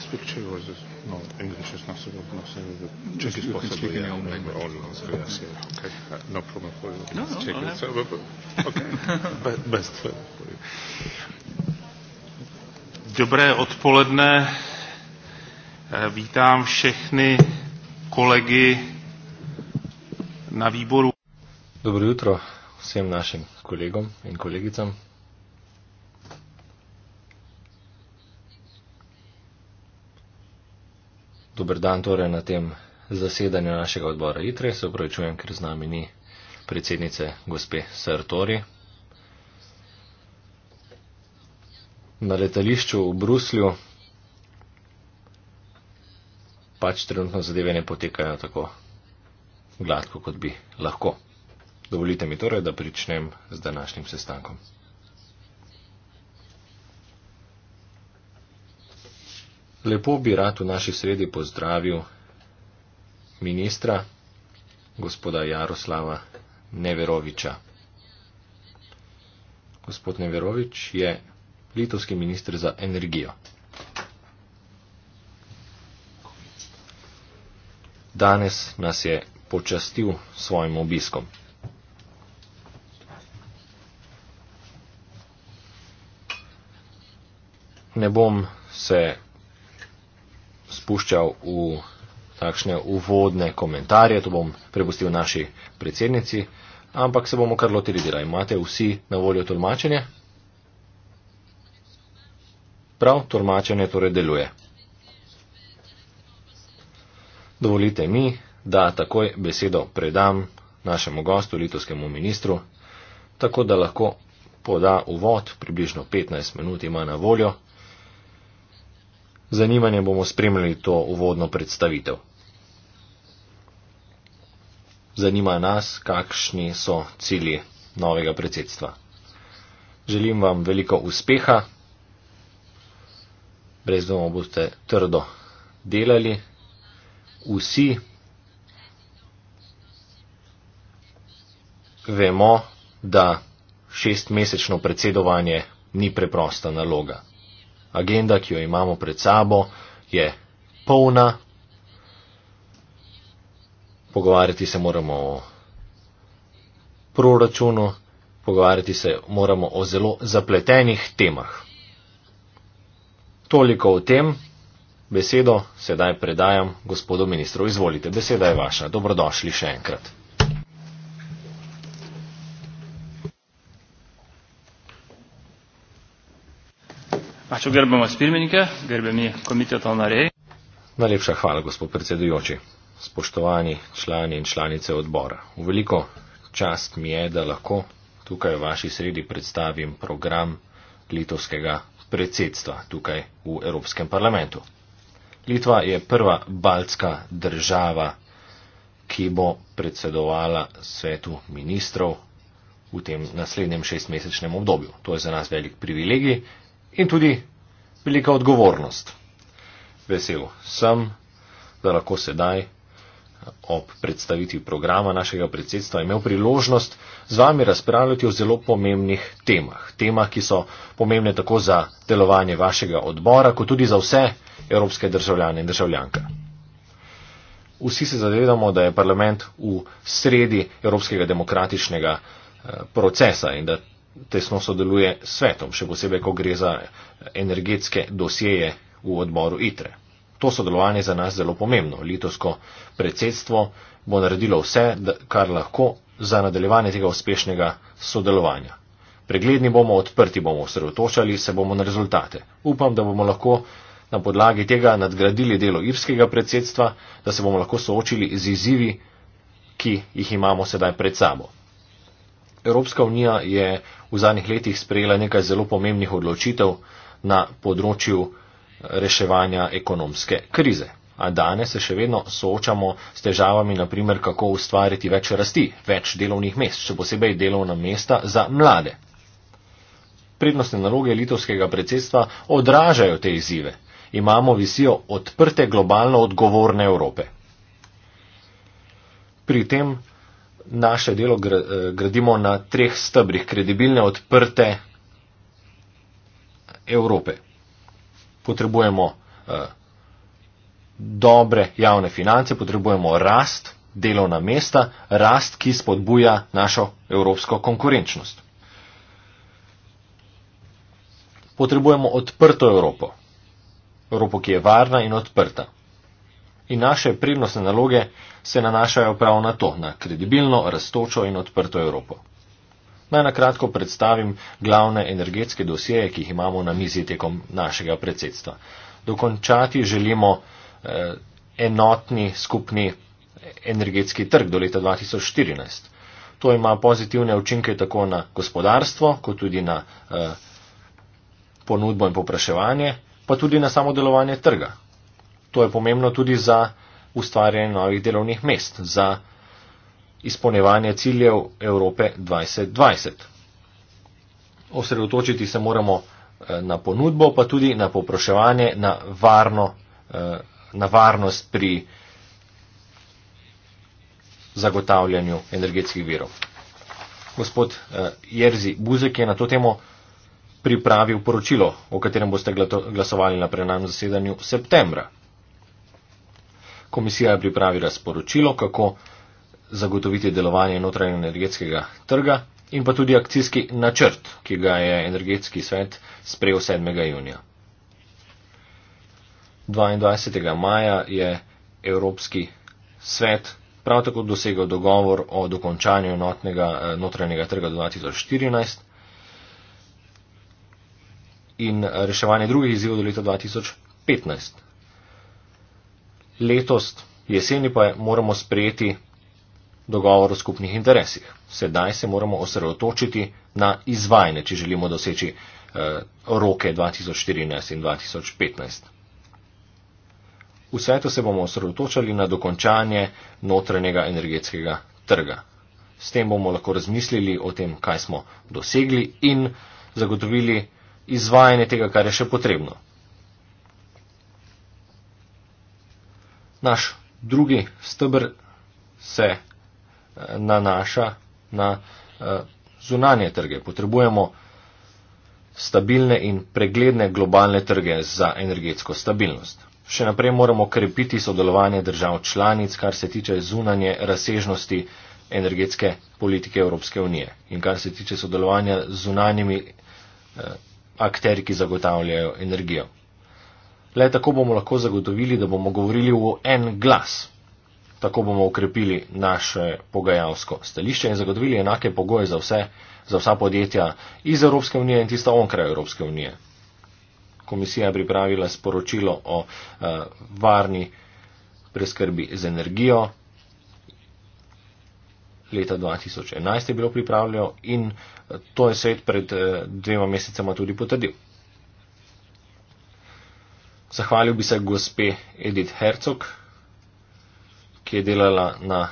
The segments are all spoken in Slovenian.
last picture was this? no English is not so good. No, so good. Czech is possible. Yeah, yeah, all yeah. all yeah. Okay, uh, no problem for you. No, no, no. So, but, but, okay, but, best for you. Dobré odpoledne. Eh, vítám všechny kolegy na výboru. Dobré jutro všem našim kolegom in kolegicam. dober dan torej na tem zasedanju našega odbora ITRE. Se upravičujem, ker z nami ni predsednice gospe Sartori. Na letališču v Bruslju pač trenutno zadeve ne potekajo tako gladko, kot bi lahko. Dovolite mi torej, da pričnem z današnjim sestankom. Lepo bi rad v naši sredi pozdravil ministra, gospoda Jaroslava Neveroviča. Gospod Neverovič je litovski ministr za energijo. Danes nas je počastil svojim obiskom. Ne bom se spuščal v takšne uvodne komentarje, to bom prepustil naši predsednici, ampak se bomo kar lotili dela. Imate vsi na voljo tolmačenje? Prav, tolmačenje torej deluje. Dovolite mi, da takoj besedo predam našemu gostu, litovskemu ministru, tako da lahko poda uvod, približno 15 minut ima na voljo zanimanjem bomo spremljali to uvodno predstavitev. Zanima nas, kakšni so cilji novega predsedstva. Želim vam veliko uspeha, brez domu boste trdo delali, vsi vemo, da šestmesečno predsedovanje ni preprosta naloga agenda, ki jo imamo pred sabo, je polna. Pogovarjati se moramo o proračunu, pogovarjati se moramo o zelo zapletenih temah. Toliko o tem, besedo sedaj predajam gospodu ministru. Izvolite, beseda je vaša. Dobrodošli še enkrat. Ačiū gerbiamas pirmininkė, gerbiami komiteto nariai. Najlepša hvala, gospod predsedujoči. Spoštovani člani in članice odbora. V veliko čast mi je, da lahko tukaj v vaši sredi predstavim program litovskega predsedstva tukaj v Evropskem parlamentu. Litva je prva baltska država, ki bo predsedovala svetu ministrov v tem naslednjem šestmesečnem obdobju. To je za nas velik privilegij, in tudi velika odgovornost. Vesel sem, da lahko sedaj ob predstavitvi programa našega predsedstva imel priložnost z vami razpravljati o zelo pomembnih temah. Temah, ki so pomembne tako za delovanje vašega odbora, kot tudi za vse evropske državljane in državljanke. Vsi se zavedamo, da je parlament v sredi evropskega demokratičnega eh, procesa in da tesno sodeluje s svetom, še posebej, ko gre za energetske dosjeje v odboru ITRE. To sodelovanje je za nas zelo pomembno. Litovsko predsedstvo bo naredilo vse, kar lahko za nadaljevanje tega uspešnega sodelovanja. Pregledni bomo, odprti bomo, osredotočali se bomo na rezultate. Upam, da bomo lahko na podlagi tega nadgradili delo irskega predsedstva, da se bomo lahko soočili z izzivi, ki jih imamo sedaj pred sabo. Evropska unija je v zadnjih letih sprejela nekaj zelo pomembnih odločitev na področju reševanja ekonomske krize. A danes se še vedno soočamo s težavami, naprimer, kako ustvariti več rasti, več delovnih mest, še posebej delovna mesta za mlade. Prednostne naloge litovskega predsedstva odražajo te izzive. Imamo visijo odprte globalno odgovorne Evrope. Pri tem naše delo eh, gradimo na treh stebrih kredibilne odprte Evrope. Potrebujemo eh, dobre javne finance, potrebujemo rast delovna mesta, rast, ki spodbuja našo evropsko konkurenčnost. Potrebujemo odprto Evropo. Evropo, ki je varna in odprta in naše prednostne naloge se nanašajo prav na to, na kredibilno, raztočo in odprto Evropo. Naj na kratko predstavim glavne energetske dosjeje, ki jih imamo na mizi tekom našega predsedstva. Dokončati želimo eh, enotni skupni energetski trg do leta 2014. To ima pozitivne učinke tako na gospodarstvo, kot tudi na eh, ponudbo in popraševanje, pa tudi na samo delovanje trga to je pomembno tudi za ustvarjanje novih delovnih mest, za izpolnevanje ciljev Evrope 2020. Osredotočiti se moramo eh, na ponudbo, pa tudi na poproševanje, na, varno, eh, na varnost pri zagotavljanju energetskih virov. Gospod eh, Jerzi Buzek je na to temo pripravil poročilo, o katerem boste glasovali na prenajem zasedanju septembra. Komisija je pripravila sporočilo, kako zagotoviti delovanje notranjega energetskega trga in pa tudi akcijski načrt, ki ga je energetski svet sprejel 7. junija. 22. maja je Evropski svet prav tako dosegel dogovor o dokončanju notnega, eh, notranjega trga do 2014 in reševanje drugih izzivov do leta 2015 letos, jeseni pa moramo sprejeti dogovor o skupnih interesih. Sedaj se moramo osredotočiti na izvajanje, če želimo doseči eh, roke 2014 in 2015. V svetu se bomo osredotočali na dokončanje notranjega energetskega trga. S tem bomo lahko razmislili o tem, kaj smo dosegli in zagotovili izvajanje tega, kar je še potrebno. Naš drugi stebr se eh, nanaša na eh, zunanje trge. Potrebujemo stabilne in pregledne globalne trge za energetsko stabilnost. Še naprej moramo krepiti sodelovanje držav članic, kar se tiče zunanje razsežnosti energetske politike Evropske unije in kar se tiče sodelovanja z zunanjimi eh, akteri, ki zagotavljajo energijo. Le tako bomo lahko zagotovili, da bomo govorili v en glas. Tako bomo ukrepili naše pogajalsko stališče in zagotovili enake pogoje za vse, za vsa podjetja iz Evropske unije in tista onkraj Evropske unije. Komisija je pripravila sporočilo o uh, varni preskrbi z energijo. Leta 2011 je bilo pripravljeno in eh, to je svet pred uh, dvema mesecema tudi potrdil. Zahvalil bi se gospe Edith Herzog, ki je delala na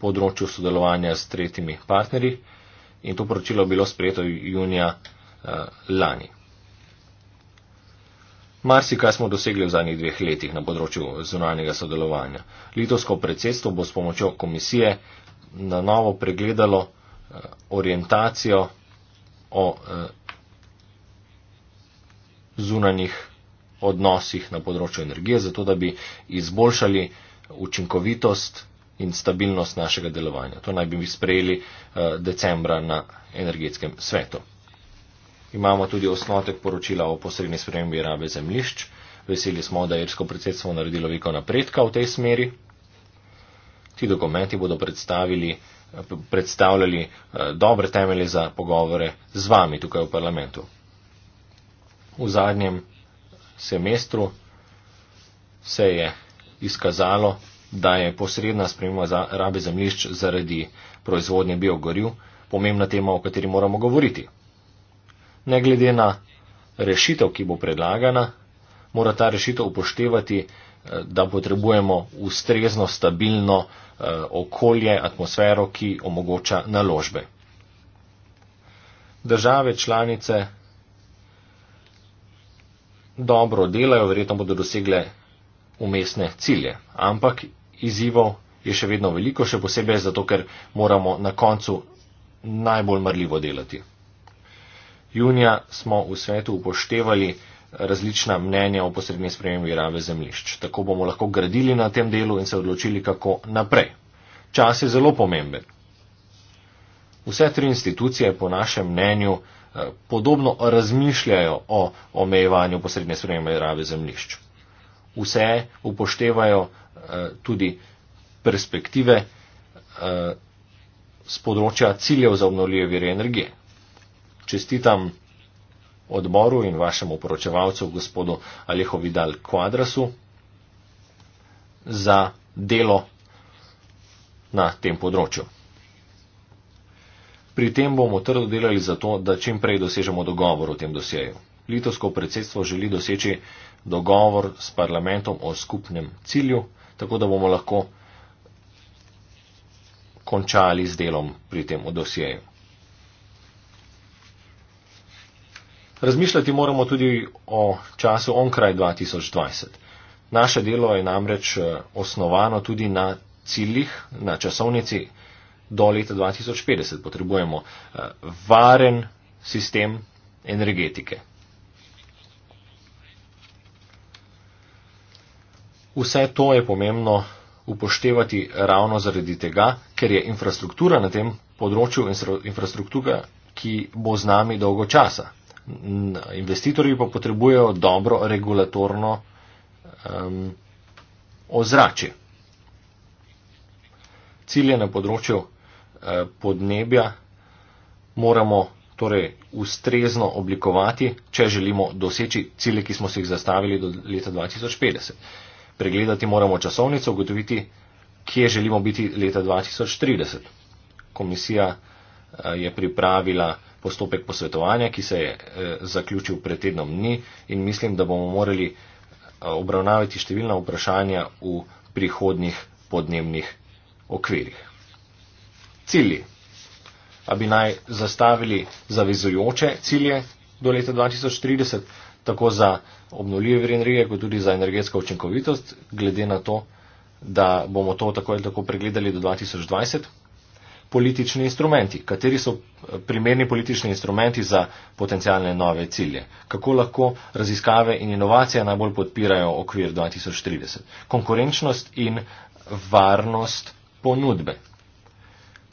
področju sodelovanja s tretjimi partnerji in to poročilo je bilo sprejeto junija eh, lani. Marsikaj smo dosegli v zadnjih dveh letih na področju zunanjega sodelovanja. Litovsko predsedstvo bo s pomočjo komisije na novo pregledalo eh, orientacijo o eh, zunanjih odnosih na področju energije, zato da bi izboljšali učinkovitost in stabilnost našega delovanja. To naj bi mi sprejeli eh, decembra na energetskem svetu. Imamo tudi osnotek poročila o posrednji spremembi rabe zemlišč. Veseli smo, da je irsko predsedstvo naredilo veliko napredka v tej smeri. Ti dokumenti bodo eh, predstavljali eh, dobre temelje za pogovore z vami tukaj v parlamentu v zadnjem semestru se je izkazalo, da je posredna sprememba za rabe zemljišč zaradi proizvodnje biogorju pomembna tema, o kateri moramo govoriti. Ne glede na rešitev, ki bo predlagana, mora ta rešitev upoštevati, eh, da potrebujemo ustrezno, stabilno eh, okolje, atmosfero, ki omogoča naložbe. Države članice dobro delajo, verjetno bodo dosegle umestne cilje. Ampak izzivov je še vedno veliko, še posebej zato, ker moramo na koncu najbolj mrljivo delati. Junija smo v svetu upoštevali različna mnenja o posrednji spremembi rave zemljišč. Tako bomo lahko gradili na tem delu in se odločili, kako naprej. Čas je zelo pomemben. Vse tri institucije po našem mnenju podobno razmišljajo o omejevanju posredne spremembe rabe zemljišč. Vse upoštevajo eh, tudi perspektive z eh, področja ciljev za obnovljive vire energije. Čestitam odboru in vašemu poročevalcu, gospodu Aleho Vidal Quadrasu, za delo na tem področju. Pri tem bomo trdo delali za to, da čim prej dosežemo dogovor o tem dosjeju. Litovsko predsedstvo želi doseči dogovor s parlamentom o skupnem cilju, tako da bomo lahko končali z delom pri tem dosjeju. Razmišljati moramo tudi o času onkraj 2020. Naše delo je namreč eh, osnovano tudi na ciljih, na časovnici do leta 2050 potrebujemo eh, varen sistem energetike. Vse to je pomembno upoštevati ravno zaradi tega, ker je infrastruktura na tem področju infrastruktura, ki bo z nami dolgo časa. Investitorji pa potrebujejo dobro regulatorno um, ozračje. Cilje na področju Eh, podnebja moramo torej ustrezno oblikovati, če želimo doseči cilje, ki smo si jih zastavili do leta 2050. Pregledati moramo časovnico, ugotoviti, kje želimo biti leta 2030. Komisija eh, je pripravila postopek posvetovanja, ki se je eh, zaključil pred tednom dni in mislim, da bomo morali obravnavati številna vprašanja v prihodnih podnebnih okvirih cilji. A bi naj zastavili zavezujoče cilje do leta 2030, tako za obnovljive energije, kot tudi za energetsko učinkovitost, glede na to, da bomo to tako ali tako pregledali do 2020. Politični instrumenti. Kateri so eh, primerni politični instrumenti za potencijalne nove cilje? Kako lahko raziskave in inovacije najbolj podpirajo okvir 2030? Konkurenčnost in varnost ponudbe.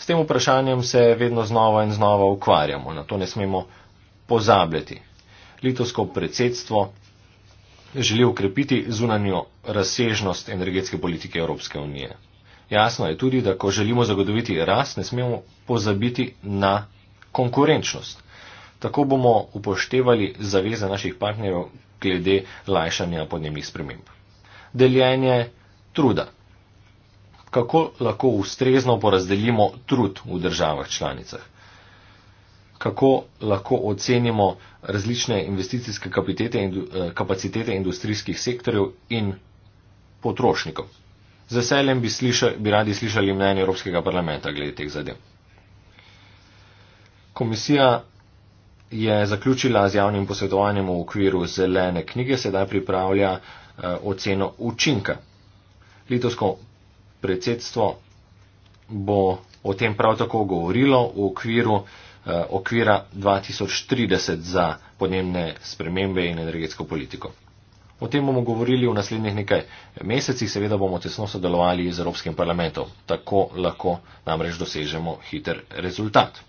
S tem vprašanjem se vedno znova in znova ukvarjamo, na to ne smemo pozabljati. Litovsko predsedstvo želi ukrepiti zunanjo razsežnost energetske politike Evropske unije. Jasno je tudi, da ko želimo zagotoviti rast, ne smemo pozabiti na konkurenčnost. Tako bomo upoštevali zaveze naših partnerjev glede lajšanja podnebnih sprememb. Deljenje truda kako lahko ustrezno porazdelimo trud v državah članicah, kako lahko ocenimo različne investicijske eh, kapacitete industrijskih sektorjev in potrošnikov. Z veseljem bi, bi radi slišali mnenje Evropskega parlamenta glede teh zadev. Komisija je zaključila z javnim posvetovanjem v okviru zelene knjige, sedaj pripravlja eh, oceno učinka. Litovsko predsedstvo bo o tem prav tako govorilo v okviru eh, okvira 2030 za podnebne spremembe in energetsko politiko. O tem bomo govorili v naslednjih nekaj mesecih, seveda bomo tesno sodelovali z Evropskim parlamentom. Tako lahko namreč dosežemo hiter rezultat.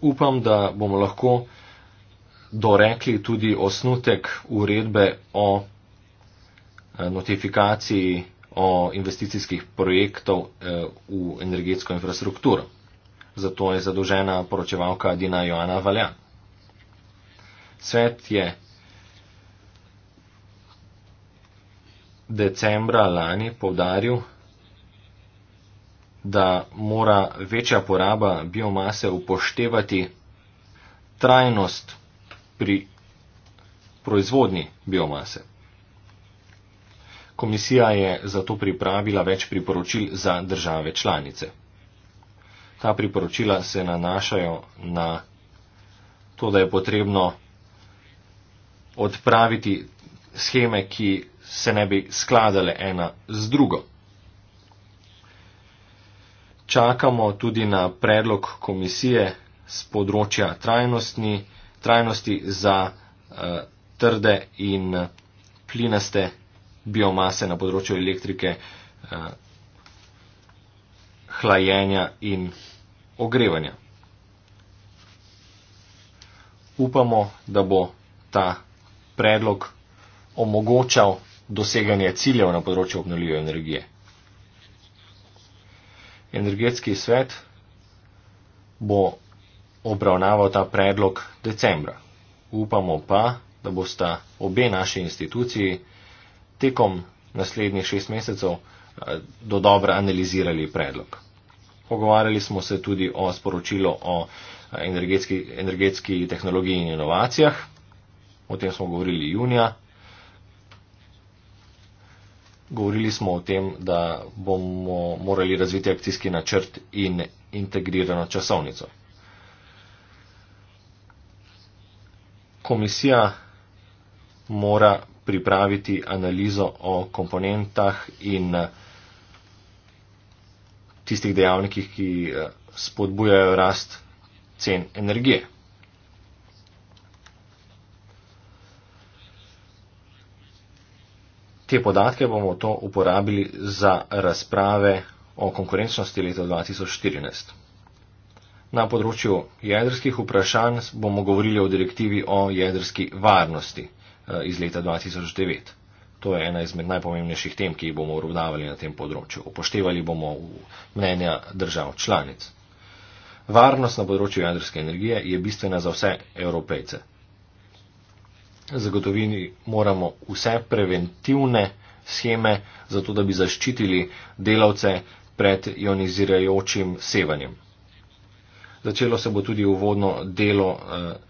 Upam, da bomo lahko dorekli tudi osnutek uredbe o Eh, notifikaciji o investicijskih projektov eh, v energetsko infrastrukturo. Zato je zadolžena poročevalka Dina Joana Valja. Svet je decembra lani povdaril, da mora večja poraba biomase upoštevati trajnost pri proizvodni biomase. Komisija je zato pripravila več priporočil za države članice. Ta priporočila se nanašajo na to, da je potrebno odpraviti scheme, ki se ne bi skladale ena z drugo. Čakamo tudi na predlog komisije z področja trajnosti za uh, trde in plinaste biomase na področju elektrike, eh, hlajenja in ogrevanja. Upamo, da bo ta predlog omogočal doseganje ciljev na področju obnoljive energije. Energetski svet bo obravnaval ta predlog decembra. Upamo pa, da bosta obe naše institucije tekom naslednjih šest mesecev eh, do dobro analizirali predlog. Pogovarjali smo se tudi o sporočilu o eh, energetski, energetski tehnologiji in inovacijah. O tem smo govorili junija. Govorili smo o tem, da bomo morali razviti akcijski načrt in integrirano časovnico. Komisija mora pripraviti analizo o komponentah in eh, tistih dejavnikih, ki eh, spodbujajo rast cen energije. Te podatke bomo to uporabili za razprave o konkurenčnosti leta 2014. Na področju jedrskih vprašanj bomo govorili o direktivi o jedrski varnosti. Eh, iz leta 2009. To je ena izmed najpomembnejših tem, ki jih bomo urovnavali na tem področju. Upoštevali bomo mnenja držav članic. Varnost na področju jedrske energije je bistvena za vse evropejce. Zagotovili moramo vse preventivne scheme, zato da bi zaščitili delavce pred ionizirajočim sevanjem. Začelo se bo tudi uvodno delo. Eh,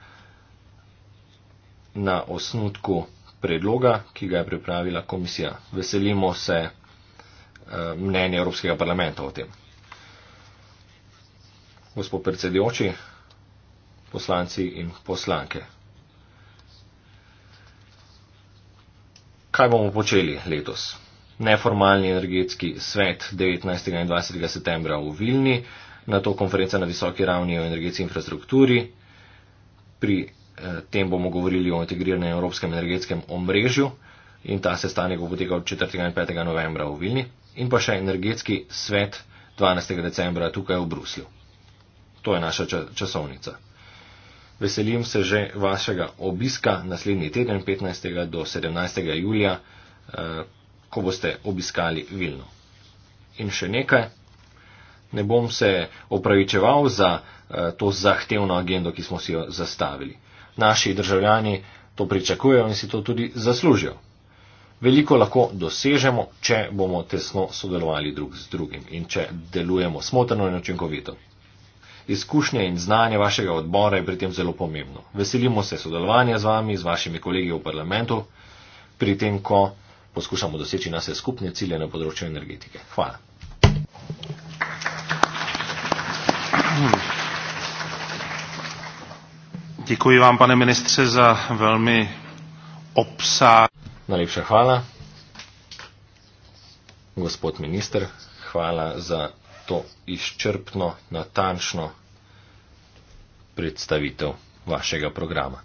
na osnutku predloga, ki ga je pripravila komisija. Veselimo se eh, mnenja Evropskega parlamenta o tem. Gospod predsedujoči, poslanci in poslanke. Kaj bomo počeli letos? Neformalni energetski svet 19. in 20. septembra v Vilni, na to konferenca na visoki ravni o energetski infrastrukturi pri Eh, tem bomo govorili o integriranem evropskem energetskem omrežju in ta sestanek bo potekal 4. in 5. novembra v Vilni in pa še energetski svet 12. decembra tukaj v Bruslju. To je naša časovnica. Veselim se že vašega obiska naslednji teden 15. do 17. julija, eh, ko boste obiskali Vilno. In še nekaj. Ne bom se opravičeval za eh, to zahtevno agendo, ki smo si jo zastavili naši državljani to pričakujejo in si to tudi zaslužijo. Veliko lahko dosežemo, če bomo tesno sodelovali drug z drugim in če delujemo smotrno in očinkovito. Izkušnje in znanje vašega odbora je pri tem zelo pomembno. Veselimo se sodelovanja z vami, z vašimi kolegi v parlamentu, pri tem, ko poskušamo doseči naše skupne cilje na področju energetike. Hvala. Hmm. Děkuji vám, pane ministře, za velmi obsáhlý. Najlepša hvala. Gospod minister, hvala za to izčrpno, natančno predstavitev vašega programa.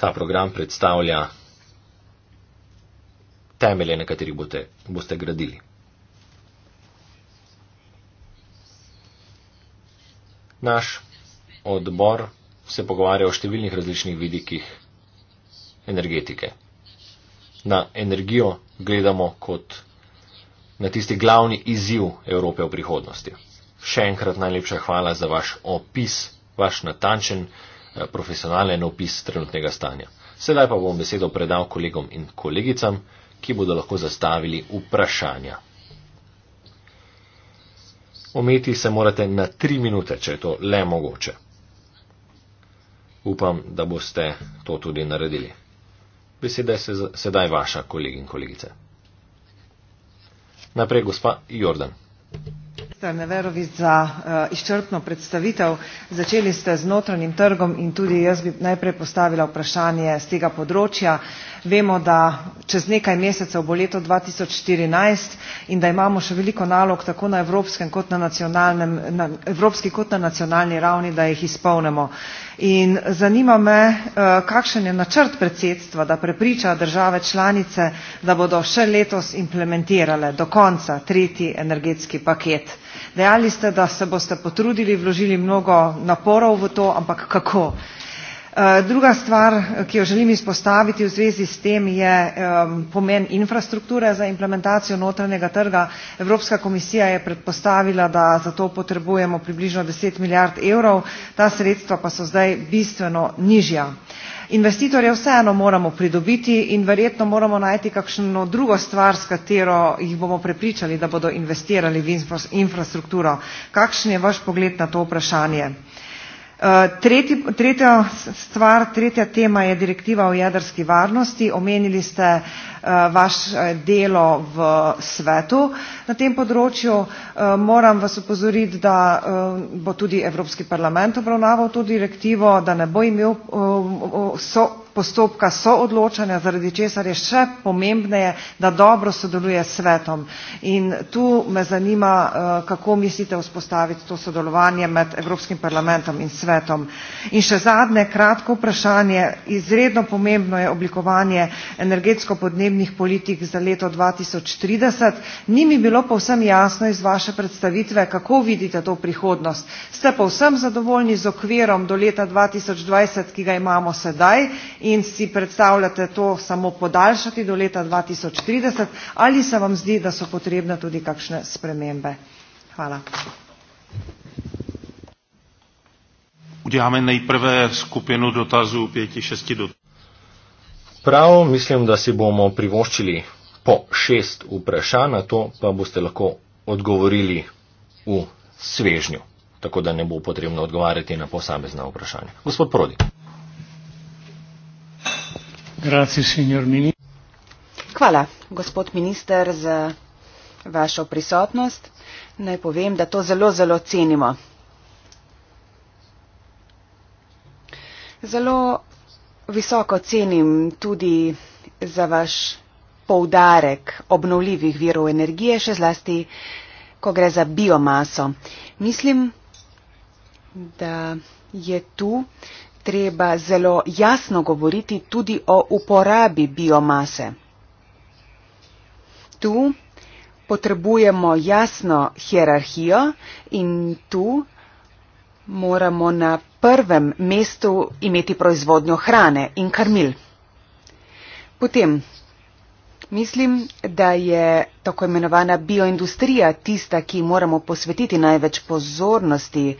Ta program predstavlja temelje, na katerih boste, boste gradili. naš odbor se pogovarja o številnih različnih vidikih energetike. Na energijo gledamo kot na tisti glavni izziv Evrope v prihodnosti. Še enkrat najlepša hvala za vaš opis, vaš natančen, eh, profesionalen opis trenutnega stanja. Sedaj pa bom besedo predal kolegom in kolegicam, ki bodo lahko zastavili vprašanja. Ometi se morate na tri minute, če je to le mogoče. Upam, da boste to tudi naredili. Beseda je sedaj vaša, kolegi in kolegice. Naprej, gospa Jordan minister Neverovič za uh, izčrpno predstavitev. Začeli ste z notranjim trgom in tudi jaz bi najprej postavila vprašanje z tega področja. Vemo, da čez nekaj mesecev bo leto 2014 in da imamo še veliko nalog tako na evropskem kot na nacionalnem, na evropski kot na nacionalni ravni, da jih izpolnemo. Uh, In zanima me, eh, kakšen je načrt predsedstva, da prepriča države članice, da bodo še letos implementirale do konca tretji energetski paket. Dejali ste, da se boste potrudili, vložili mnogo naporov v to, ampak kako? Eh, druga stvar, eh, ki jo želim izpostaviti v zvezi s tem, je pomen infrastrukture za implementacijo notranjega trga. Evropska komisija je predpostavila, da za to potrebujemo približno 10 milijard evrov, ta sredstva pa so zdaj bistveno nižja. Investitorje vseeno moramo pridobiti in verjetno moramo najti kakšno drugo stvar, s katero jih bomo prepričali, da bodo investirali v infrastrukturo. Kakšen je vaš pogled na to vprašanje? tretji, tretja stvar, tretja tema je direktiva o jedrski varnosti. Omenili ste uh, Eh, vaš eh, delo v svetu na tem področju. Eh, moram vas upozoriti, da bo tudi Evropski parlament obravnaval to direktivo, da ne bo imel so postopka soodločanja, zaradi česar je še pomembneje, da dobro sodeluje s svetom. In tu me zanima, kako mislite vzpostaviti to sodelovanje med Evropskim parlamentom in svetom. In še zadnje kratko vprašanje. Izredno pomembno je oblikovanje energetsko-podnebnih podnebnih politik za leto 2030. Ni mi bilo povsem jasno iz vaše predstavitve, kako vidite to prihodnost. Ste povsem zadovoljni z okvirom do leta 2020, ki ga imamo sedaj in si predstavljate to samo podaljšati do leta 2030 ali se vam zdi, da so potrebne tudi kakšne spremembe? Hvala. Uděláme nejprve skupinu dotazů, pěti, šesti dotazů. Prav mislim, da si bomo privoščili po šest vprašanj, na to pa boste lahko odgovorili v svežnju, tako da ne bo potrebno odgovarjati na posamezna vprašanja. Gospod Prodi. Grazie, signor ministr. Hvala, gospod minister, za vašo prisotnost. Naj povem, da to zelo, zelo cenimo. Zelo visoko cenim tudi za vaš poudarek obnovljivih virov energije, še zlasti, ko gre za biomaso. Mislim, da je tu treba zelo jasno govoriti tudi o uporabi biomase. Tu potrebujemo jasno hierarhijo in tu moramo na prvem mestu imeti proizvodnjo hrane in krmil. Potem mislim, da je tako imenovana bioindustrija tista, ki moramo posvetiti največ pozornosti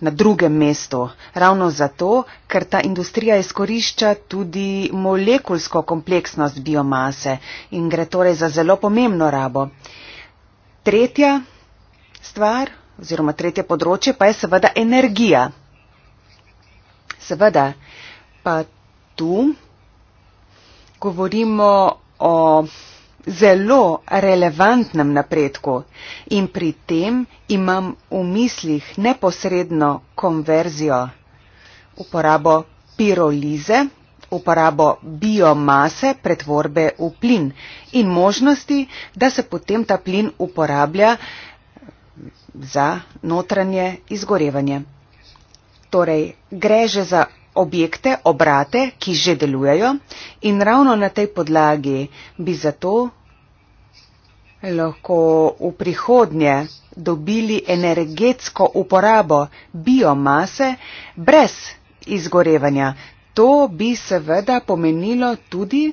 na drugem mestu. Ravno zato, ker ta industrija izkorišča tudi molekulsko kompleksnost biomase in gre torej za zelo pomembno rabo. Tretja stvar oziroma tretje področje pa je seveda energija. Seveda pa tu govorimo o zelo relevantnem napredku in pri tem imam v mislih neposredno konverzijo, uporabo pirolize, uporabo biomase pretvorbe v plin in možnosti, da se potem ta plin uporablja za notranje izgorevanje. Torej, gre že za objekte, obrate, ki že delujejo in ravno na tej podlagi bi zato lahko v prihodnje dobili energetsko uporabo biomase brez izgorevanja. To bi seveda pomenilo tudi,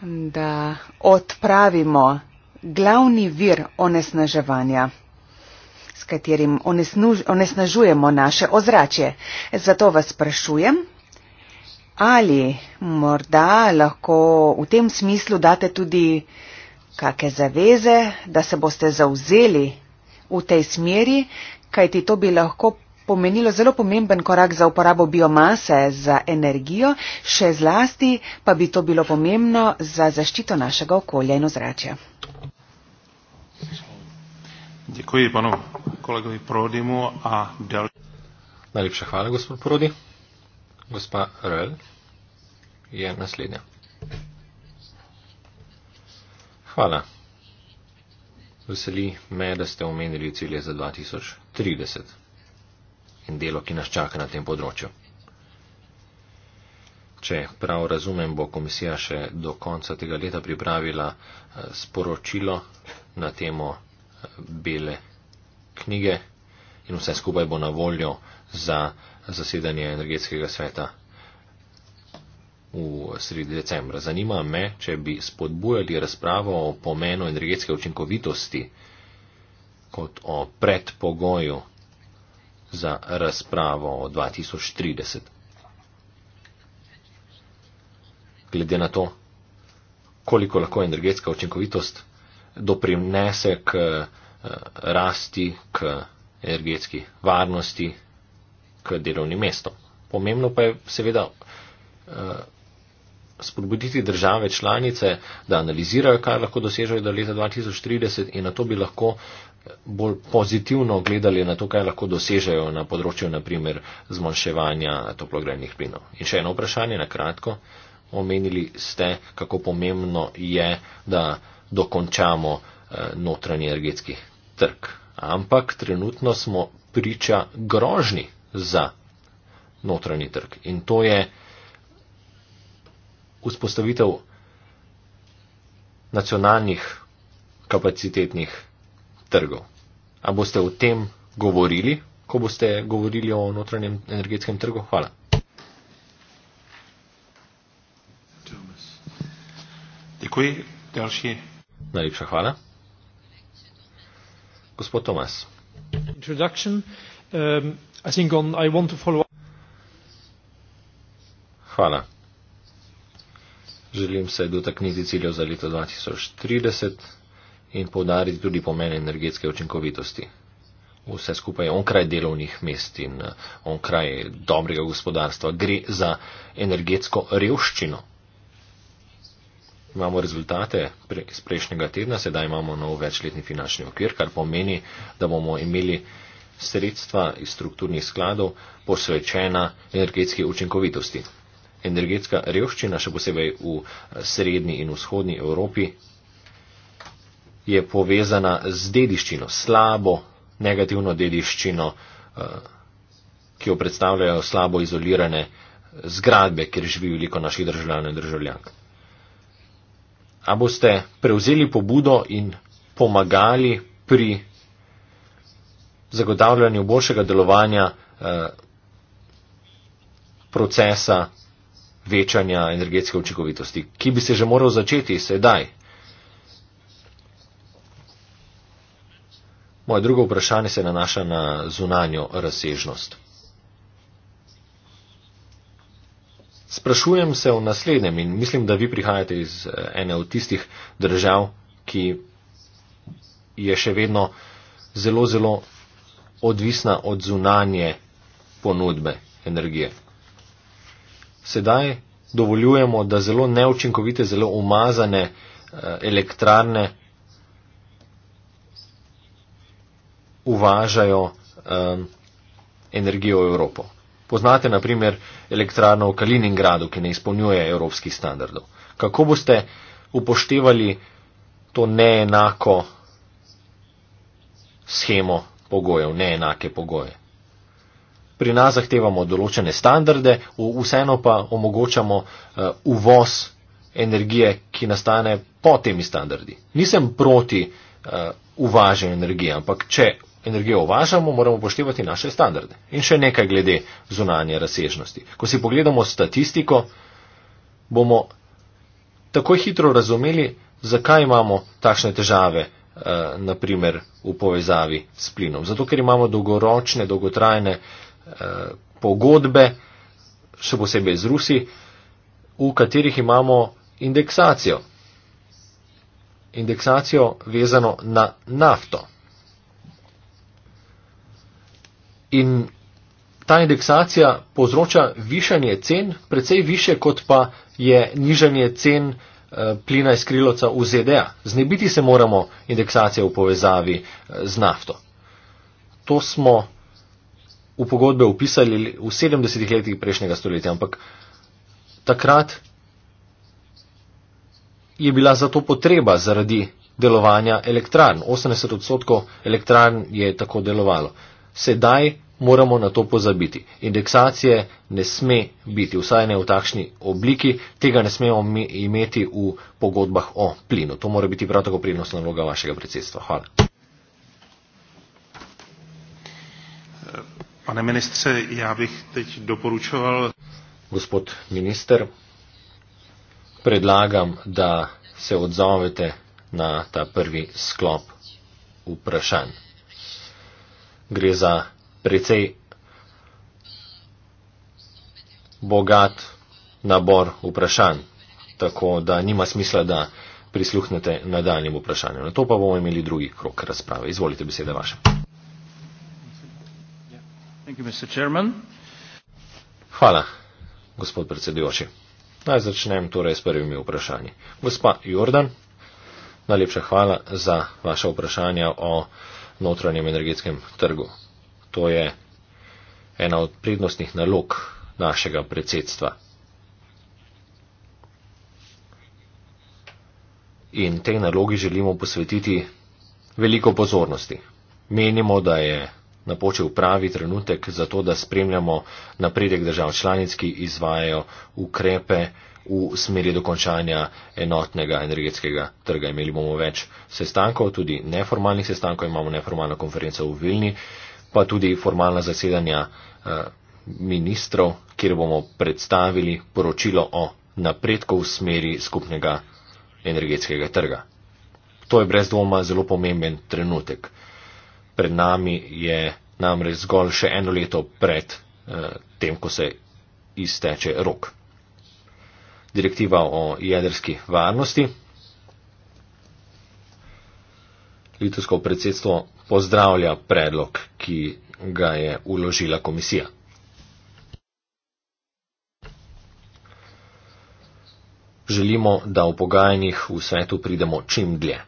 da odpravimo glavni vir onesnaževanja s katerim onesnažujemo naše ozračje. Zato vas sprašujem, ali morda lahko v tem smislu date tudi kakšne zaveze, da se boste zauzeli v tej smeri, kajti to bi lahko pomenilo zelo pomemben korak za uporabo biomase za energijo, še zlasti pa bi to bilo pomembno za zaščito našega okolja in ozračja. Děkuji panu kolegovi Prodimu a další. Najlepšia chvála, gospod Prodi. Gospa Röll je naslednja. Hvala. Veseli me, da ste omenili cilje za 2030 in delo, ki nas čaka na tem področju. Če prav razumem, bo komisija še do konca tega leta pripravila eh, sporočilo na temo bele knjige in vse skupaj bo na voljo za zasedanje energetskega sveta v sredi decembra. Zanima me, če bi spodbujali razpravo o pomenu energetske učinkovitosti kot o predpogoju za razpravo o 2030. Glede na to, koliko lahko energetska učinkovitost doprinese k eh, rasti, k energetski varnosti, k delovnim mestom. Pomembno pa je seveda eh, spodbuditi države članice, da analizirajo, kaj lahko dosežejo do leta 2030 in na to bi lahko eh, bolj pozitivno gledali na to, kaj lahko dosežejo na področju, naprimer, zmanjševanja toplogrednih plinov. In še eno vprašanje, na kratko, omenili ste, kako pomembno je, da dokončamo eh, notranji energetski trg. Ampak trenutno smo priča grožni za notranji trg in to je vzpostavitev nacionalnih kapacitetnih trgov. A boste o tem govorili, ko boste govorili o notranjem energetskem trgu? Hvala. Děkuji. Další Najlepša hvala. Gospod Tomas. Um, hvala. Želim se dotakniti ciljev za leto 2030 in povdariti tudi pomen energetske učinkovitosti. Vse skupaj onkraj delovnih mest in uh, onkraj dobrega gospodarstva gre za energetsko revščino imamo rezultate iz prejšnjega tedna, sedaj imamo nov večletni finančni okvir, kar pomeni, da bomo imeli sredstva iz strukturnih skladov posvečena energetski učinkovitosti. Energetska revščina, še posebej v eh, srednji in vzhodni Evropi, je povezana z dediščino, slabo, negativno dediščino, eh, ki jo predstavljajo slabo izolirane eh, zgradbe, kjer živi veliko naših državljanov in državljank a boste prevzeli pobudo in pomagali pri zagotavljanju boljšega delovanja eh, procesa večanja energetske učinkovitosti, ki bi se že moral začeti sedaj. Moje drugo vprašanje se nanaša na zunanjo razsežnost. Sprašujem se v naslednjem in mislim, da vi prihajate iz eh, ene od tistih držav, ki je še vedno zelo, zelo odvisna od zunanje ponudbe energije. Sedaj dovoljujemo, da zelo neučinkovite, zelo umazane eh, elektrarne uvažajo um, energijo v Evropo. Poznate naprimer elektrarno v Kaliningradu, ki ne izpolnjuje evropskih standardov. Kako boste upoštevali to neenako schemo pogojev, neenake pogoje? Pri nas zahtevamo določene standarde, vseeno pa omogočamo eh, uvoz energije, ki nastane po temi standardi. Nisem proti eh, uvažanju energije, ampak če energijo uvažamo, moramo poštevati naše standarde. In še nekaj glede zunanje razsežnosti. Ko si pogledamo statistiko, bomo takoj hitro razumeli, zakaj imamo takšne težave, eh, naprimer v povezavi s plinom. Zato, ker imamo dolgoročne, dolgotrajne eh, pogodbe, še posebej z Rusi, v katerih imamo indeksacijo. Indeksacijo vezano na nafto. In ta indeksacija povzroča višanje cen, precej više kot pa je nižanje cen eh, plina iz kriloca v ZDA. Znebiti se moramo indeksacije v povezavi eh, z nafto. To smo v pogodbe upisali v 70 letih prejšnjega stoletja, ampak takrat je bila za to potreba zaradi delovanja elektran. 80 odstotkov elektran je tako delovalo sedaj moramo na to pozabiti. Indeksacije ne sme biti, vsaj ne v takšni obliki, tega ne smemo imeti v pogodbah o plinu. To mora biti prav tako prednostna naloga vašega predsedstva. Hvala. Eh, pane ministře, já bych teď doporučoval. Gospod minister, predlagam, da se odzovete na ta prvi sklop vprašanj gre za precej bogat nabor vprašanj, tako da nima smisla, da prisluhnete nadaljnjemu vprašanju. Na to pa bomo imeli drugi krok razprave. Izvolite besede vaše. Hvala, gospod predsedujoči. Naj začnem torej s prvimi vprašanji. Gospa Jordan, najlepša hvala za vaše vprašanje o notranjem energetskem trgu. To je ena od prednostnih nalog našega predsedstva. In tej nalogi želimo posvetiti veliko pozornosti. Menimo, da je napočil pravi trenutek za to, da spremljamo napredek držav članic, ki izvajajo ukrepe v smeri dokončanja enotnega energetskega trga. Imeli bomo več sestankov, tudi neformalnih sestankov, imamo neformalno konferenco v Vilni, pa tudi formalna zasedanja eh, ministrov, kjer bomo predstavili poročilo o napredku v smeri skupnega energetskega trga. To je brez dvoma zelo pomemben trenutek. Pred nami je namreč zgolj še eno leto pred eh, tem, ko se izteče rok direktiva o jedrski varnosti. Litovsko predsedstvo pozdravlja predlog, ki ga je uložila komisija. Želimo, da v pogajanjih v svetu pridemo čim dlje.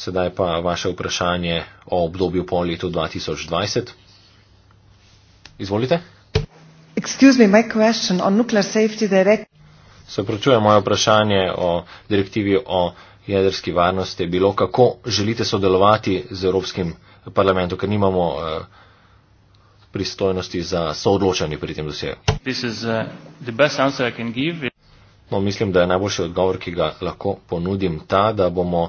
Sedaj pa vaše vprašanje o obdobju po letu 2020. Izvolite. Se pročuje moje vprašanje o direktivi o jedrski varnosti, bilo kako želite sodelovati z Evropskim parlamentom, ker nimamo eh, pristojnosti za soodločanje pri tem dosjeju. Eh, no, mislim, da je najboljši odgovor, ki ga lahko ponudim, ta, da bomo eh,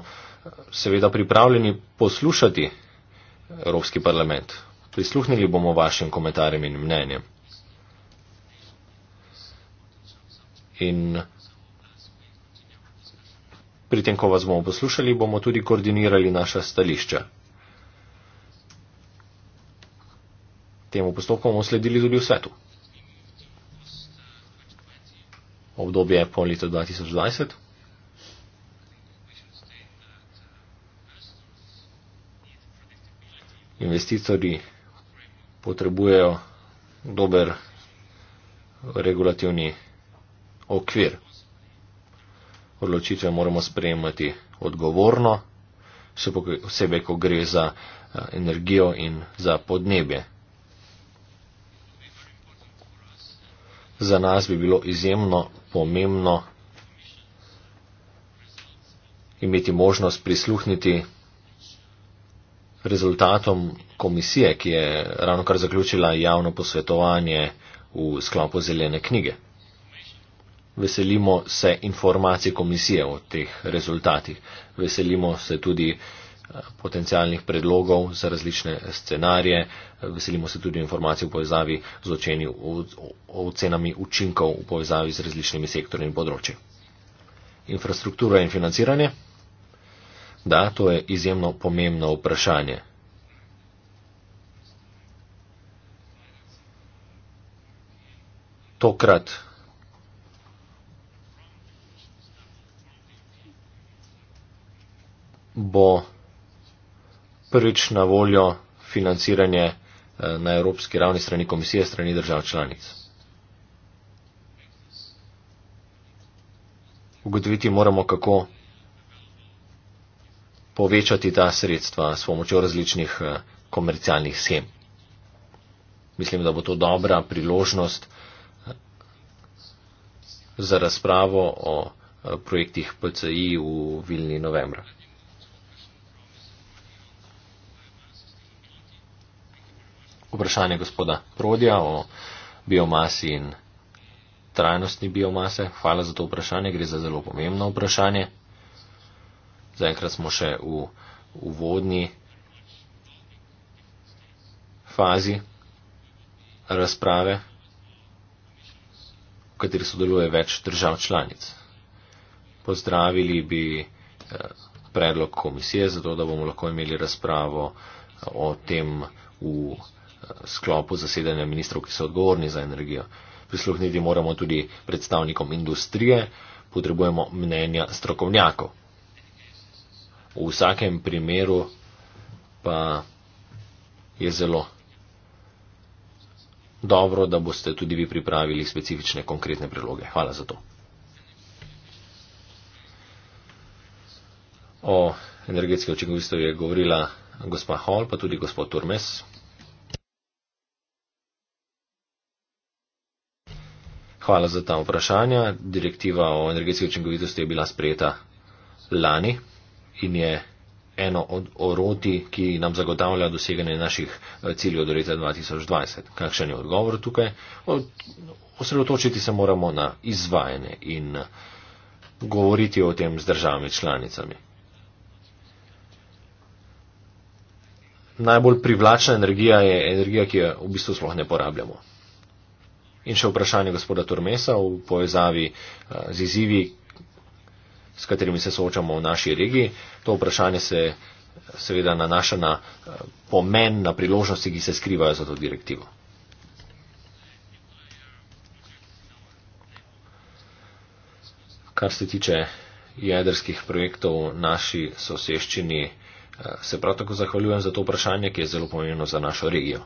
seveda pripravljeni poslušati Evropski parlament. Prisluhnili bomo vašim komentarjem in mnenjem. in pri tem, ko vas bomo poslušali, bomo tudi koordinirali naša stališča. Temu postopku bomo sledili tudi v svetu. Obdobje je po letu 2020. Investitorji potrebujejo dober regulativni okvir. Odločitve moramo sprejemati odgovorno, še posebej, ko gre za eh, energijo in za podnebje. Za nas bi bilo izjemno pomembno imeti možnost prisluhniti rezultatom komisije, ki je ravno kar zaključila javno posvetovanje v sklopu zelene knjige veselimo se informacije komisije o teh rezultatih, veselimo se tudi eh, potencijalnih predlogov za različne scenarije, veselimo se tudi informacij v povezavi z očeni, ocenami učinkov v povezavi z različnimi sektorji in področji. Infrastruktura in financiranje? Da, to je izjemno pomembno vprašanje. Tokrat bo prvič na voljo financiranje eh, na evropski ravni strani komisije, strani držav članic. Ugotoviti moramo, kako povečati ta sredstva s pomočjo različnih eh, komercialnih schem. Mislim, da bo to dobra priložnost eh, za razpravo o projektih PCI v Vilni novembra. vprašanje gospoda Prodja o biomasi in trajnostni biomase. Hvala za to vprašanje, gre za zelo pomembno vprašanje. Zaenkrat smo še v uvodni fazi razprave, v kateri sodeluje več držav članic. Pozdravili bi eh, predlog komisije, zato da bomo lahko imeli razpravo eh, o tem v sklopu zasedanja ministrov, ki so odgovorni za energijo. Prisluhniti moramo tudi predstavnikom industrije, potrebujemo mnenja strokovnjakov. V vsakem primeru pa je zelo dobro, da boste tudi vi pripravili specifične konkretne priloge. Hvala za to. O energetski očekovistov je govorila gospa Hall, pa tudi gospod Turmes. Hvala za ta vprašanja. Direktiva o energetski učinkovitosti je bila sprejeta lani in je eno od orodij, ki nam zagotavlja doseganje naših eh, ciljev do leta 2020. Kakšen je odgovor tukaj? Osredotočiti se moramo na izvajanje in eh, govoriti o tem z državami članicami. Najbolj privlačna energija je energija, ki jo v bistvu sploh ne porabljamo. In še vprašanje gospoda Turmesa v povezavi eh, z izzivi, s katerimi se soočamo v naši regiji. To vprašanje se seveda nanaša na eh, pomen, na priložnosti, ki se skrivajo za to direktivo. Kar se tiče jedrskih projektov v naši soseščini, eh, se prav tako zahvaljujem za to vprašanje, ki je zelo pomembno za našo regijo.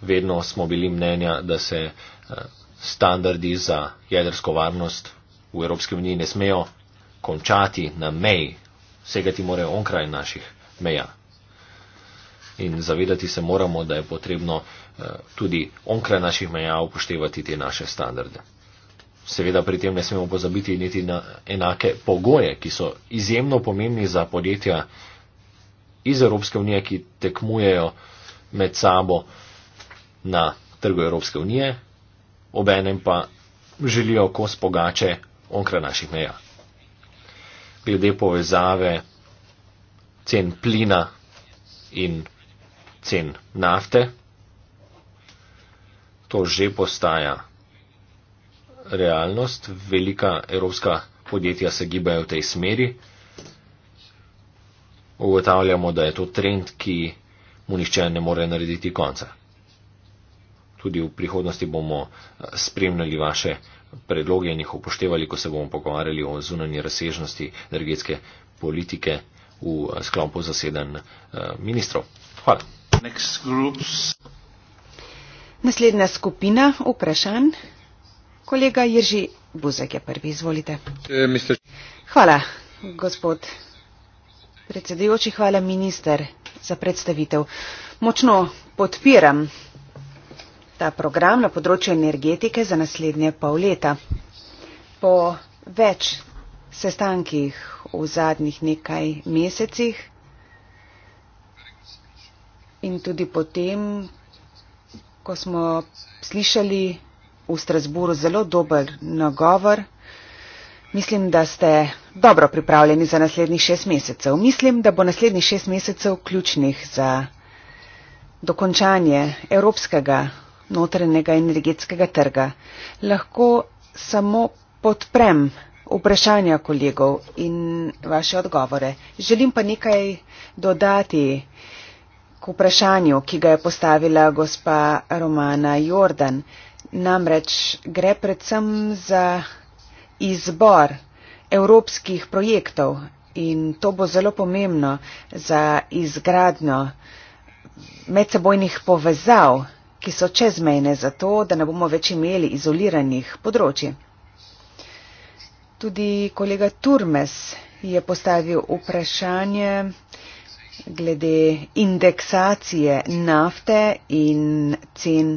vedno smo bili mnenja, da se eh, standardi za jedrsko varnost v Evropski uniji ne smejo končati na meji, segati morajo onkraj naših meja. In zavedati se moramo, da je potrebno eh, tudi onkraj naših meja upoštevati te naše standarde. Seveda pri tem ne smemo pozabiti niti na enake pogoje, ki so izjemno pomembni za podjetja iz Evropske unije, ki tekmujejo med sabo na trgu Evropske unije, obenem pa želijo kos pogače onkraj naših meja. Glede povezave cen plina in cen nafte, to že postaja realnost. Velika evropska podjetja se gibajo v tej smeri. Ugotavljamo, da je to trend, ki mu nihče ne more narediti konca tudi v prihodnosti bomo eh, spremljali vaše predloge in jih upoštevali, ko se bomo pogovarjali o zunanji razsežnosti energetske politike v eh, sklopu zaseden eh, ministrov. Hvala. Naslednja skupina vprašanj. Kolega Jerži Buzek je prvi, izvolite. Hvala, gospod predsedujoči, hvala minister za predstavitev. Močno podpiram ta program na področju energetike za naslednje pol leta. Po več sestankih v zadnjih nekaj mesecih in tudi potem, ko smo slišali v Strasburu zelo dober nagovor, mislim, da ste dobro pripravljeni za naslednjih šest mesecev. Mislim, da bo naslednjih šest mesecev ključnih za dokončanje evropskega notranjega energetskega trga. Lahko samo podprem vprašanja kolegov in vaše odgovore. Želim pa nekaj dodati k vprašanju, ki ga je postavila gospa Romana Jordan. Namreč gre predvsem za izbor evropskih projektov in to bo zelo pomembno za izgradno medsebojnih povezav ki so čezmejne zato, da ne bomo več imeli izoliranih področji. Tudi kolega Turmes je postavil vprašanje glede indeksacije nafte in cen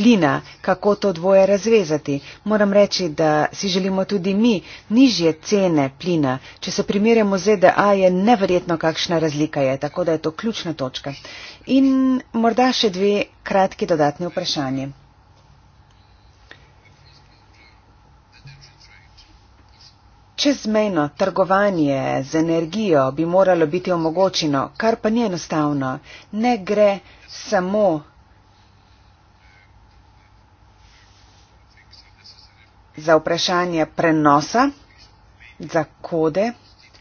plina, kako to dvoje razvezati. Moram reči, da si želimo tudi mi nižje cene plina. Če se primerjamo z ZDA, je neverjetno, kakšna razlika je, tako da je to ključna točka. In morda še dve kratki dodatni vprašanje. Čezmejno trgovanje z energijo bi moralo biti omogočeno, kar pa ni enostavno. Ne gre samo za vprašanje prenosa, za kode,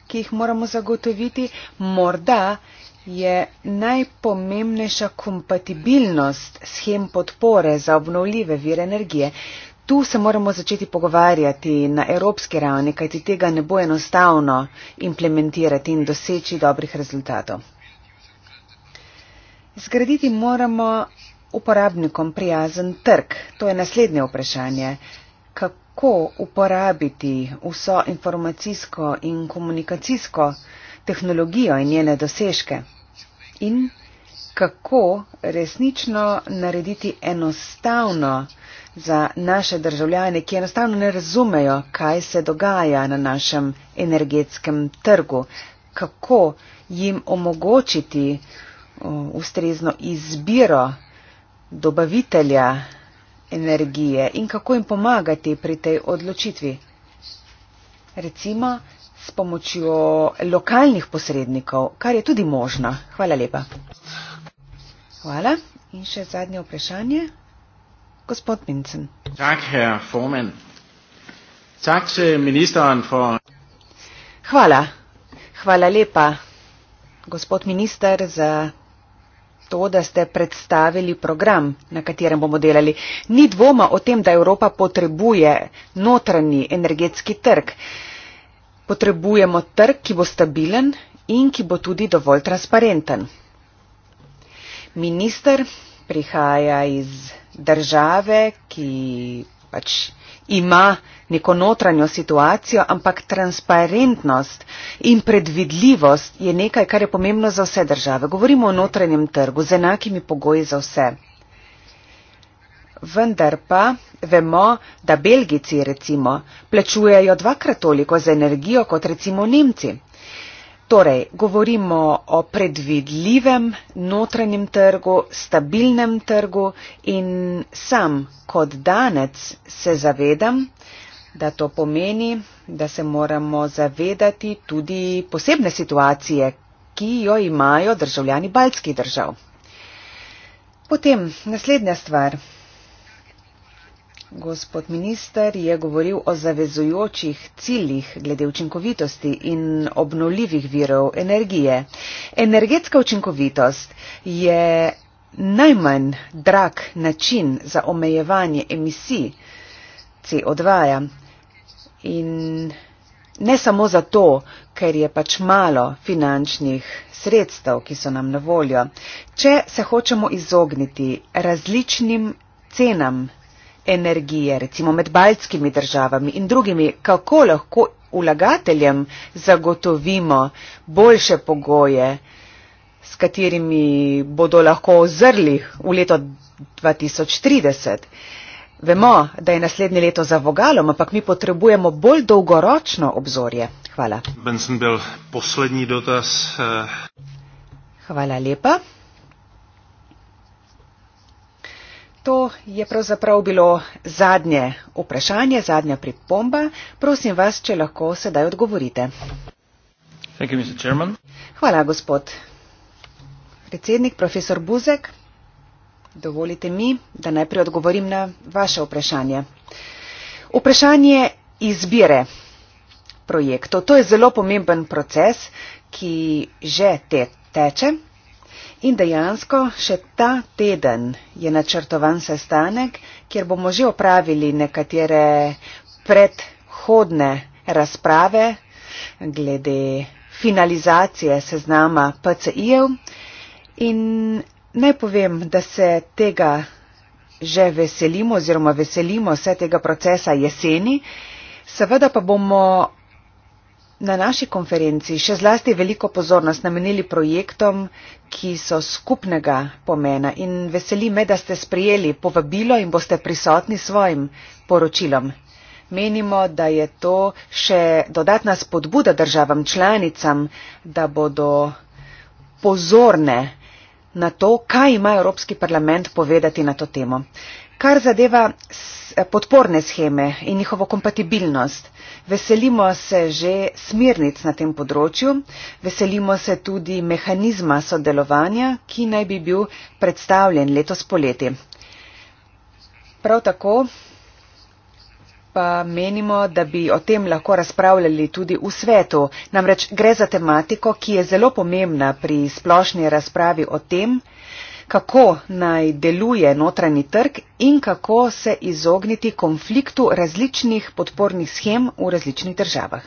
ki jih moramo zagotoviti. Morda je najpomembnejša kompatibilnost schem podpore za obnovljive vire energije. Tu se moramo začeti pogovarjati na evropski ravni, kajti tega ne bo enostavno implementirati in doseči dobrih rezultatov. Zgraditi moramo uporabnikom prijazen trg. To je naslednje vprašanje. Kako kako uporabiti vso informacijsko in komunikacijsko tehnologijo in njene dosežke in kako resnično narediti enostavno za naše državljane, ki enostavno ne razumejo, kaj se dogaja na našem energetskem trgu, kako jim omogočiti uh, ustrezno izbiro dobavitelja energije in kako jim pomagati pri tej odločitvi. Recimo s pomočjo lokalnih posrednikov, kar je tudi možno. Hvala lepa. Hvala. In še zadnje vprašanje. Gospod Mincen. Tak, herr Formen. Tak, ministeran, for... Hvala. Hvala lepa, gospod minister, za to, da ste predstavili program, na katerem bomo delali. Ni dvoma o tem, da Evropa potrebuje notranji energetski trg. Potrebujemo trg, ki bo stabilen in ki bo tudi dovolj transparenten. Minister prihaja iz države, ki pač ima neko notranjo situacijo, ampak transparentnost in predvidljivost je nekaj, kar je pomembno za vse države. Govorimo o notranjem trgu z enakimi pogoji za vse. Vendar pa vemo, da Belgici recimo plačujejo dvakrat toliko za energijo kot recimo Nemci. Torej, govorimo o predvidljivem notranjem trgu, stabilnem trgu in sam kot danec se zavedam, da to pomeni, da se moramo zavedati tudi posebne situacije, ki jo imajo državljani baltskih držav. Potem naslednja stvar. Gospod minister je govoril o zavezujočih ciljih glede učinkovitosti in obnoljivih virov energije. Energetska učinkovitost je najmanj drag način za omejevanje emisij si odvaja. In ne samo zato, ker je pač malo finančnih sredstev, ki so nam na voljo. Če se hočemo izogniti različnim cenam energije, recimo med baltskimi državami in drugimi, kako lahko vlagateljem zagotovimo boljše pogoje, s katerimi bodo lahko ozrli v leto 2030. Vemo, da je naslednje leto za vogalom, ampak mi potrebujemo bolj dolgoročno obzorje. Hvala. Benson bil poslednji dotaz. Eh. Hvala lepa. To je pravzaprav bilo zadnje vprašanje, zadnja pripomba. Prosim vas, če lahko sedaj odgovorite. Hvala, gospod predsednik, profesor Buzek. Dovolite mi, da najprej odgovorim na vaše vprašanje. Vprašanje izbire projektov. To je zelo pomemben proces, ki že te teče. In dejansko še ta teden je načrtovan sestanek, kjer bomo že opravili nekatere predhodne razprave glede finalizacije seznama PCI-jev in Naj povem, da se tega že veselimo oziroma veselimo vse tega procesa jeseni. Seveda pa bomo na naši konferenci še zlasti veliko pozornost namenili projektom, ki so skupnega pomena in veseli me, da ste sprijeli povabilo in boste prisotni svojim poročilom. Menimo, da je to še dodatna spodbuda državam članicam, da bodo pozorne na to, kaj ima Evropski parlament povedati na to temo. Kar zadeva eh, podporne scheme in njihovo kompatibilnost, veselimo se že smernic na tem področju, veselimo se tudi mehanizma sodelovanja, ki naj bi bil predstavljen letos poleti. Prav tako pa menimo, da bi o tem lahko razpravljali tudi v svetu. Namreč gre za tematiko, ki je zelo pomembna pri splošni razpravi o tem, kako naj deluje notranji trg in kako se izogniti konfliktu različnih podpornih schem v različnih državah.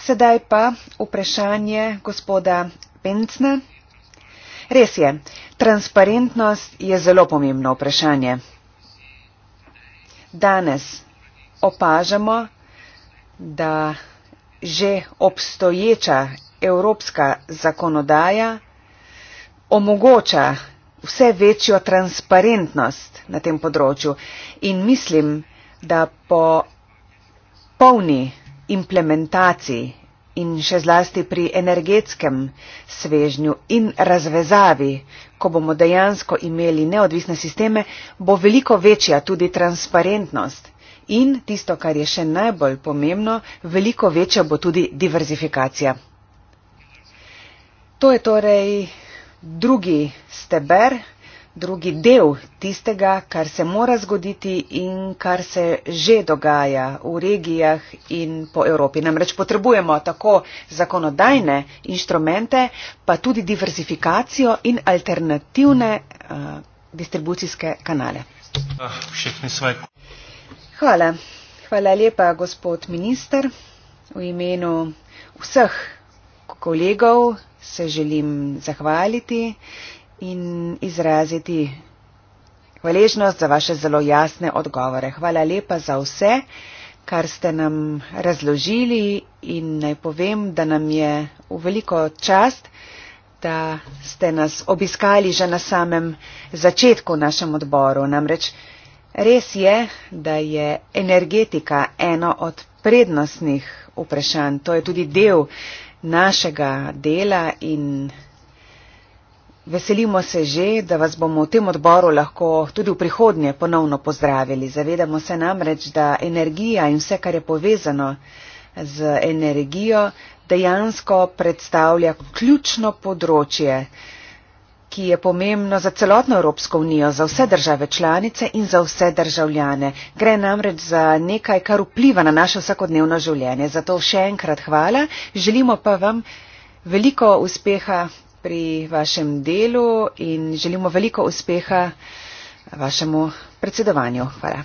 Sedaj pa vprašanje gospoda Pencna. Res je, Transparentnost je zelo pomembno vprašanje. Danes opažamo, da že obstoječa evropska zakonodaja omogoča vse večjo transparentnost na tem področju in mislim, da po polni implementaciji in še zlasti pri energetskem svežnju in razvezavi, ko bomo dejansko imeli neodvisne sisteme, bo veliko večja tudi transparentnost in tisto, kar je še najbolj pomembno, veliko večja bo tudi diverzifikacija. To je torej drugi steber drugi del tistega, kar se mora zgoditi in kar se že dogaja v regijah in po Evropi. Namreč potrebujemo tako zakonodajne inštrumente, pa tudi diversifikacijo in alternativne uh, distribucijske kanale. Ah, Hvala. Hvala lepa, gospod minister. V imenu vseh kolegov se želim zahvaliti in izraziti hvaležnost za vaše zelo jasne odgovore. Hvala lepa za vse, kar ste nam razložili in naj povem, da nam je v veliko čast, da ste nas obiskali že na samem začetku v našem odboru. Namreč res je, da je energetika eno od prednostnih vprašanj. To je tudi del našega dela in Veselimo se že, da vas bomo v tem odboru lahko tudi v prihodnje ponovno pozdravili. Zavedamo se namreč, da energija in vse, kar je povezano z energijo, dejansko predstavlja ključno področje, ki je pomembno za celotno Evropsko unijo, za vse države članice in za vse državljane. Gre namreč za nekaj, kar vpliva na naše vsakodnevno življenje. Zato še enkrat hvala. Želimo pa vam veliko uspeha pri vašem delu in želimo veliko uspeha vašemu predsedovanju. Hvala.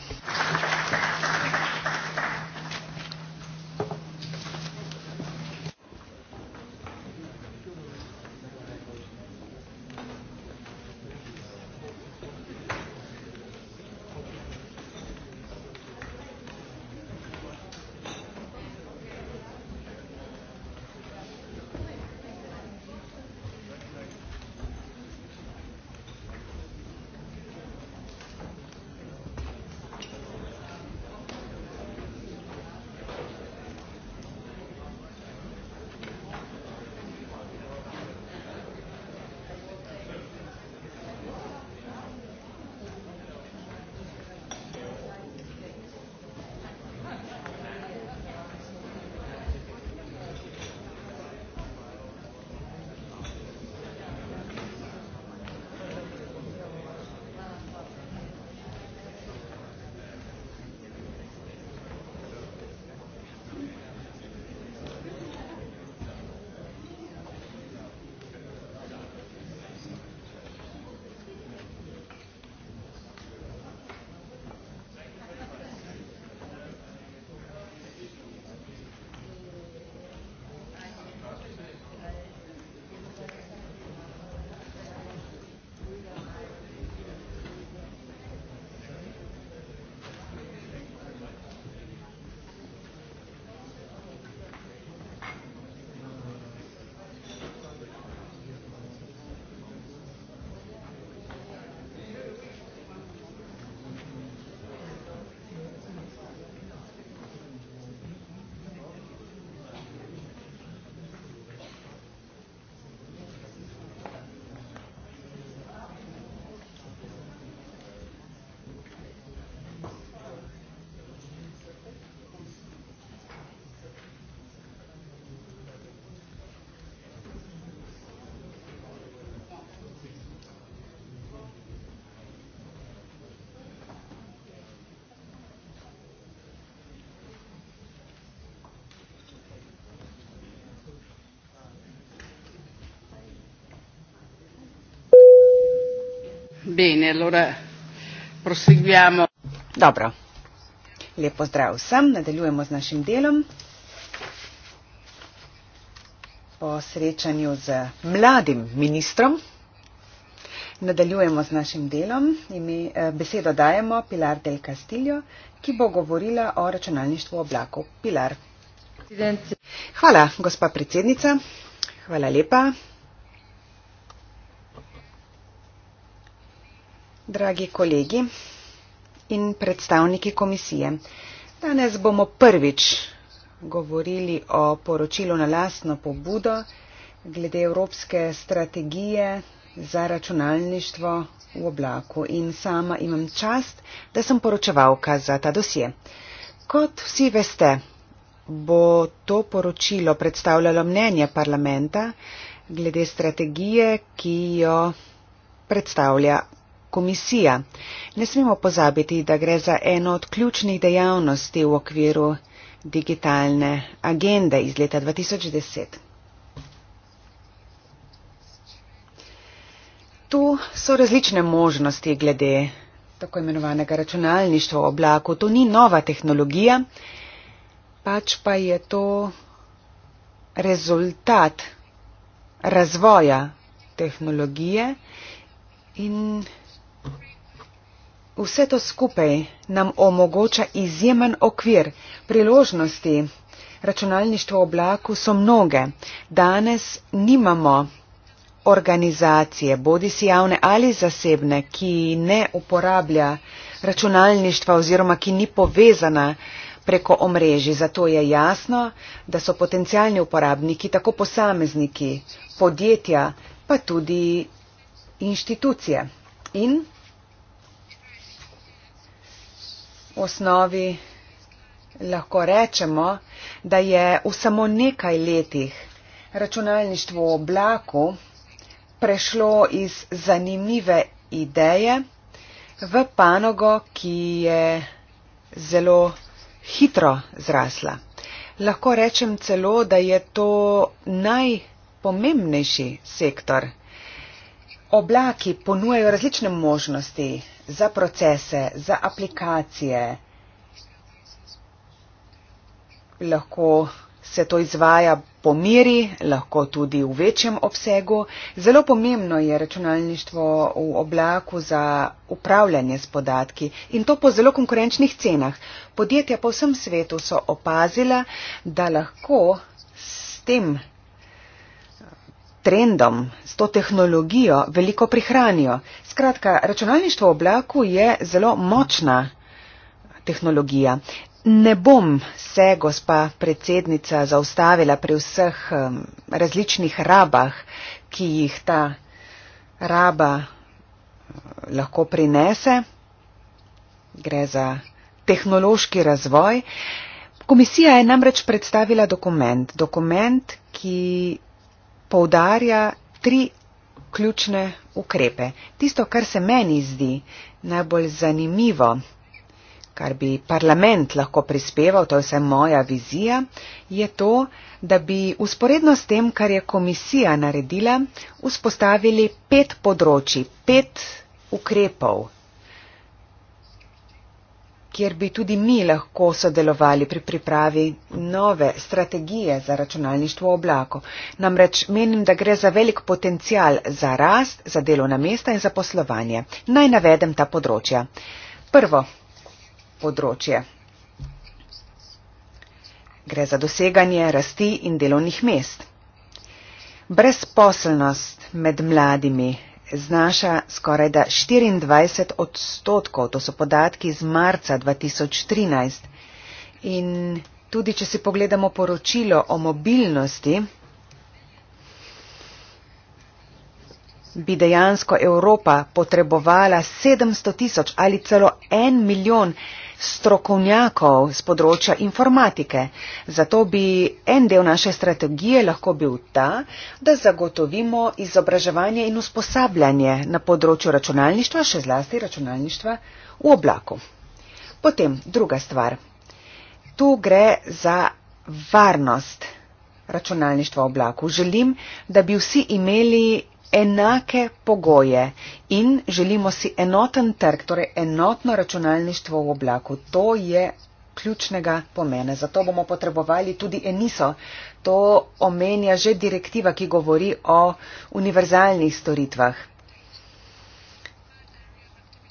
Bene, allora proseguiamo. Dobro. Lepo zdrav vsem, nadaljujemo z našim delom. Po srečanju z mladim ministrom nadaljujemo z našim delom. Ime, eh, besedo dajemo Pilar del Castillo, ki bo govorila o računalništvu oblakov. Pilar. Hvala, gospa predsednica. Hvala lepa. dragi kolegi in predstavniki komisije. Danes bomo prvič govorili o poročilu na lastno pobudo glede evropske strategije za računalništvo v oblaku in sama imam čast, da sem poročevalka za ta dosje. Kot vsi veste, bo to poročilo predstavljalo mnenje parlamenta glede strategije, ki jo predstavlja komisija. Ne smemo pozabiti, da gre za eno od ključnih dejavnosti v okviru digitalne agende iz leta 2010. Tu so različne možnosti glede tako imenovanega računalništva v oblaku. To ni nova tehnologija, pač pa je to rezultat razvoja tehnologije in Vse to skupaj nam omogoča izjemen okvir priložnosti. Računalništvo v oblaku so mnoge. Danes nimamo organizacije, bodi si javne ali zasebne, ki ne uporablja računalništva oziroma ki ni povezana preko omrežji. Zato je jasno, da so potencijalni uporabniki tako posamezniki, podjetja, pa tudi inštitucije. In osnovi lahko rečemo, da je v samo nekaj letih računalništvo v oblaku prešlo iz zanimive ideje v panogo, ki je zelo hitro zrasla. Lahko rečem celo, da je to najpomembnejši sektor. Oblaki ponujajo različne možnosti za procese, za aplikacije. Lahko se to izvaja po miri, lahko tudi v večjem obsegu. Zelo pomembno je računalništvo v oblaku za upravljanje s podatki in to po zelo konkurenčnih cenah. Podjetja po vsem svetu so opazila, da lahko s tem trendom, s to tehnologijo veliko prihranijo. Skratka, računalništvo v oblaku je zelo močna tehnologija. Ne bom se, gospa predsednica, zaustavila pri vseh um, različnih rabah, ki jih ta raba lahko prinese. Gre za tehnološki razvoj. Komisija je namreč predstavila dokument, dokument, ki poudarja tri ključne ukrepe. Tisto, kar se meni zdi najbolj zanimivo, kar bi parlament lahko prispeval, to je vse moja vizija, je to, da bi usporedno s tem, kar je komisija naredila, vzpostavili pet področji, pet ukrepov kjer bi tudi mi lahko sodelovali pri pripravi nove strategije za računalništvo v oblaku. Namreč menim, da gre za velik potencial za rast, za delovna mesta in za poslovanje. Naj navedem ta področja. Prvo področje. Gre za doseganje rasti in delovnih mest. Brezposelnost med mladimi znaša skoraj da 24 odstotkov, to so podatki iz marca 2013. In tudi, če si pogledamo poročilo o mobilnosti, bi dejansko Evropa potrebovala 700 tisoč ali celo en milijon strokovnjakov z področja informatike. Zato bi en del naše strategije lahko bil ta, da zagotovimo izobraževanje in usposabljanje na področju računalništva, še zlasti računalništva v oblaku. Potem druga stvar. Tu gre za varnost računalništva v oblaku. Želim, da bi vsi imeli enake pogoje in želimo si enoten trg, torej enotno računalništvo v oblaku. To je ključnega pomena. Zato bomo potrebovali tudi eniso. To omenja že direktiva, ki govori o univerzalnih storitvah.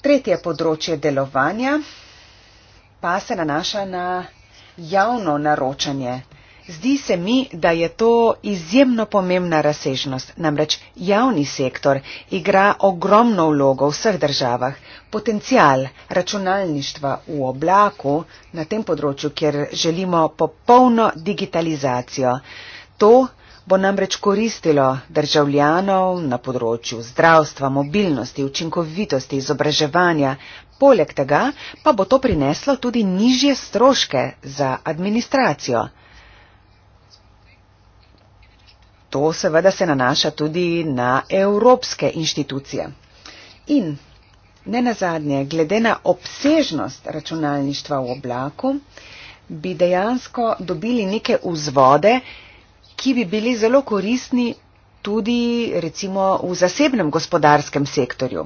Tretje področje delovanja pa se nanaša na javno naročanje. Zdi se mi, da je to izjemno pomembna razsežnost. Namreč javni sektor igra ogromno vlogo v vseh državah. Potencial računalništva v oblaku na tem področju, kjer želimo popolno digitalizacijo, to bo namreč koristilo državljanov na področju zdravstva, mobilnosti, učinkovitosti, izobraževanja. Poleg tega pa bo to prineslo tudi nižje stroške za administracijo. to seveda se nanaša tudi na evropske inštitucije. In ne nazadnje, glede na obsežnost računalništva v oblaku, bi dejansko dobili neke vzvode, ki bi bili zelo koristni tudi recimo v zasebnem gospodarskem sektorju.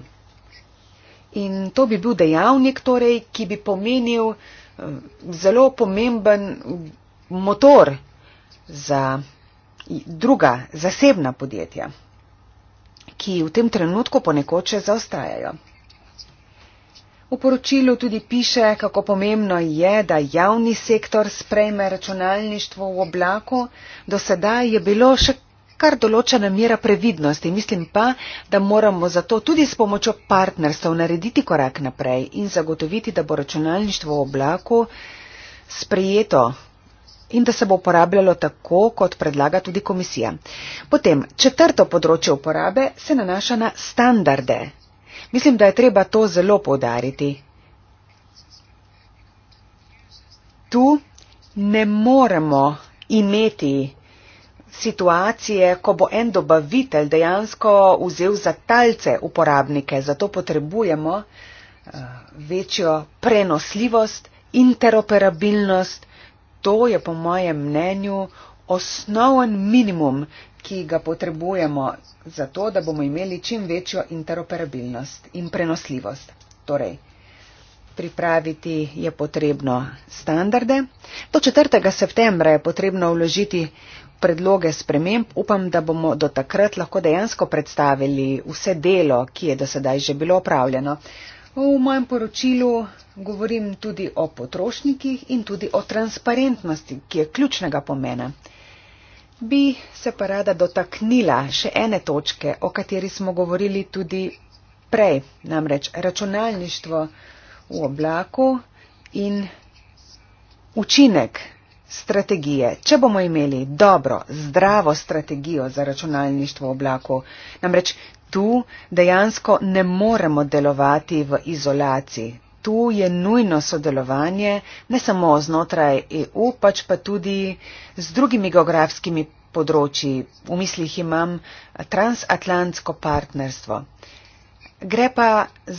In to bi bil dejavnik, torej, ki bi pomenil eh, zelo pomemben motor za druga zasebna podjetja, ki v tem trenutku ponekoče zaostajajo. V poročilu tudi piše, kako pomembno je, da javni sektor sprejme računalništvo v oblaku. Do sedaj je bilo še kar določena mera previdnosti. Mislim pa, da moramo zato tudi s pomočjo partnerstv narediti korak naprej in zagotoviti, da bo računalništvo v oblaku sprejeto in da se bo uporabljalo tako, kot predlaga tudi komisija. Potem, četrto področje uporabe se nanaša na standarde. Mislim, da je treba to zelo povdariti. Tu ne moremo imeti situacije, ko bo en dobavitelj dejansko vzel za talce uporabnike. Zato potrebujemo eh, večjo prenosljivost, interoperabilnost To je po mojem mnenju osnoven minimum, ki ga potrebujemo za to, da bomo imeli čim večjo interoperabilnost in prenosljivost. Torej, pripraviti je potrebno standarde. Do 4. septembra je potrebno vložiti predloge sprememb. Upam, da bomo do takrat lahko dejansko predstavili vse delo, ki je do sedaj že bilo opravljeno. No, v mojem poročilu govorim tudi o potrošnikih in tudi o transparentnosti, ki je ključnega pomena. Bi se pa rada dotaknila še ene točke, o kateri smo govorili tudi prej, namreč računalništvo v oblaku in učinek strategije. Če bomo imeli dobro, zdravo strategijo za računalništvo v oblaku, namreč tu dejansko ne moremo delovati v izolaciji. Tu je nujno sodelovanje ne samo znotraj EU, pač pa tudi z drugimi geografskimi področji. V mislih imam transatlantsko partnerstvo. Gre pa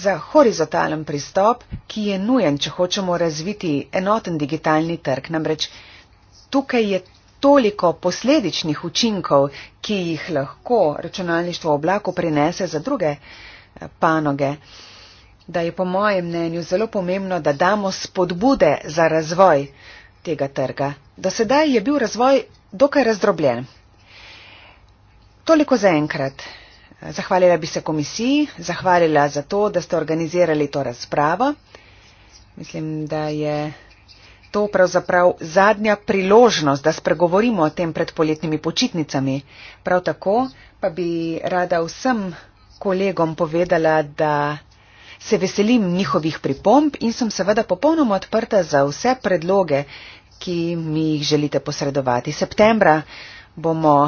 za horizontalen pristop, ki je nujen, če hočemo razviti enoten digitalni trg. Namreč tukaj je toliko posledičnih učinkov, ki jih lahko računalništvo v oblaku prinese za druge eh, panoge, da je po mojem mnenju zelo pomembno, da damo spodbude za razvoj tega trga. Do sedaj je bil razvoj dokaj razdrobljen. Toliko za enkrat. Zahvalila bi se komisiji, zahvalila za to, da ste organizirali to razpravo. Mislim, da je to pravzaprav zadnja priložnost, da spregovorimo o tem pred poletnimi počitnicami. Prav tako pa bi rada vsem kolegom povedala, da se veselim njihovih pripomb in sem seveda popolnoma odprta za vse predloge, ki mi jih želite posredovati. Septembra bomo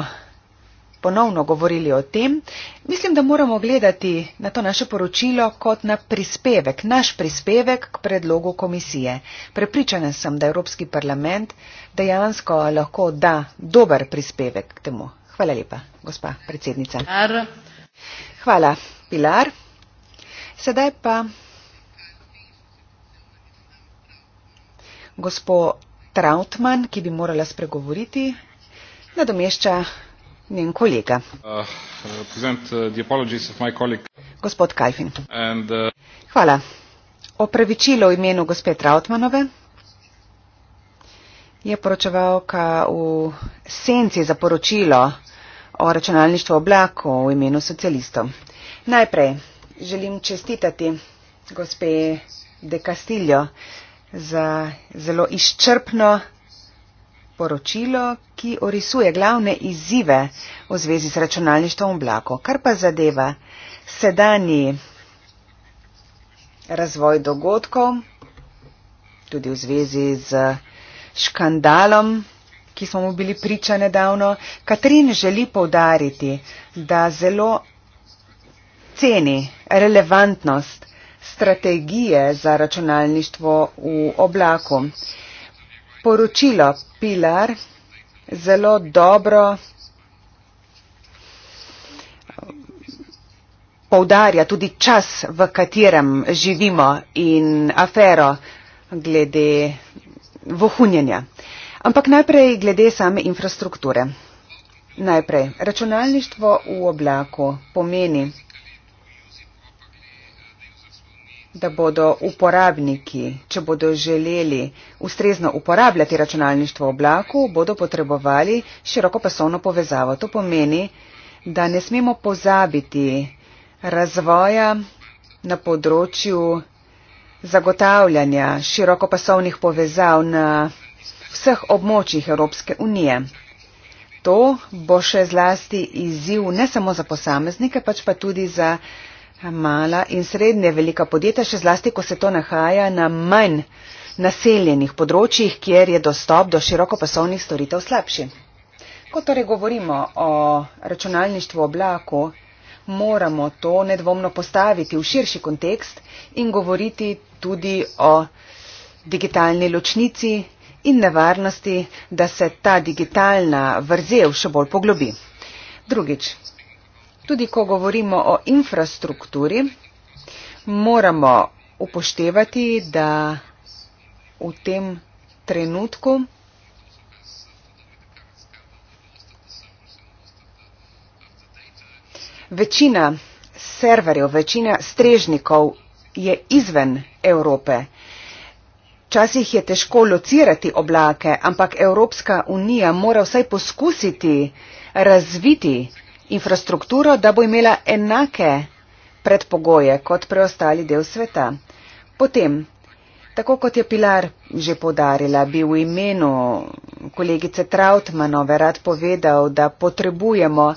ponovno govorili o tem, mislim, da moramo gledati na to naše poročilo kot na prispevek, naš prispevek k predlogu komisije. Prepričana sem, da Evropski parlament dejansko lahko da dober prispevek k temu. Hvala lepa, gospa predsednica. Hvala, Pilar. Sedaj pa gospod Trautman, ki bi morala spregovoriti, nadomešča Njen kolega. Uh, uh, Gospod Kajfin. Uh, Hvala. Opravičilo v imenu gospe Trautmanove je poročevalka v senci za poročilo o računalništvu oblaku v imenu socialistov. Najprej želim čestitati gospe De Castillo za zelo izčrpno poročilo, ki orisuje glavne izzive v zvezi s računalništvom v oblaku. Kar pa zadeva sedanji razvoj dogodkov, tudi v zvezi z škandalom, ki smo mu bili priča nedavno, Katrin želi povdariti, da zelo ceni relevantnost strategije za računalništvo v oblaku poročilo Pilar zelo dobro povdarja tudi čas, v katerem živimo in afero glede vohunjenja. Ampak najprej glede same infrastrukture. Najprej računalništvo v oblaku pomeni da bodo uporabniki, če bodo želeli ustrezno uporabljati računalništvo v oblaku, bodo potrebovali široko pasovno povezavo. To pomeni, da ne smemo pozabiti razvoja na področju zagotavljanja široko pasovnih povezav na vseh območjih Evropske unije. To bo še zlasti izziv ne samo za posameznike, pač pa tudi za mala in srednje velika podjetja, še zlasti, ko se to nahaja na manj naseljenih področjih, kjer je dostop do širokopasovnih storitev slabši. Ko torej govorimo o računalništvu v oblaku, moramo to nedvomno postaviti v širši kontekst in govoriti tudi o digitalni ločnici in nevarnosti, da se ta digitalna vrzel še bolj poglobi. Drugič, Tudi ko govorimo o infrastrukturi, moramo upoštevati, da v tem trenutku večina serverjev, večina strežnikov je izven Evrope. Včasih je težko locirati oblake, ampak Evropska unija mora vsaj poskusiti razviti infrastrukturo, da bo imela enake predpogoje kot preostali del sveta. Potem, tako kot je Pilar že podarila, bi v imenu kolegice Trautmanove rad povedal, da potrebujemo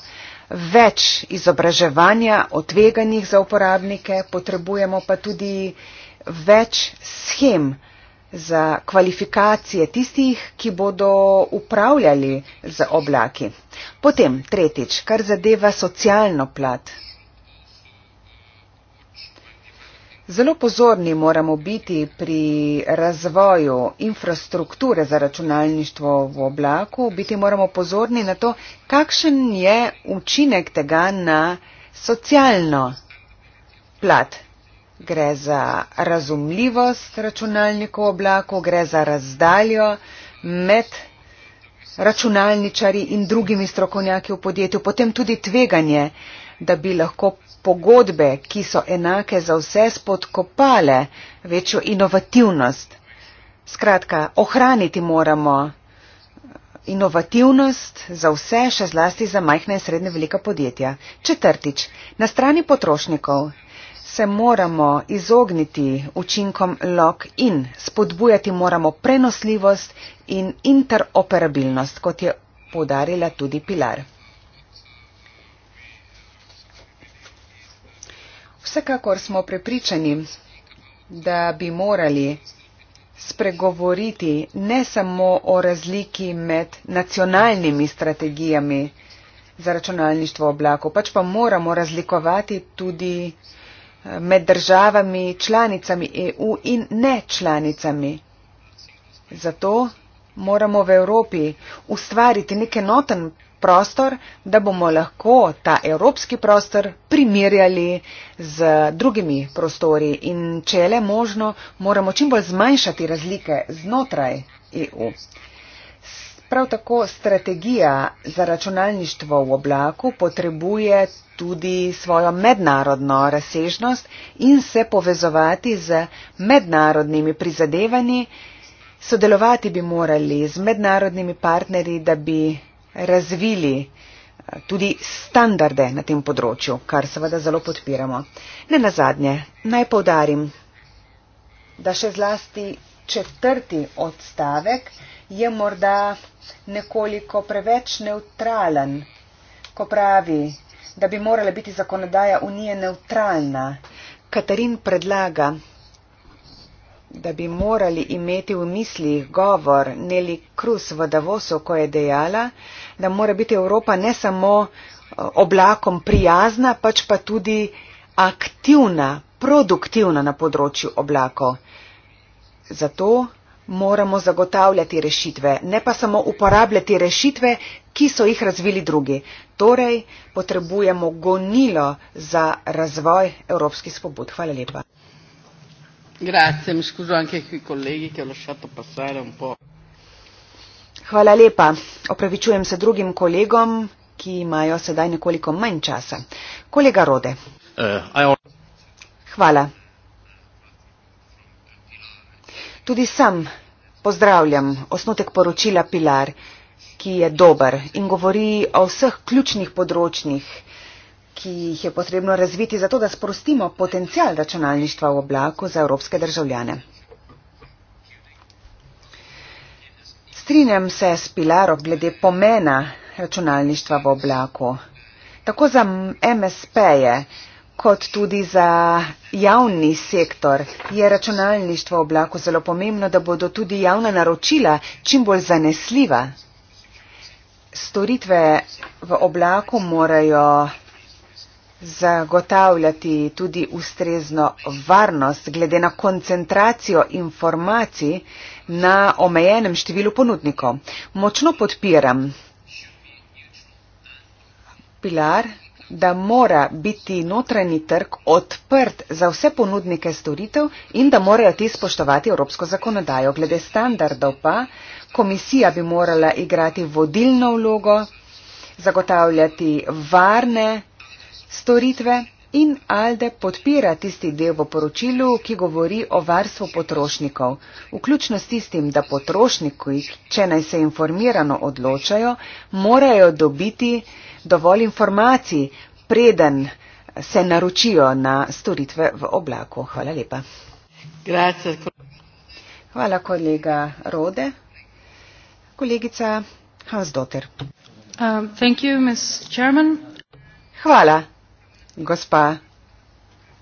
več izobraževanja o tveganjih za uporabnike, potrebujemo pa tudi več schem, za kvalifikacije tistih, ki bodo upravljali z oblaki. Potem tretjič, kar zadeva socialno plat. Zelo pozorni moramo biti pri razvoju infrastrukture za računalništvo v oblaku, biti moramo pozorni na to, kakšen je učinek tega na socialno plat gre za razumljivost računalnikov v oblaku, gre za razdaljo med računalničari in drugimi strokovnjaki v podjetju, potem tudi tveganje, da bi lahko pogodbe, ki so enake za vse, spodkopale večjo inovativnost. Skratka, ohraniti moramo inovativnost za vse, še zlasti za majhna in srednje velika podjetja. Četrtič, na strani potrošnikov se moramo izogniti učinkom lock-in, spodbujati moramo prenosljivost in interoperabilnost, kot je podarila tudi Pilar. Vsekakor smo prepričani, da bi morali spregovoriti ne samo o razliki med nacionalnimi strategijami za računalništvo oblako, pač pa moramo razlikovati tudi med državami, članicami EU in ne članicami. Zato moramo v Evropi ustvariti neke noten prostor, da bomo lahko ta evropski prostor primerjali z drugimi prostori in če je le možno, moramo čim bolj zmanjšati razlike znotraj EU. Prav tako strategija za računalništvo v oblaku potrebuje tudi svojo mednarodno razsežnost in se povezovati z mednarodnimi prizadevanji. Sodelovati bi morali z mednarodnimi partnerji, da bi razvili eh, tudi standarde na tem področju, kar seveda zelo podpiramo. Ne na zadnje, naj povdarim, da še zlasti četrti odstavek je morda nekoliko preveč neutralen, ko pravi, da bi morala biti zakonodaja unije neutralna. Katarin predlaga, da bi morali imeti v mislih govor Neli Krus v Davosu, ko je dejala, da mora biti Evropa ne samo eh, oblakom prijazna, pač pa tudi aktivna, produktivna na področju oblakov. Zato moramo zagotavljati rešitve, ne pa samo uporabljati rešitve, ki so jih razvili drugi. Torej, potrebujemo gonilo za razvoj evropskih spobud. Hvala lepa. Grazie, mi scuso anche qui colleghi che ho lasciato passare un po'. Hvala lepa. Opravičujem se drugim kolegom, ki imajo sedaj nekoliko manj časa. Kolega Rode. Uh, Hvala. Tudi sam pozdravljam osnutek poročila Pilar, ki je dober in govori o vseh ključnih področjih, ki jih je potrebno razviti, zato da sprostimo potencial računalništva v oblaku za evropske državljane. Strinjam se s Pilarom glede pomena računalništva v oblaku. Tako za MSP je kot tudi za javni sektor je računalništvo v oblaku zelo pomembno, da bodo tudi javna naročila čim bolj zanesljiva. Storitve v oblaku morajo zagotavljati tudi ustrezno varnost glede na koncentracijo informacij na omejenem številu ponudnikov. Močno podpiram pilar da mora biti notranji trg odprt za vse ponudnike storitev in da morajo ti spoštovati evropsko zakonodajo. Glede standardov pa komisija bi morala igrati vodilno vlogo, zagotavljati varne storitve in Alde podpira tisti del v poročilu, ki govori o varstvu potrošnikov, vključno s tistim, da potrošniki, če naj se informirano odločajo, morajo dobiti dovolj informacij, preden se naročijo na storitve v oblaku. Hvala lepa. Grazie. Hvala kolega Rode. Kolegica Hansdotter. Uh, hvala, gospa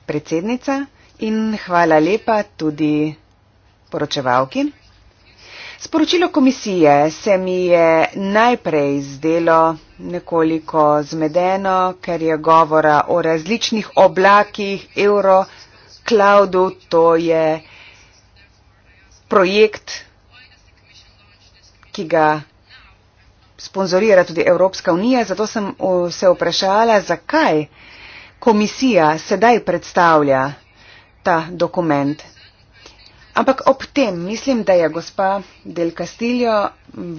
predsednica, in hvala lepa tudi poročevalki. Sporočilo komisije se mi je najprej zdelo nekoliko zmedeno, ker je govora o različnih oblakih Euro Cloudu, to je projekt, ki ga sponzorira tudi Evropska unija, zato sem se vprašala, zakaj komisija sedaj predstavlja ta dokument. Ampak ob tem mislim, da je gospa Del Castillo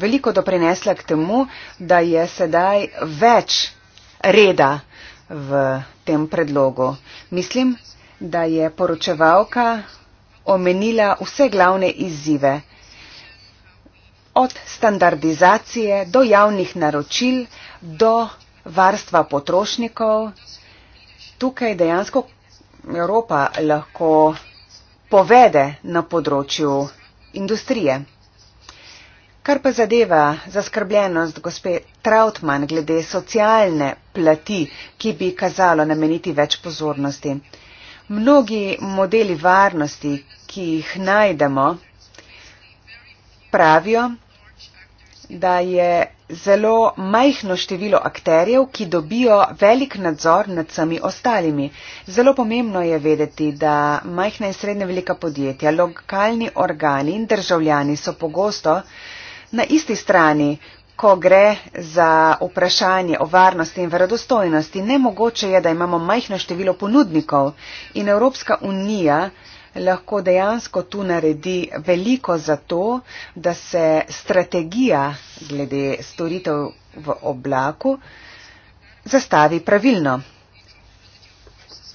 veliko doprinesla k temu, da je sedaj več reda v tem predlogu. Mislim, da je poročevalka omenila vse glavne izzive, od standardizacije do javnih naročil, do varstva potrošnikov. Tukaj dejansko Evropa lahko povede na področju industrije. Kar pa zadeva zaskrbljenost gospe Trautmann glede socialne plati, ki bi kazalo nameniti več pozornosti. Mnogi modeli varnosti, ki jih najdemo, pravijo, da je zelo majhno število akterjev, ki dobijo velik nadzor nad vsemi ostalimi. Zelo pomembno je vedeti, da majhna in srednja velika podjetja, lokalni organi in državljani so pogosto na isti strani, ko gre za vprašanje o varnosti in verodostojnosti. Nemogoče je, da imamo majhno število ponudnikov in Evropska unija lahko dejansko tu naredi veliko za to, da se strategija glede storitev v oblaku zastavi pravilno.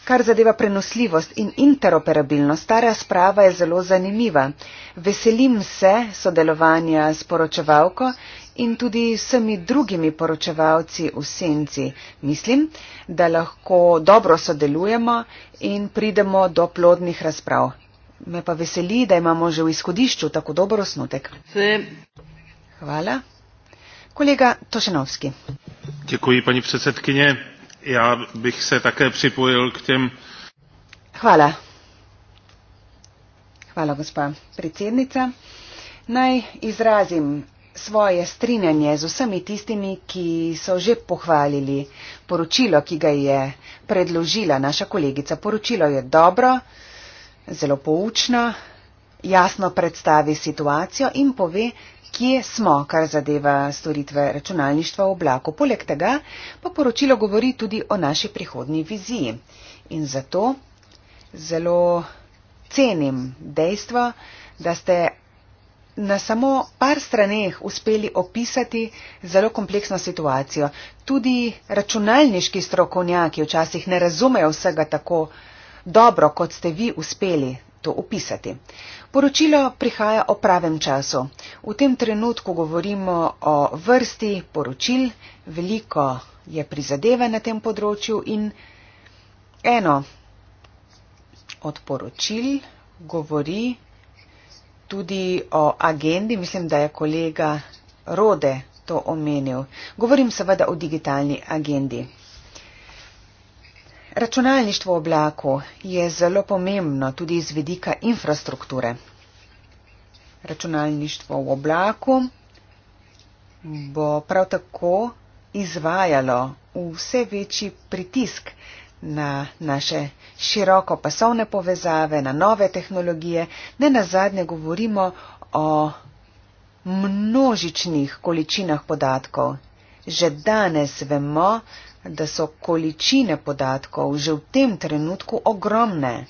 Kar zadeva prenosljivost in interoperabilnost, stara sprava je zelo zanimiva. Veselim se sodelovanja s poročevalko in tudi vsemi drugimi poročevalci v senci. Mislim, da lahko dobro sodelujemo in pridemo do plodnih razprav. Me pa veseli, da imamo že v izhodišču tako dober osnutek. Se. Hvala. Kolega Tošenovski. Děkuji, pani predsedkinje. Ja bih se také pripojil k tem. Hvala. Hvala, gospa predsednica. Naj izrazim svoje strinjanje z vsemi tistimi, ki so že pohvalili poročilo, ki ga je predložila naša kolegica. Poročilo je dobro, zelo poučno, jasno predstavi situacijo in pove, kje smo, kar zadeva storitve računalništva v oblaku. Poleg tega pa poročilo govori tudi o naši prihodni viziji. In zato zelo cenim dejstvo, da ste na samo par straneh uspeli opisati zelo kompleksno situacijo. Tudi računalniški strokovnjaki včasih ne razumejo vsega tako dobro, kot ste vi uspeli to opisati. Poročilo prihaja o pravem času. V tem trenutku govorimo o vrsti poročil, veliko je prizadeve na tem področju in eno od poročil govori tudi o agendi, mislim, da je kolega Rode to omenil. Govorim seveda o digitalni agendi. Računalništvo v oblaku je zelo pomembno tudi iz vedika infrastrukture. Računalništvo v oblaku bo prav tako izvajalo vse večji pritisk na naše široko pasovne povezave, na nove tehnologije. Ne na zadnje govorimo o množičnih količinah podatkov. Že danes vemo, da so količine podatkov že v tem trenutku ogromne.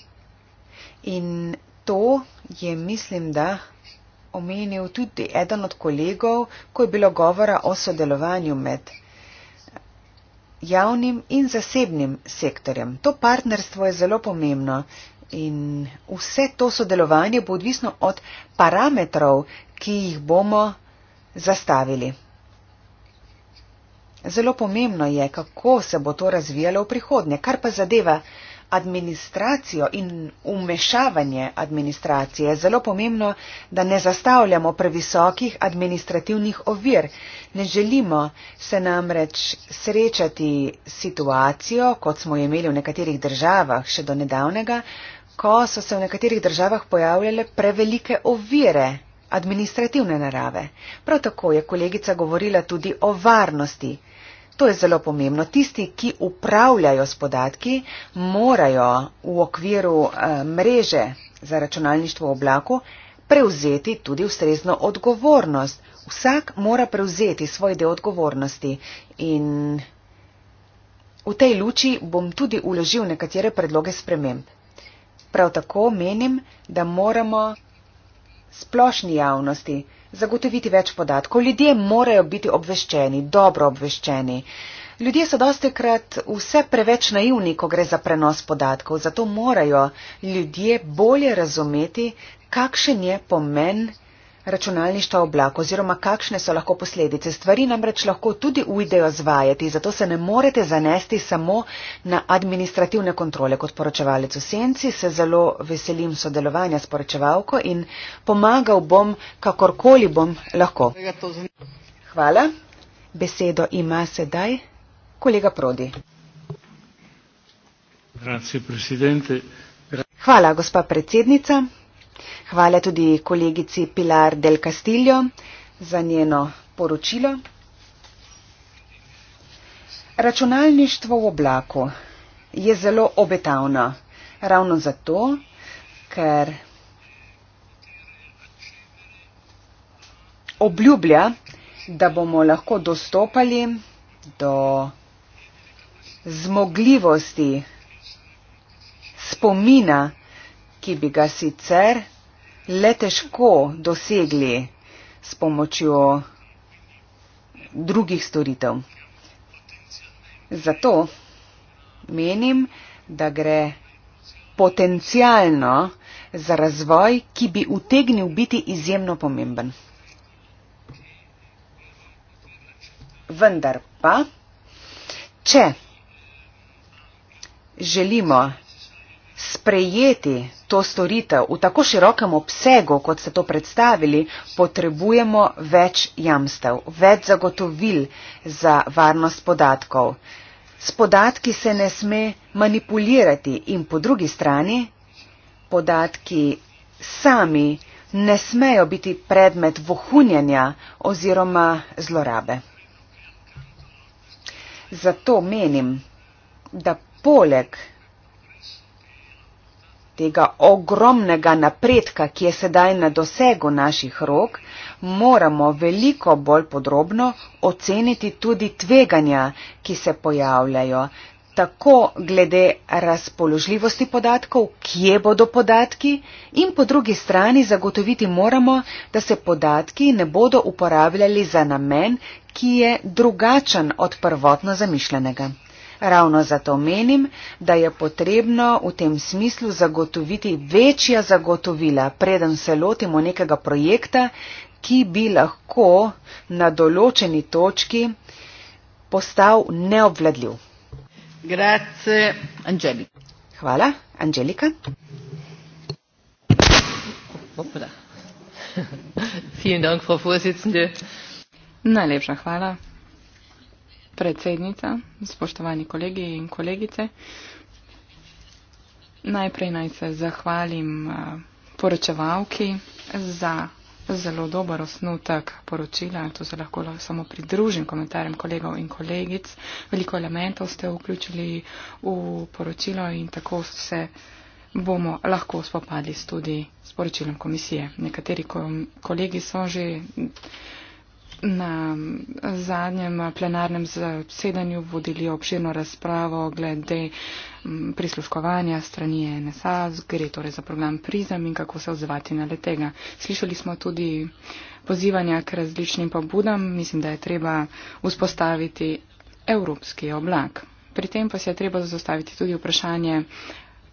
In to je, mislim, da omenil tudi eden od kolegov, ko je bilo govora o sodelovanju med javnim in zasebnim sektorjem. To partnerstvo je zelo pomembno in vse to sodelovanje bo odvisno od parametrov, ki jih bomo zastavili. Zelo pomembno je, kako se bo to razvijalo v prihodnje, kar pa zadeva administracijo in umešavanje administracije je zelo pomembno, da ne zastavljamo previsokih administrativnih ovir. Ne želimo se namreč srečati situacijo, kot smo jo imeli v nekaterih državah še do nedavnega, ko so se v nekaterih državah pojavljale prevelike ovire administrativne narave. Prav tako je kolegica govorila tudi o varnosti. To je zelo pomembno. Tisti, ki upravljajo s podatki, morajo v okviru eh, mreže za računalništvo v oblaku prevzeti tudi ustrezno odgovornost. Vsak mora prevzeti svoj del odgovornosti in v tej luči bom tudi uložil nekatere predloge sprememb. Prav tako menim, da moramo splošni javnosti zagotoviti več podatkov. Ljudje morajo biti obveščeni, dobro obveščeni. Ljudje so dosti krat vse preveč naivni, ko gre za prenos podatkov, zato morajo ljudje bolje razumeti, kakšen je pomen računalništva oblak oziroma kakšne so lahko posledice. Stvari namreč lahko tudi ujdejo zvajati, zato se ne morete zanesti samo na administrativne kontrole. Kot poročevalec v senci se zelo veselim sodelovanja s poročevalko in pomagal bom, kakorkoli bom lahko. Hvala. Besedo ima sedaj kolega Prodi. Hvala, gospa predsednica. Hvala tudi kolegici Pilar del Castillo za njeno poročilo. Računalništvo v oblaku je zelo obetavno. Ravno zato, ker obljublja, da bomo lahko dostopali do zmogljivosti spomina ki bi ga sicer le težko dosegli s pomočjo drugih storitev. Zato menim, da gre potencijalno za razvoj, ki bi utegnil biti izjemno pomemben. Vendar pa, če želimo sprejeti to storitev v tako širokem obsegu, kot ste to predstavili, potrebujemo več jamstev, več zagotovil za varnost podatkov. S podatki se ne sme manipulirati in po drugi strani podatki sami ne smejo biti predmet vohunjanja oziroma zlorabe. Zato menim, da poleg tega ogromnega napredka, ki je sedaj na dosegu naših rok, moramo veliko bolj podrobno oceniti tudi tveganja, ki se pojavljajo, tako glede razpoložljivosti podatkov, kje bodo podatki in po drugi strani zagotoviti moramo, da se podatki ne bodo uporabljali za namen, ki je drugačen od prvotno zamišljenega. Ravno zato menim, da je potrebno v tem smislu zagotoviti večja zagotovila, preden se lotimo nekega projekta, ki bi lahko na določeni točki postal neobvladljiv. Grazie, Angelika. Hvala, Angelika. Hvala, Frau Vorsitzende. Najlepša hvala, predsednica, spoštovani kolegi in kolegice. Najprej naj se zahvalim eh, poročevalki za zelo dober osnutek poročila. To se lahko samo pridružim komentarjem kolegov in kolegic. Veliko elementov ste vključili v poročilo in tako se bomo lahko spopadli tudi s poročilom komisije. Nekateri kolegi so že na zadnjem plenarnem zasedanju vodili obširno razpravo glede mm, prisluškovanja strani NSA, gre torej za program Prizem in kako se odzvati na letega. Slišali smo tudi pozivanja k različnim pobudam, mislim, da je treba vzpostaviti evropski oblak. Pri tem pa se je treba zastaviti tudi vprašanje,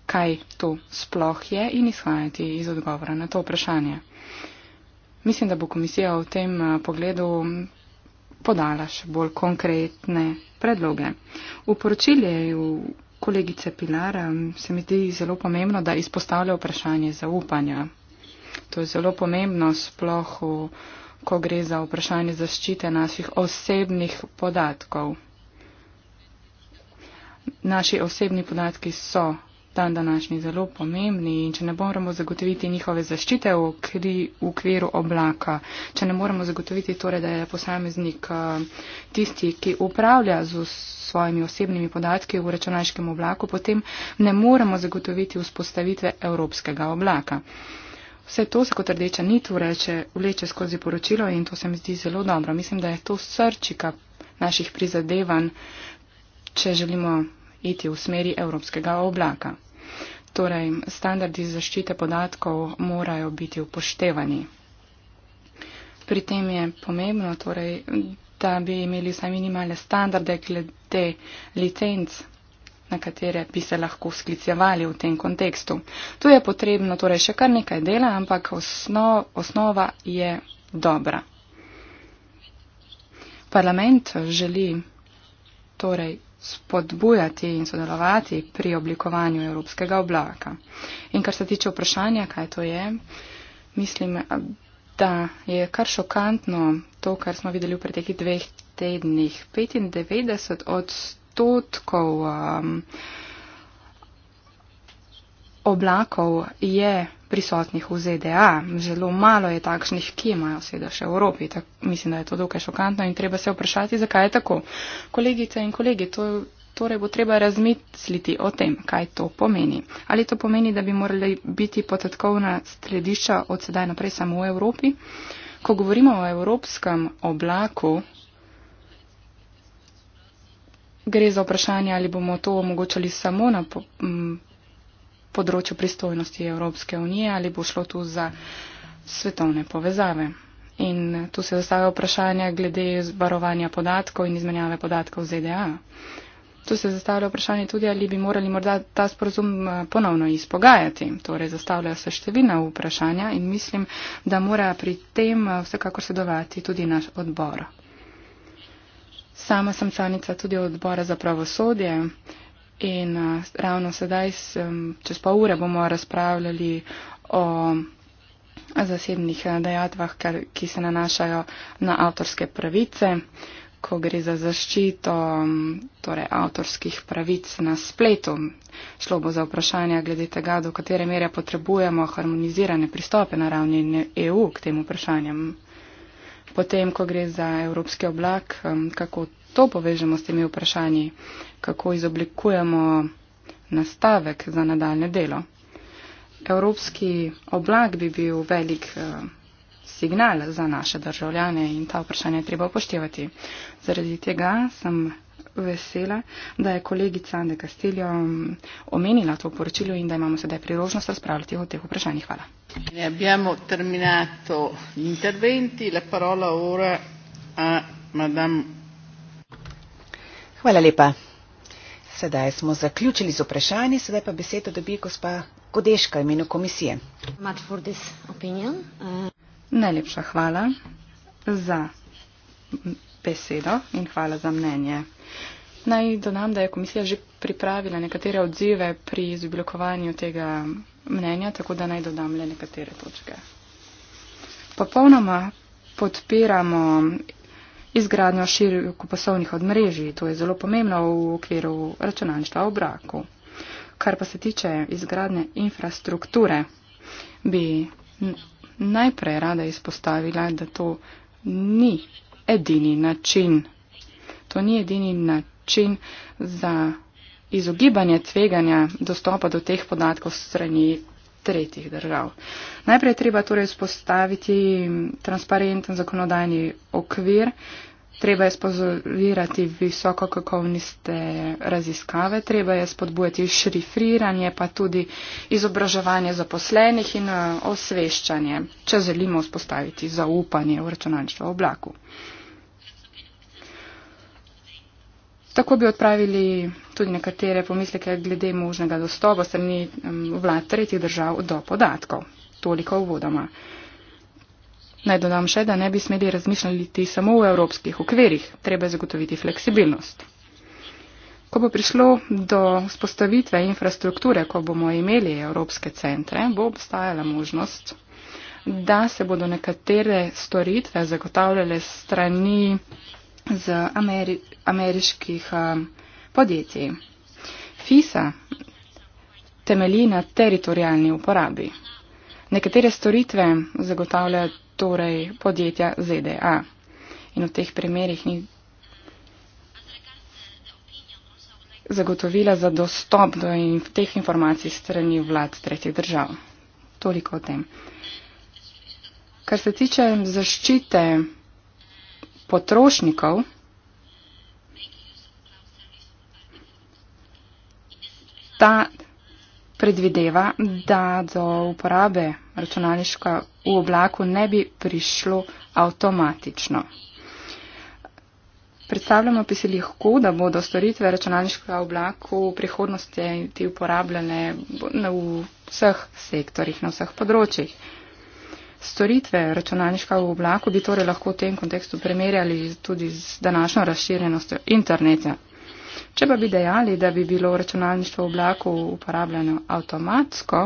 kaj to sploh je in izhajati iz odgovora na to vprašanje. Mislim, da bo komisija v tem eh, pogledu podala še bolj konkretne predloge. V poročilju kolegice Pilar eh, se mi zdi zelo pomembno, da izpostavlja vprašanje zaupanja. To je zelo pomembno, sploh ko gre za vprašanje zaščite naših osebnih podatkov. Naši osebni podatki so dan današnji zelo pomembni in če ne moramo zagotoviti njihove zaščite v, okri, v okviru oblaka, če ne moramo zagotoviti torej, da je posameznik tisti, ki upravlja z svojimi osebnimi podatki v računalniškem oblaku, potem ne moremo zagotoviti vzpostavitve evropskega oblaka. Vse to se kot rdeča nit vreče, vleče skozi poročilo in to se mi zdi zelo dobro. Mislim, da je to srčika naših prizadevanj, če želimo iti v smeri evropskega oblaka torej standardi zaščite podatkov morajo biti upoštevani. Pri tem je pomembno, torej, da bi imeli vsaj minimalne standarde glede licenc, na katere bi se lahko sklicevali v tem kontekstu. Tu je potrebno torej še kar nekaj dela, ampak osnov, osnova je dobra. Parlament želi torej spodbujati in sodelovati pri oblikovanju evropskega oblaka. In kar se tiče vprašanja, kaj to je, mislim, da je kar šokantno to, kar smo videli v preteklih dveh tednih. 95 odstotkov um, oblakov je prisotnih v ZDA, zelo malo je takšnih, ki imajo sedež v Evropi. Tak, mislim, da je to dokaj šokantno in treba se vprašati, zakaj je tako. Kolegice in kolegi, to, torej bo treba razmisliti o tem, kaj to pomeni. Ali to pomeni, da bi morali biti podatkovna središča od sedaj naprej samo v Evropi? Ko govorimo o evropskem oblaku, gre za vprašanje, ali bomo to omogočali samo na. Po, m, področju pristojnosti Evropske unije ali bo šlo tu za svetovne povezave. In tu se zastavlja vprašanje glede varovanja podatkov in izmenjave podatkov z EDA. Tu se zastavlja vprašanje tudi, ali bi morali morda ta sporozum eh, ponovno izpogajati. Torej, zastavljajo se številna vprašanja in mislim, da mora pri tem eh, vsekakor sodelovati tudi naš odbor. Sama sem članica tudi odbora za pravosodje In uh, ravno sedaj, sem, čez pol ure, bomo razpravljali o zasebnih dejatvah, kar, ki se nanašajo na avtorske pravice, ko gre za zaščito torej, avtorskih pravic na spletu. Šlo bo za vprašanje glede tega, do katere mere potrebujemo harmonizirane pristope na ravni EU e k tem vprašanjem. Potem, ko gre za evropski oblak, kako to povežemo s temi vprašanji, kako izoblikujemo nastavek za nadaljne delo. Evropski oblak bi bil velik eh, signal za naše državljane in ta vprašanja je treba upoštevati. Zaradi tega sem vesela, da je kolegica Ande Castillo mm, omenila to poročilo in da imamo sedaj priložnost razpravljati o teh vprašanjih. Hvala. Ne, Hvala lepa. Sedaj smo zaključili z vprašanji, sedaj pa besedo dobi gospa Kodeška imenu komisije. Uh, Najlepša hvala za besedo in hvala za mnenje. Naj dodam, da je komisija že pripravila nekatere odzive pri izoblikovanju tega mnenja, tako da naj dodam le nekatere točke. Popolnoma podpiramo izgradnjo širokopasovnih odmrežij. To je zelo pomembno v okviru računalništva v braku. Kar pa se tiče izgradnje infrastrukture, bi najprej rada izpostavila, da to ni edini način. To ni edini način za izogibanje tveganja dostopa do teh podatkov strani tretjih držav. Najprej treba torej vzpostaviti transparenten zakonodajni okvir, Treba je spozorirati visoko kakovniste raziskave, treba je spodbujati šrifriranje, pa tudi izobraževanje zaposlenih in eh, osveščanje, če želimo vzpostaviti zaupanje v računalništvo v oblaku. Tako bi odpravili tudi nekatere pomisleke glede možnega dostopa strani mm, vlad tretjih držav do podatkov. Toliko uvodoma. Naj dodam še, da ne bi smeli razmišljati samo v evropskih okvirih, treba je zagotoviti fleksibilnost. Ko bo prišlo do spostavitve infrastrukture, ko bomo imeli evropske centre, bo obstajala možnost, da se bodo nekatere storitve zagotavljale strani z ameri ameriških um, podjetij. FISA temelji na teritorijalni uporabi. Nekatere storitve zagotavljajo torej podjetja ZDA. In v teh primerjih ni zagotovila za dostop do in teh informacij strani vlad tretjih držav. Toliko o tem. Kar se tiče zaščite potrošnikov, ta predvideva, da do uporabe računalniška v oblaku ne bi prišlo avtomatično. Predstavljamo pa si lahko, da bodo storitve računalniškega oblaku v prihodnosti ti uporabljene v vseh sektorjih, na vseh področjih. Storitve računalniška v oblaku bi torej lahko v tem kontekstu primerjali tudi z današnjo razširjenostjo interneta. Če pa bi dejali, da bi bilo računalništvo v oblaku uporabljeno avtomatsko,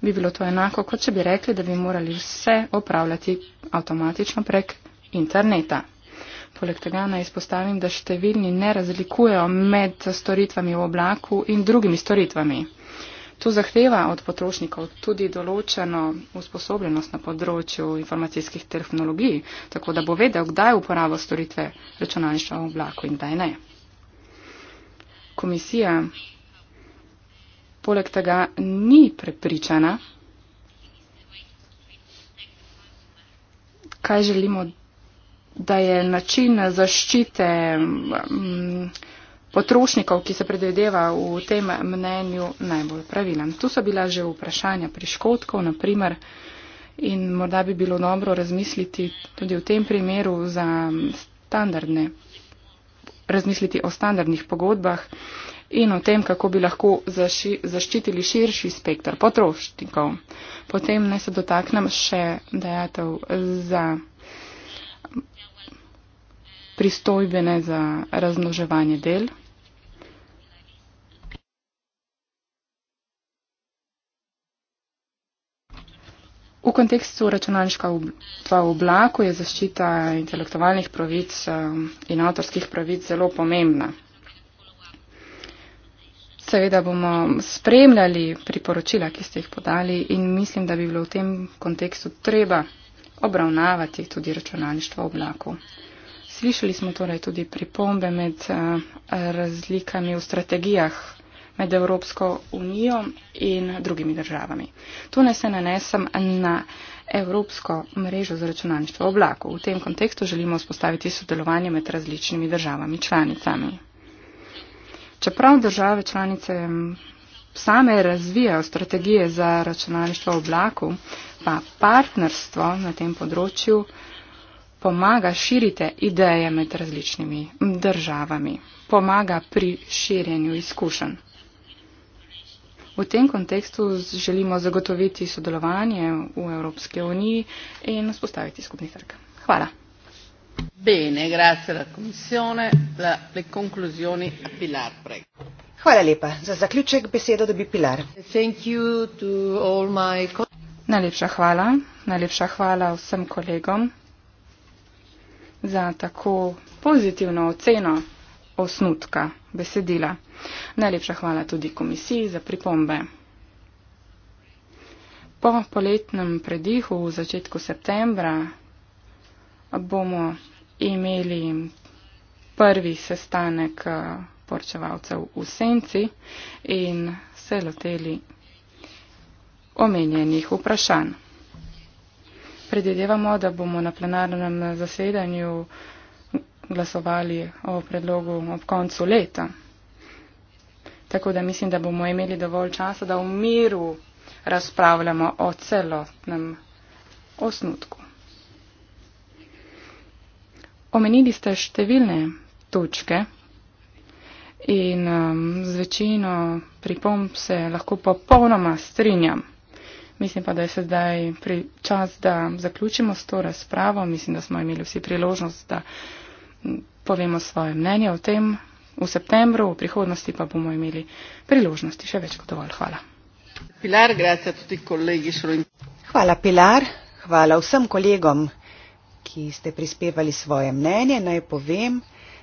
bi bilo to enako, kot če bi rekli, da bi morali vse opravljati avtomatično prek interneta. Poleg tega naj izpostavim, da številni ne razlikujejo med storitvami v oblaku in drugimi storitvami. To zahteva od potrošnikov tudi določeno usposobljenost na področju informacijskih tehnologij, tako da bo vedel, kdaj uporabo storitve računalništva v oblaku in kdaj ne komisija poleg tega ni prepričana, kaj želimo, da je način zaščite mm, potrošnikov, ki se predvedeva v tem mnenju, najbolj pravilen. Tu so bila že vprašanja pri škotkov, naprimer, in morda bi bilo dobro razmisliti tudi v tem primeru za standardne razmisliti o standardnih pogodbah in o tem, kako bi lahko zaši, zaščitili širši spektr potrošnikov. Potem naj se dotaknem še dejatev za pristojbene za raznoževanje del. V kontekstu računalniška v oblaku je zaščita intelektualnih pravic um, in avtorskih pravic zelo pomembna. Seveda bomo spremljali priporočila, ki ste jih podali in mislim, da bi bilo v tem kontekstu treba obravnavati tudi računalništvo v oblaku. Slišali smo torej tudi pripombe med uh, razlikami v strategijah med Evropsko unijo in drugimi državami. Tu ne se nanesem na Evropsko mrežo za računalništvo v oblaku. V tem kontekstu želimo vzpostaviti sodelovanje med različnimi državami članicami. Čeprav države članice same razvijajo strategije za računalništvo v oblaku, pa partnerstvo na tem področju pomaga širite ideje med različnimi državami, pomaga pri širjenju izkušenj. V tem kontekstu želimo zagotoviti sodelovanje v Evropske uniji in spostaviti skupni trg. Hvala. Bene, grazie la komisione, la, le conclusioni Pilar, prego. Hvala lepa. Za zaključek besedo dobi Pilar. Najlepša hvala. Najlepša hvala vsem kolegom za tako pozitivno oceno osnutka besedila. Najlepša hvala tudi komisiji za pripombe. Po poletnem predihu v začetku septembra bomo imeli prvi sestanek eh, porčevalcev v senci in se loteli omenjenih vprašanj. Predvidevamo, da bomo na plenarnem zasedanju uh, glasovali o predlogu ob koncu leta. Tako da mislim, da bomo imeli dovolj časa, da v miru razpravljamo o celotnem osnutku. Omenili ste številne točke in um, z večino pripomb se lahko popolnoma strinjam. Mislim pa, da je sedaj čas, da zaključimo s to razpravo. Mislim, da smo imeli vsi priložnost, da povemo svoje mnenje o tem v septembru, v prihodnosti pa bomo imeli priložnosti še več kot dovolj. Hvala. Pilar, grazie a tutti colleghi. Hvala Pilar, hvala vsem kolegom, ki ste prispevali svoje mnenje. Naj povem,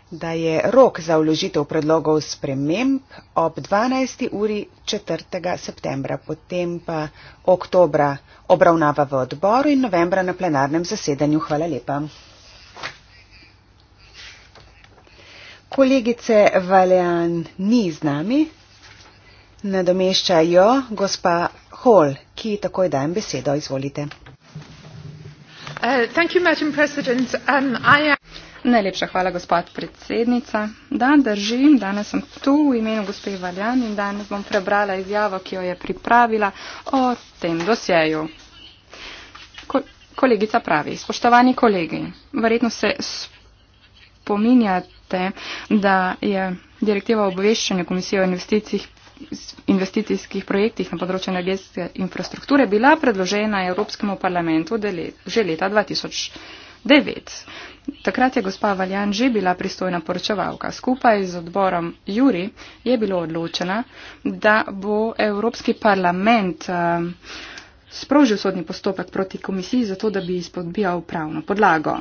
da je rok za vložitev predlogov sprememb ob 12. uri 4. septembra, potem pa oktobra obravnava v odboru in novembra na plenarnem zasedanju. Hvala lepa. Kolegice Valjan ni z nami, nadomešča jo gospa Hall, ki takoj dajem besedo. Izvolite. Uh, you, um, am... Najlepša hvala, gospod predsednica. Da, držim, danes sem tu v imenu gospe Valjan in danes bom prebrala izjavo, ki jo je pripravila o tem dosjeju. Ko kolegica pravi, spoštovani kolegi, verjetno se spoštovani spominjate, da je direktiva o obveščanju komisije o investicijih investicijskih projektih na področju energetske infrastrukture bila predložena Evropskemu parlamentu let, že leta 2009. Takrat je gospa Valjan že bila pristojna poročevalka. Skupaj z odborom Juri je bilo odločena, da bo Evropski parlament uh, sprožil sodni postopek proti komisiji, zato da bi izpodbijal pravno podlago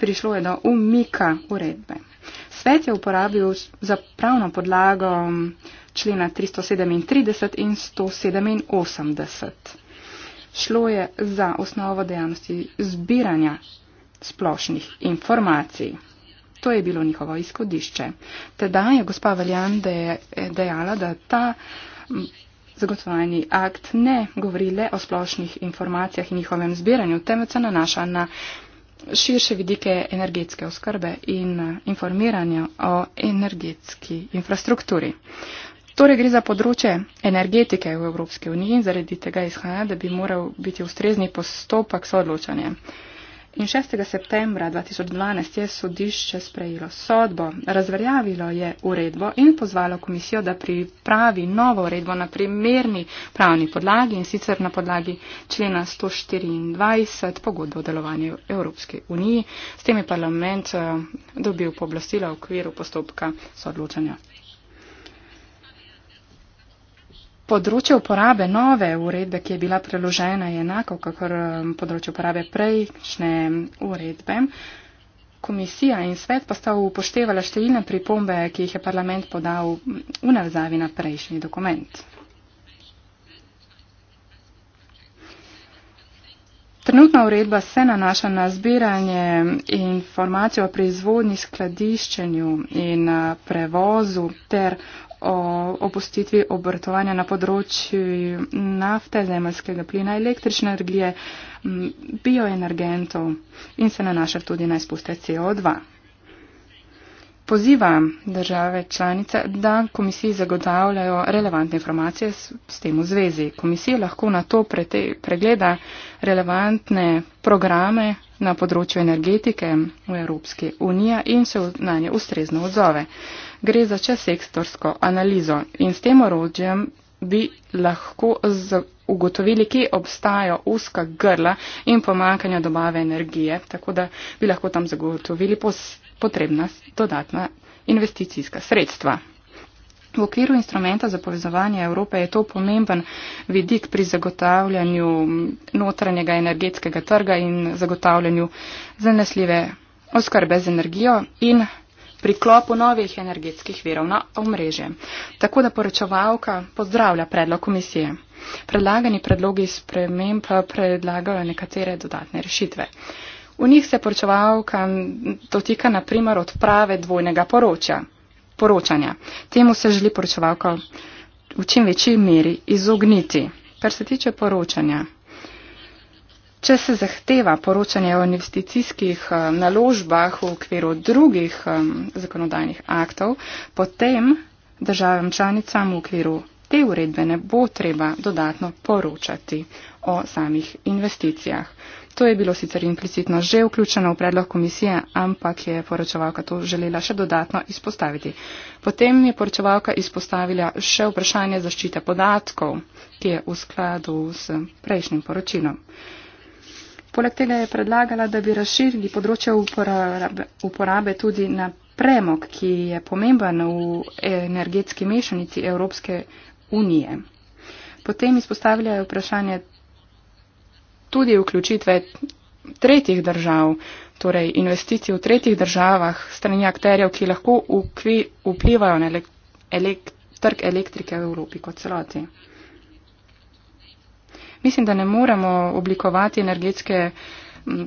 prišlo je do umika uredbe. Svet je uporabil za pravno podlago člena 337 in 187. Šlo je za osnovo dejavnosti zbiranja splošnih informacij. To je bilo njihovo izhodišče. Teda je gospa Veljan dejala, da ta zagotovljeni akt ne govori le o splošnih informacijah in njihovem zbiranju, temveč se nanaša na širše vidike energetske oskrbe in eh, informiranja o energetski infrastrukturi. Torej gre za področje energetike v Evropske uniji in zaradi tega izhaja, da bi moral biti ustrezni postopek soodločanja. In 6. septembra 2012 je sodišče sprejelo sodbo, razverjavilo je uredbo in pozvalo komisijo, da pripravi novo uredbo na primerni pravni podlagi in sicer na podlagi člena 124 pogodbe o delovanju Evropske unije. S tem je parlament eh, dobil pooblastila v okviru postopka soodločanja Področje uporabe nove uredbe, ki je bila preložena, je enako kot um, področje uporabe prejšnje uredbe. Komisija in svet pa sta upoštevala številne pripombe, ki jih je parlament podal mm, v navzavi na prejšnji dokument. Trenutna uredba se nanaša na zbiranje informacij o proizvodni skladiščenju in uh, prevozu ter o opustitvi obrtovanja na področju nafte, zemljskega plina, električne energije, bioenergentov in se nanaša tudi na izpuste CO2 poziva države članice, da komisiji zagotavljajo relevantne informacije s, s tem v zvezi. Komisija lahko na to pre te, pregleda relevantne programe na področju energetike v Evropski uniji in se na nje ustrezno odzove. Gre za čezsektorsko analizo in s tem orodjem bi lahko ugotovili, kje obstajajo uska grla in pomankanja dobave energije, tako da bi lahko tam zagotovili potrebna dodatna investicijska sredstva. V okviru instrumenta za povezovanje Evrope je to pomemben vidik pri zagotavljanju notranjega energetskega trga in zagotavljanju zanesljive oskrbe z energijo in priklopu novih energetskih verov na omrežje. Tako da poročevalka pozdravlja predlog komisije. Predlagani predlogi sprememb predlagajo nekatere dodatne rešitve. V njih se poročevalka dotika naprimer odprave dvojnega poročja, poročanja. Temu se želi poročevalka v čim večji meri izogniti. Kar se tiče poročanja, če se zahteva poročanje o investicijskih eh, naložbah v okviru drugih eh, zakonodajnih aktov, potem državam članicam v okviru te uredbe ne bo treba dodatno poročati o samih investicijah. To je bilo sicer implicitno že vključeno v predlog komisije, ampak je poročevalka to želela še dodatno izpostaviti. Potem je poročevalka izpostavila še vprašanje zaščite podatkov, ki je v skladu s prejšnjim poročilom. Poleg tega je predlagala, da bi razširili področje uporabe, uporabe tudi na premog, ki je pomemben v energetski mešanici Evropske unije. Potem izpostavljajo vprašanje tudi vključitve tretjih držav, torej investicij v tretjih državah strani akterjev, ki lahko ukvi, vplivajo na elek, elek, trg elektrike v Evropi kot celoti. Mislim, da ne moremo oblikovati energetske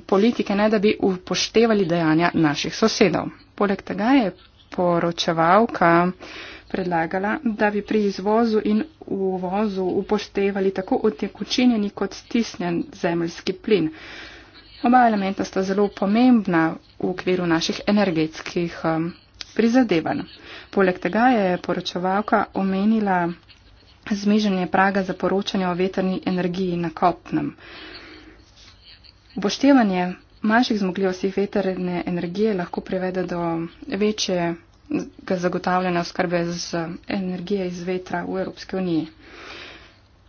politike, ne da bi upoštevali dejanja naših sosedov. Poleg tega je poročevalka predlagala, da bi pri izvozu in uvozu upoštevali tako otekočinjeni kot stisnjen zemljski plin. Oba elementa sta zelo pomembna v okviru naših energetskih um, prizadevanj. Poleg tega je poročevalka omenila zmeženje praga za poročanje o veterni energiji na kopnem. Upoštevanje manjših zmogljivosti veterne energije lahko privede do večje zagotavljanja oskrbe z energije iz vetra v Evropske uniji.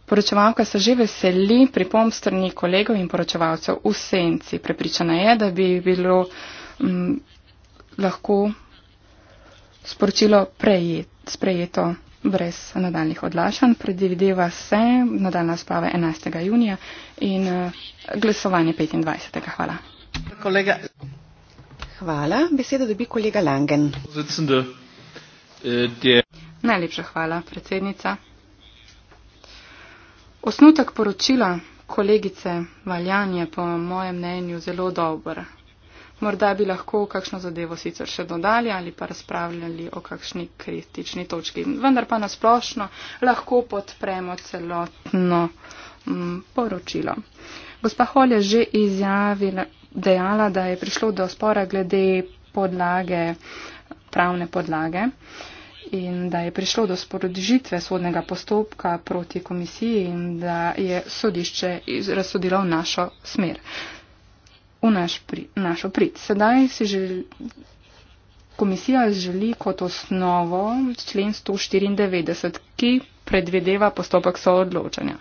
Poročevalka se že veseli pripomb strani kolegov in poročevalcev v senci. Prepričana je, da bi bilo m, mm, lahko sporočilo prejet, sprejeto brez nadaljnih odlašanj. Predvideva se nadaljna sprava 11. junija in eh, glasovanje 25. Hvala. Kolega. Hvala. Besedo dobi kolega Langen. Eh, Najlepša hvala, predsednica. Osnutek poročila kolegice Valjan je po mojem mnenju zelo dober. Morda bi lahko kakšno zadevo sicer še dodali ali pa razpravljali o kakšni kritični točki. Vendar pa nasplošno lahko podpremo celotno m, mm, poročilo. Uh, Gospa Hol je že izjavila, dejala, da je prišlo do spora glede podlage, pravne podlage in da je prišlo do sporodžitve sodnega postopka proti komisiji in da je sodišče razsodilo v našo smer, v naš pri, našo prid. Sedaj si želi, komisija želi kot osnovo člen 194, ki predvedeva postopek soodločanja.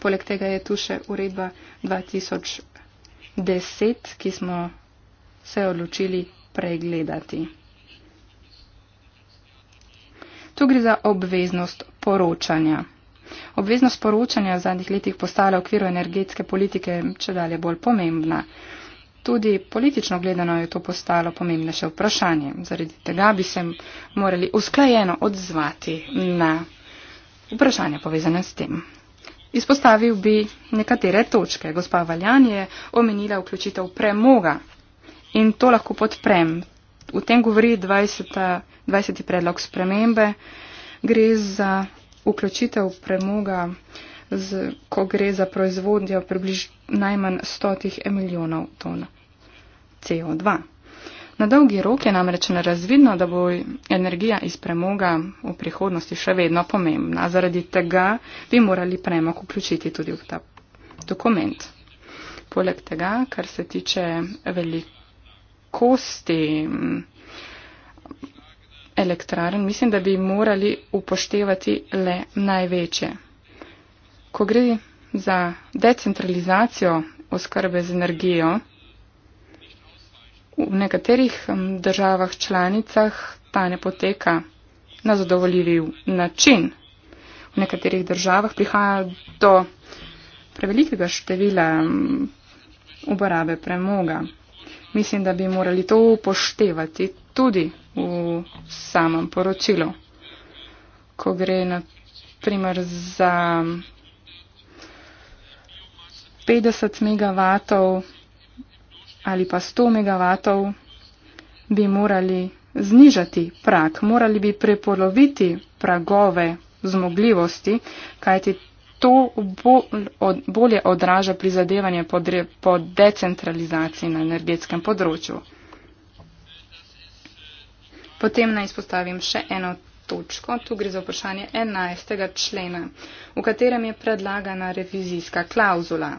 Poleg tega je tu še uredba 2010, ki smo se odločili pregledati. Tu gre za obveznost poročanja. Obveznost poročanja v zadnjih letih postala v okviru energetske politike če dalje bolj pomembna. Tudi politično gledano je to postalo pomembnejše vprašanje. Zaradi tega bi se morali usklajeno odzvati na vprašanje povezane s tem. Izpostavil bi nekatere točke. Gospa Valjan je omenila vključitev premoga in to lahko podprem. V tem govori 20. 20. predlog spremembe. Gre za vključitev premoga, z, ko gre za proizvodnjo približ najmanj 100 milijonov ton CO2. Na dolgi rok je namreč nerazvidno, da bo energija iz premoga v prihodnosti še vedno pomembna. Zaradi tega bi morali premog vključiti tudi v ta dokument. Poleg tega, kar se tiče velikosti mm, elektrarn, mislim, da bi morali upoštevati le največje. Ko gre za decentralizacijo oskrbe z energijo, v nekaterih državah članicah ta ne poteka na zadovoljiv način. V nekaterih državah prihaja do prevelikega števila uporabe premoga. Mislim, da bi morali to upoštevati tudi v samem poročilu. Ko gre na primer za 50 megavatov ali pa 100 megavatov, bi morali znižati prak, morali bi prepoloviti pragove zmogljivosti, kajti to bol, od, bolje odraža prizadevanje po, dre, po decentralizaciji na energetskem področju. Potem naj izpostavim še eno točko. Tu gre za vprašanje 11. člena, v katerem je predlagana revizijska klauzula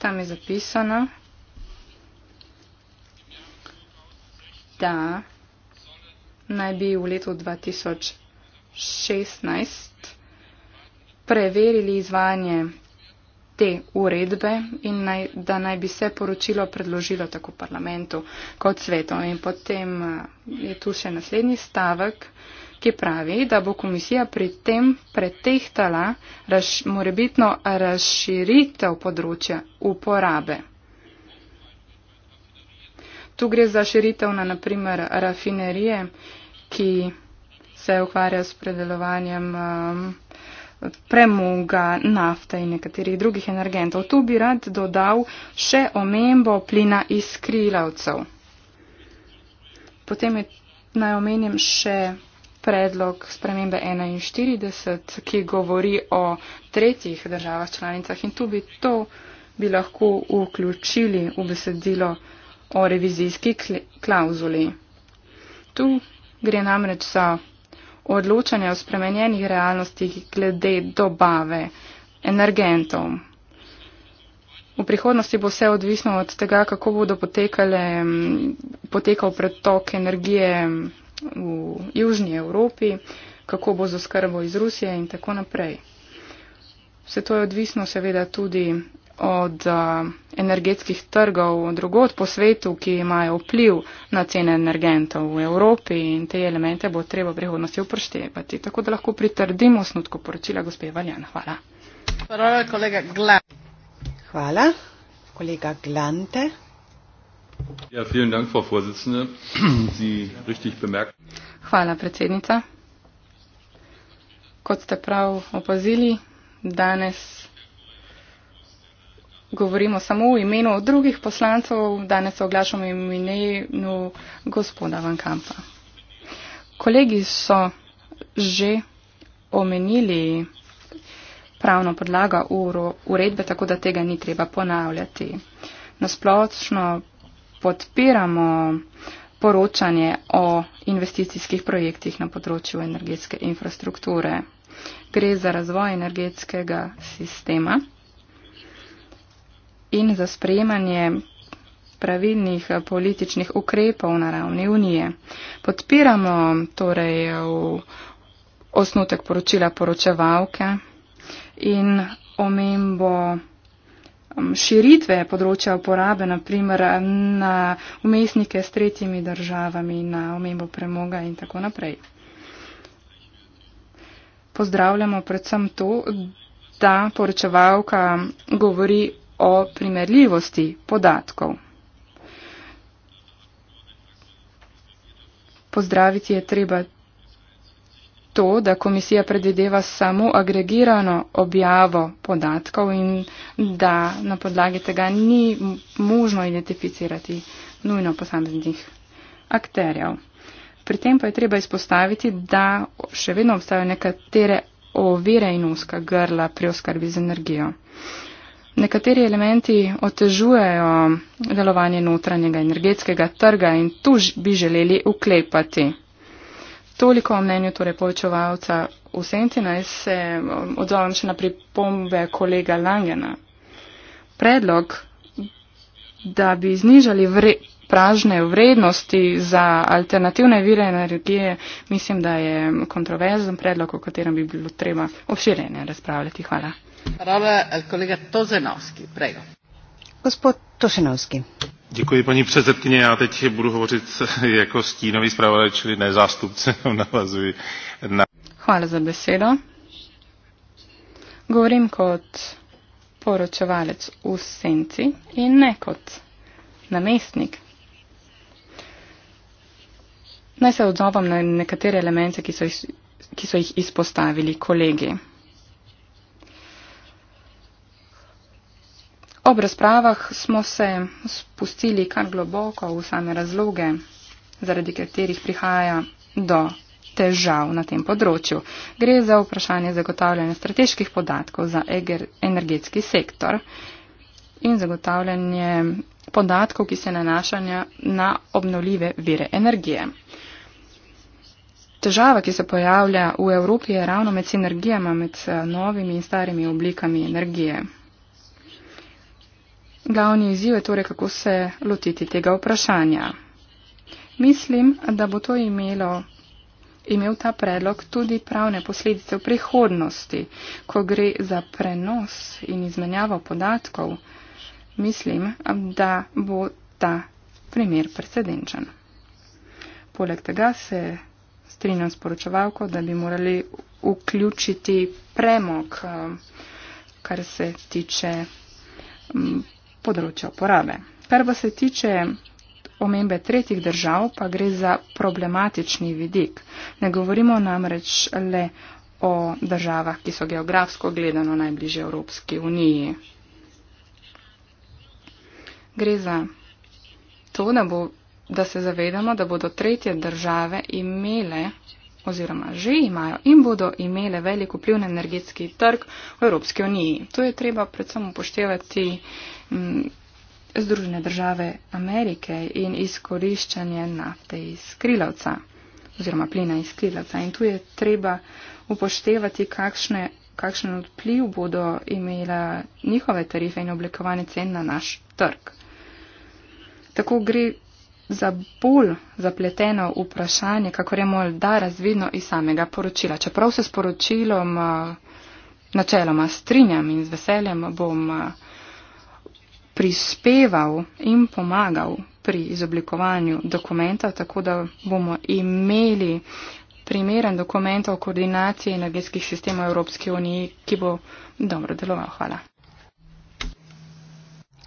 tam je zapisano, da naj bi v letu 2016 preverili izvajanje te uredbe in naj, da naj bi se poročilo predložilo tako parlamentu kot svetu. In potem eh, je tu še naslednji stavek, ki pravi, da bo komisija pri tem pretehtala raš, morebitno razširitev področja uporabe. Tu gre za širitev na naprimer rafinerije, ki se ukvarja s predelovanjem um, premoga, nafta in nekaterih drugih energentov. Tu bi rad dodal še omembo plina iz krilavcev. Potem je, naj omenjem še predlog spremembe 41, ki govori o tretjih državah članicah in tu bi to bi lahko vključili v besedilo o revizijski klauzuli. Tu gre namreč za odločanje o spremenjenih realnostih glede dobave energentov. V prihodnosti bo vse odvisno od tega, kako bodo potekale, potekal pretok energije v Južni Evropi, kako bo z oskrbo iz Rusije in tako naprej. Vse to je odvisno seveda tudi od uh, energetskih trgov drugod po svetu, ki imajo vpliv na cene energentov v Evropi in te elemente bo treba v prihodnosti upoštevati. Tako da lahko pritrdimo osnutku poročila gospe Valjan. Hvala. Hvala, kolega Glante. Hvala, kolega Glante. Ja, vielen Dank, Frau Vorsitzende. Sie richtig bemerkt. Hvala, predsednica. Kot ste prav opazili, danes govorimo samo v imenu drugih poslancov, danes se oglašamo v imenu gospoda Van Kampa. Kolegi so že omenili pravno podlago uredbe, tako da tega ni treba ponavljati. Nasplošno podpiramo poročanje o investicijskih projektih na področju energetske infrastrukture. Gre za razvoj energetskega sistema in za sprejemanje pravilnih političnih ukrepov na ravni unije. Podpiramo torej osnutek poročila poročevalke in omembo Um, širitve področja uporabe, naprimer na umestnike s tretjimi državami, na omembo premoga in tako naprej. Pozdravljamo predvsem to, da poročevalka govori o primerljivosti podatkov. Pozdraviti je treba to, da komisija predvideva samo agregirano objavo podatkov in da na podlagi tega ni možno identificirati nujno posameznih akterjev. Pri tem pa je treba izpostaviti, da še vedno obstajajo nekatere ovire in uska grla pri oskrbi z energijo. Nekateri elementi otežujejo delovanje notranjega energetskega trga in tu bi želeli uklepati. Toliko o mnenju torej povečevalca v senci, naj se um, odzovem še na pripombe kolega Langena. Predlog, da bi znižali vre, pražne vrednosti za alternativne vire energije, mislim, da je kontroverzen predlog, o katerem bi bilo treba obširjenje razpravljati. Hvala. Hvala, kolega Tozenovski. Prego. Gospod Tošenovski paní předsedající já teď budu hovořit jako stínový zpravodaj čili ne zástupce jenom navazuji na. Govorim kot poročevalec v senci in ne kot namestnik. Naj se odzovem na nekatere elemente, ki so jih, ki so jih izpostavili kolegi. Ob razpravah smo se spustili kar globoko v same razloge, zaradi katerih prihaja do težav na tem področju. Gre za vprašanje zagotavljanja strateških podatkov za energetski sektor in zagotavljanje podatkov, ki se nanašanja na obnoljive vire energije. Težava, ki se pojavlja v Evropi, je ravno med sinergijama med eh, novimi in starimi oblikami energije. Glavni izziv je torej, kako se lotiti tega vprašanja. Mislim, da bo to imelo, imel ta predlog tudi pravne posledice v prihodnosti, ko gre za prenos in izmenjavo podatkov. Mislim, da bo ta primer precedenčen. Poleg tega se strinjam s poročevalko, da bi morali vključiti premog, eh, kar se tiče mm, področja uporabe. Kar pa se tiče omembe tretjih držav, pa gre za problematični vidik. Ne govorimo namreč le o državah, ki so geografsko gledano najbliže Evropski uniji. Gre za to, da, bo, da se zavedamo, da bodo tretje države imele oziroma že imajo in bodo imele veliko vpliv na energetski trg v Evropski uniji. To je treba predvsem upoštevati m, mm, Združene države Amerike in izkoriščanje nafte iz krilavca oziroma plina iz krilavca. In tu je treba upoštevati, kakšne, kakšen vpliv bodo imela njihove tarife in oblikovanje cen na naš trg. Tako gre za bolj zapleteno vprašanje, kako je morda razvidno iz samega poročila. Čeprav se s poročilom eh, načeloma strinjam in z veseljem bom eh, prispeval in pomagal pri izoblikovanju dokumenta, tako da bomo imeli primeren dokument o koordinaciji energetskih sistemov Evropske unije, ki bo dobro deloval. Hvala.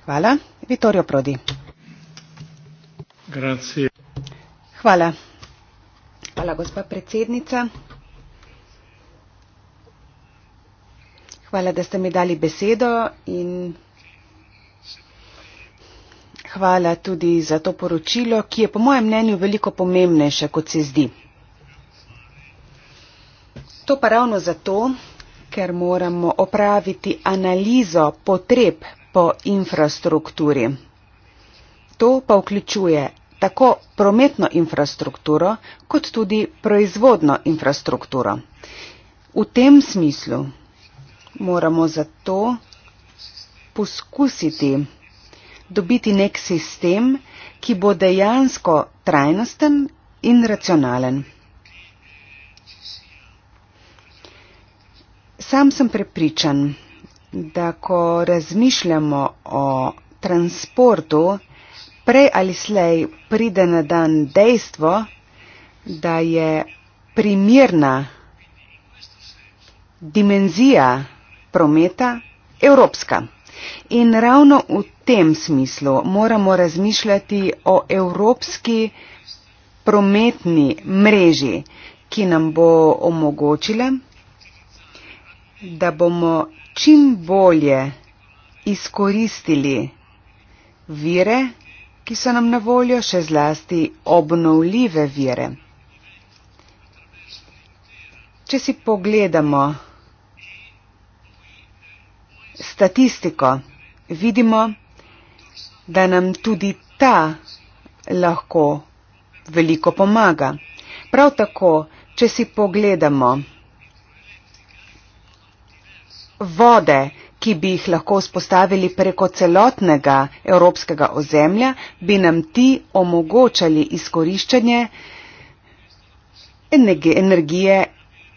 Hvala. Vittorio Prodi. Hvala. Hvala, gospa predsednica. Hvala, da ste mi dali besedo in hvala tudi za to poročilo, ki je po mojem mnenju veliko pomembnejše, kot se zdi. To pa ravno zato, ker moramo opraviti analizo potreb po infrastrukturi. To pa vključuje tako prometno infrastrukturo, kot tudi proizvodno infrastrukturo. V tem smislu moramo zato poskusiti dobiti nek sistem, ki bo dejansko trajnosten in racionalen. Sam sem prepričan, da ko razmišljamo o transportu, prej ali slej pride na dan dejstvo, da je primirna dimenzija prometa evropska. In ravno v tem smislu moramo razmišljati o evropski prometni mreži, ki nam bo omogočile, da bomo čim bolje izkoristili vire, ki so nam na voljo še zlasti obnovljive vire. Če si pogledamo statistiko, vidimo, da nam tudi ta lahko veliko pomaga. Prav tako, če si pogledamo vode, ki bi jih lahko vzpostavili preko celotnega evropskega ozemlja, bi nam ti omogočali izkoriščanje energije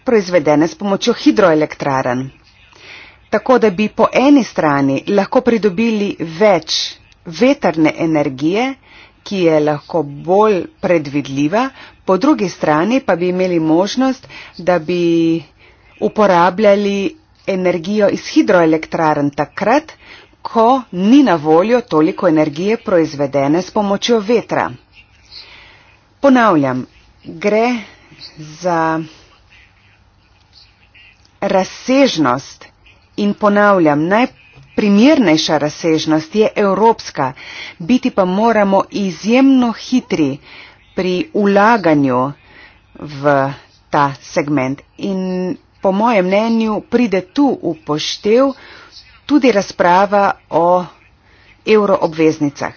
proizvedene s pomočjo hidroelektraran. Tako da bi po eni strani lahko pridobili več vetrne energije, ki je lahko bolj predvidljiva, po drugi strani pa bi imeli možnost, da bi uporabljali energijo iz hidroelektrarn takrat, ko ni na voljo toliko energije proizvedene s pomočjo vetra. Ponavljam, gre za razsežnost in ponavljam, najprimernejša razsežnost je evropska, biti pa moramo izjemno hitri pri ulaganju v ta segment. In po mojem mnenju, pride tu upoštev tudi razprava o euroobveznicah.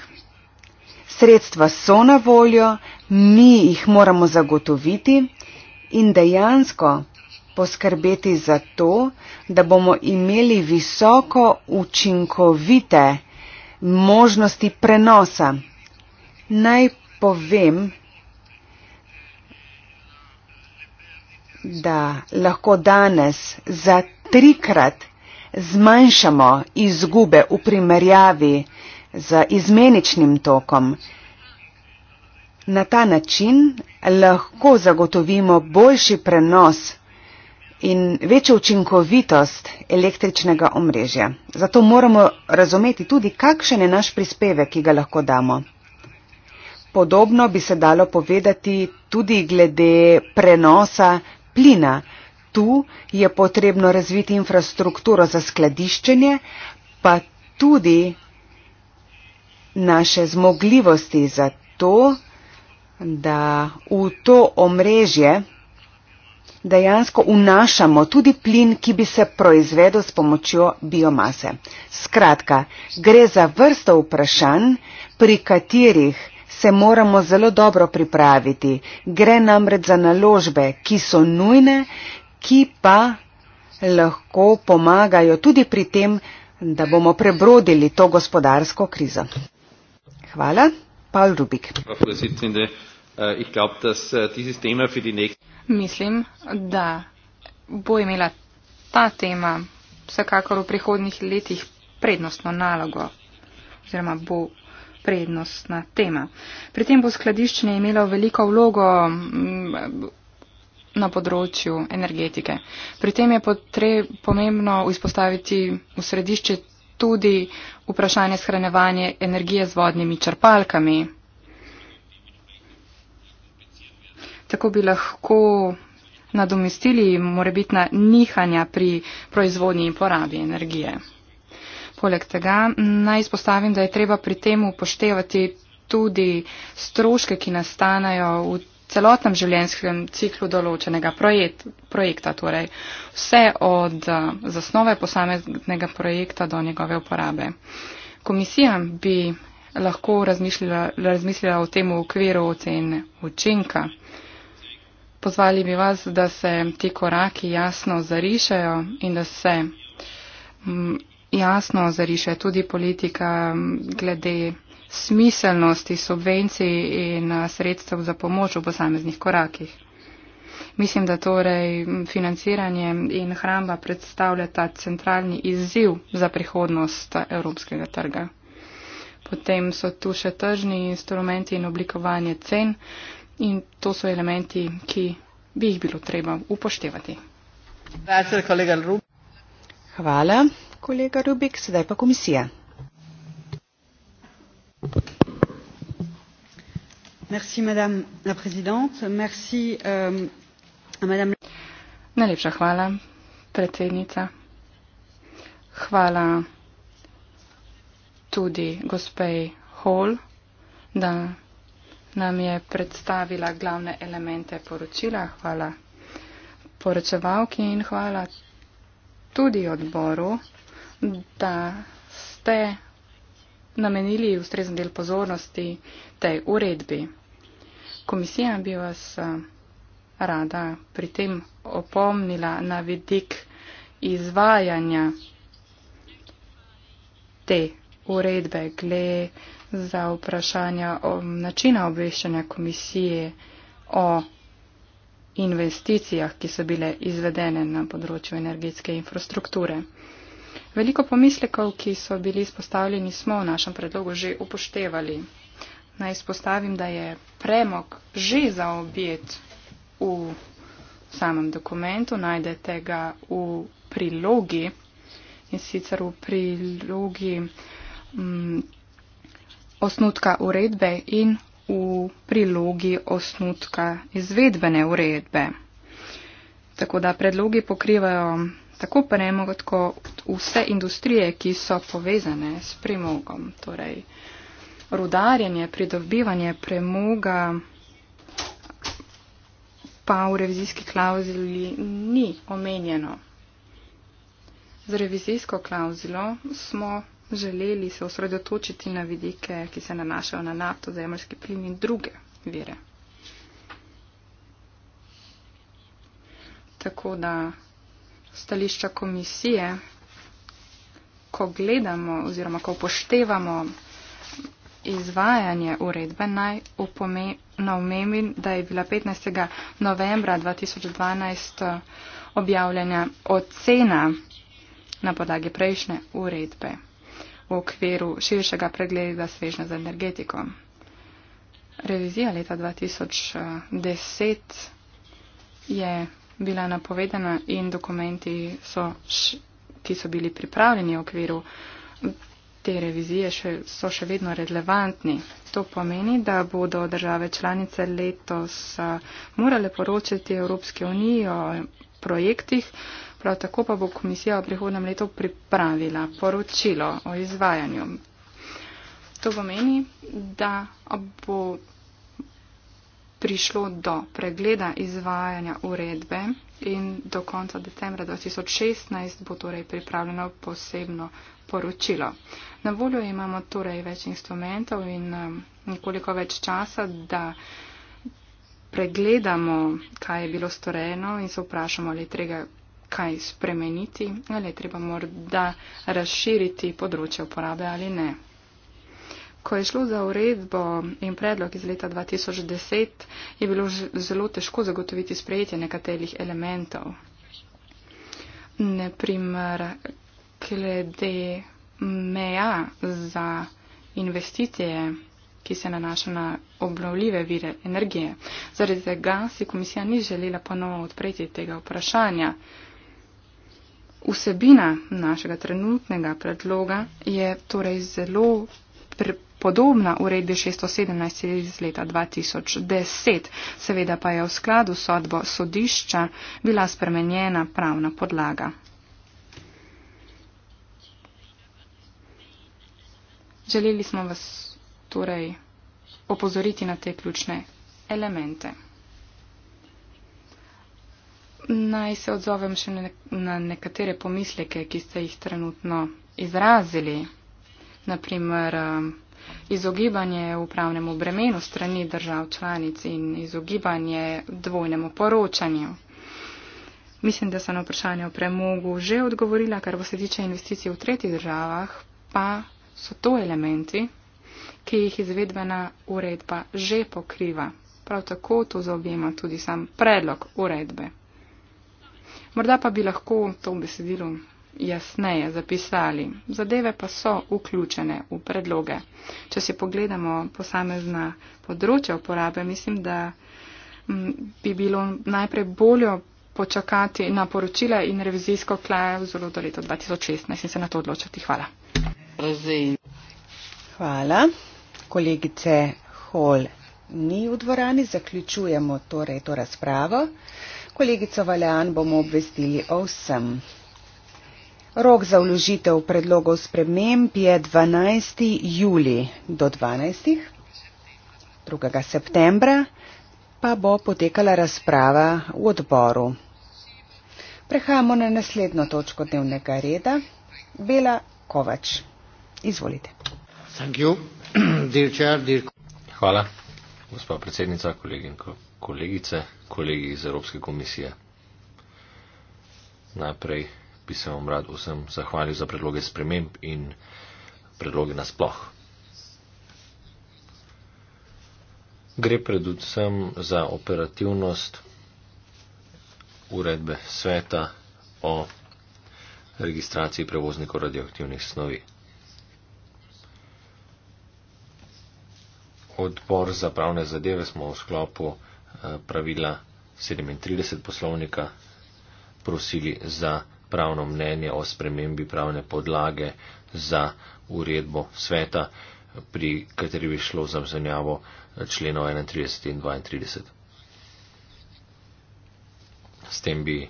Sredstva so na voljo, mi jih moramo zagotoviti in dejansko poskrbeti za to, da bomo imeli visoko učinkovite možnosti prenosa. Naj povem, da lahko danes za trikrat zmanjšamo izgube v primerjavi z izmeničnim tokom. Na ta način lahko zagotovimo boljši prenos in večjo učinkovitost električnega omrežja. Zato moramo razumeti tudi, kakšen je naš prispevek, ki ga lahko damo. Podobno bi se dalo povedati tudi glede prenosa plina. Tu je potrebno razviti infrastrukturo za skladiščenje, pa tudi naše zmogljivosti za to, da v to omrežje dejansko unašamo tudi plin, ki bi se proizvedel s pomočjo biomase. Skratka, gre za vrsto vprašanj, pri katerih se moramo zelo dobro pripraviti. Gre namreč za naložbe, ki so nujne, ki pa lahko pomagajo tudi pri tem, da bomo prebrodili to gospodarsko krizo. Hvala. Paul Rubik. Äh, äh, Mislim, da bo imela ta tema vsekakor v prihodnih letih prednostno nalogo oziroma bo prednostna tema. Pri tem bo skladiščenje imelo veliko vlogo mm, na področju energetike. Pri tem je pomembno izpostaviti v središče tudi vprašanje shranjevanja energije z vodnimi črpalkami. Tako bi lahko nadomestili morebitna nihanja pri proizvodnji in porabi energije. Poleg tega naj izpostavim, da je treba pri tem upoštevati tudi stroške, ki nastanajo v celotnem življenjskem ciklu določenega projekt, projekta. Torej. Vse od eh, zasnove posameznega projekta do njegove uporabe. Komisija bi lahko razmišljala, razmišljala o tem v okviru ocen učinka. Pozvali bi vas, da se ti koraki jasno zarišajo in da se mm, jasno zariše tudi politika glede smiselnosti subvencij in sredstev za pomoč v posameznih korakih. Mislim, da torej financiranje in hramba predstavlja ta centralni izziv za prihodnost evropskega trga. Potem so tu še tržni instrumenti in oblikovanje cen in to so elementi, ki bi jih bilo treba upoštevati. Hvala kolega Rubik, sedaj pa komisija. Merci, Merci, um, madame... Najlepša hvala, predsednica. Hvala tudi gospej Hall, da nam je predstavila glavne elemente poročila. Hvala poročevalki in hvala tudi odboru da ste namenili ustrezen del pozornosti tej uredbi. Komisija bi vas eh, rada pri tem opomnila na vidik izvajanja te uredbe glede za vprašanja o načina obveščanja komisije o investicijah, ki so bile izvedene na področju energetske infrastrukture. Veliko pomislekov, ki so bili izpostavljeni, smo v našem predlogu že upoštevali. Naj izpostavim, da je premog že zaobjet v samem dokumentu, najdete ga v prilogi in sicer v prilogi m, mm, osnutka uredbe in v prilogi osnutka izvedbene uredbe. Tako da predlogi pokrivajo tako premog, tako vse industrije, ki so povezane s premogom, torej rudarjenje, pridobivanje premoga, pa v revizijski klauzuli ni omenjeno. Z revizijsko klauzulo smo želeli se osredotočiti na vidike, ki se nanašajo na nafto, zemljski plin in druge vire. Tako da stališča komisije, ko gledamo oziroma ko upoštevamo izvajanje uredbe, naj naumemim, da je bila 15. novembra 2012 objavljena ocena na podlagi prejšnje uredbe v okviru širšega pregleda svežna za energetiko. Revizija leta 2010 je bila napovedana in dokumenti, so š, ki so bili pripravljeni v okviru te revizije, še, so še vedno relevantni. To pomeni, da bodo države članice letos morale poročati Evropske unije o projektih, prav tako pa bo komisija v prihodnem letu pripravila poročilo o izvajanju. To pomeni, da bo prišlo do pregleda izvajanja uredbe in do konca decembra 2016 bo torej pripravljeno posebno poročilo. Na voljo imamo torej več instrumentov in um, nekoliko več časa, da pregledamo, kaj je bilo storeno in se vprašamo, ali je treba kaj spremeniti, ali je treba morda razširiti področje uporabe ali ne. Ko je šlo za uredbo in predlog iz leta 2010, je bilo zelo težko zagotoviti sprejetje nekaterih elementov. Naprimer, glede meja za investicije, ki se nanašajo na obnovljive vire energije. Zaradi tega si komisija ni želela ponovno odpreti tega vprašanja. Vsebina našega trenutnega predloga je torej zelo podobna uredbi 617 iz leta 2010. Seveda pa je v skladu s sodbo sodišča bila spremenjena pravna podlaga. Želeli smo vas torej opozoriti na te ključne elemente. Naj se odzovem še na nekatere pomisleke, ki ste jih trenutno izrazili. Naprimer, izogibanje upravnemu bremenu strani držav članic in izogibanje dvojnemu poročanju. Mislim, da sem na vprašanje o premogu že odgovorila, kar bo se tiče investicij v tretjih državah, pa so to elementi, ki jih izvedbena uredba že pokriva. Prav tako to zaobjema tudi sam predlog uredbe. Morda pa bi lahko to besedilo jasneje zapisali. Zadeve pa so vključene v predloge. Če si pogledamo posamezna področja uporabe, mislim, da mm, bi bilo najprej bolje počakati na poročila in revizijsko klauzulo do leta 2016 in se na to odločiti. Hvala. Hvala. Kolegice Hol ni v dvorani, zaključujemo torej to razpravo. Kolegico Valjan bomo obvestili o vsem. Rok za vložitev predlogov sprememb je 12. juli do 12. 2. septembra pa bo potekala razprava v odboru. Prehajamo na naslednjo točko dnevnega reda. Bela Kovač. Izvolite. Hvala, gospod predsednica, kolegi in kolegice, kolegi iz Evropske komisije. Najprej bi se vam rad vsem zahvalil za predloge sprememb in predloge nasploh. Gre predvsem za operativnost uredbe sveta o registraciji prevoznikov radioaktivnih snovi. Odbor za pravne zadeve smo v sklopu eh, pravila 37 poslovnika prosili za pravno mnenje o spremembi pravne podlage za uredbo sveta, pri kateri bi šlo za vzanjavo členov 31 in 32. S tem bi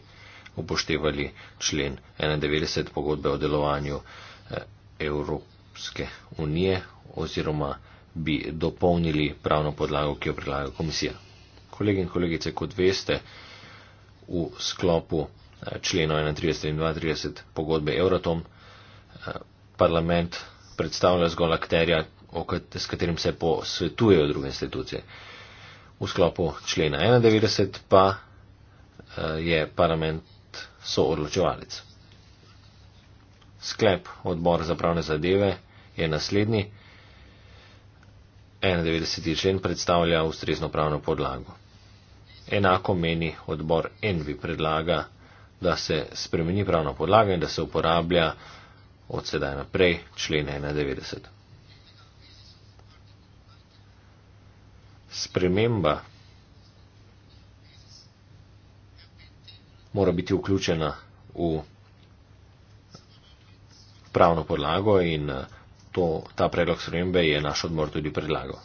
upoštevali člen 91 pogodbe o delovanju eh, Evropske unije oziroma bi dopolnili pravno podlago, ki jo predlaga komisija. Kolegi in kolegice, kot veste, v sklopu členov 31 in 32 pogodbe Euratom. Parlament predstavlja zgolj akterja, s katerim se posvetujejo druge institucije. V sklopu člena 91 pa eh, je parlament soodločevalec. Sklep odbora za pravne zadeve je naslednji. 91. člen predstavlja ustrezno pravno podlago. Enako meni odbor Envi predlaga da se spremeni pravna podlaga in da se uporablja od sedaj naprej člen 91. Sprememba mora biti vključena v pravno podlago in eh, to, ta predlog spremembe je naš odmor tudi predlagal.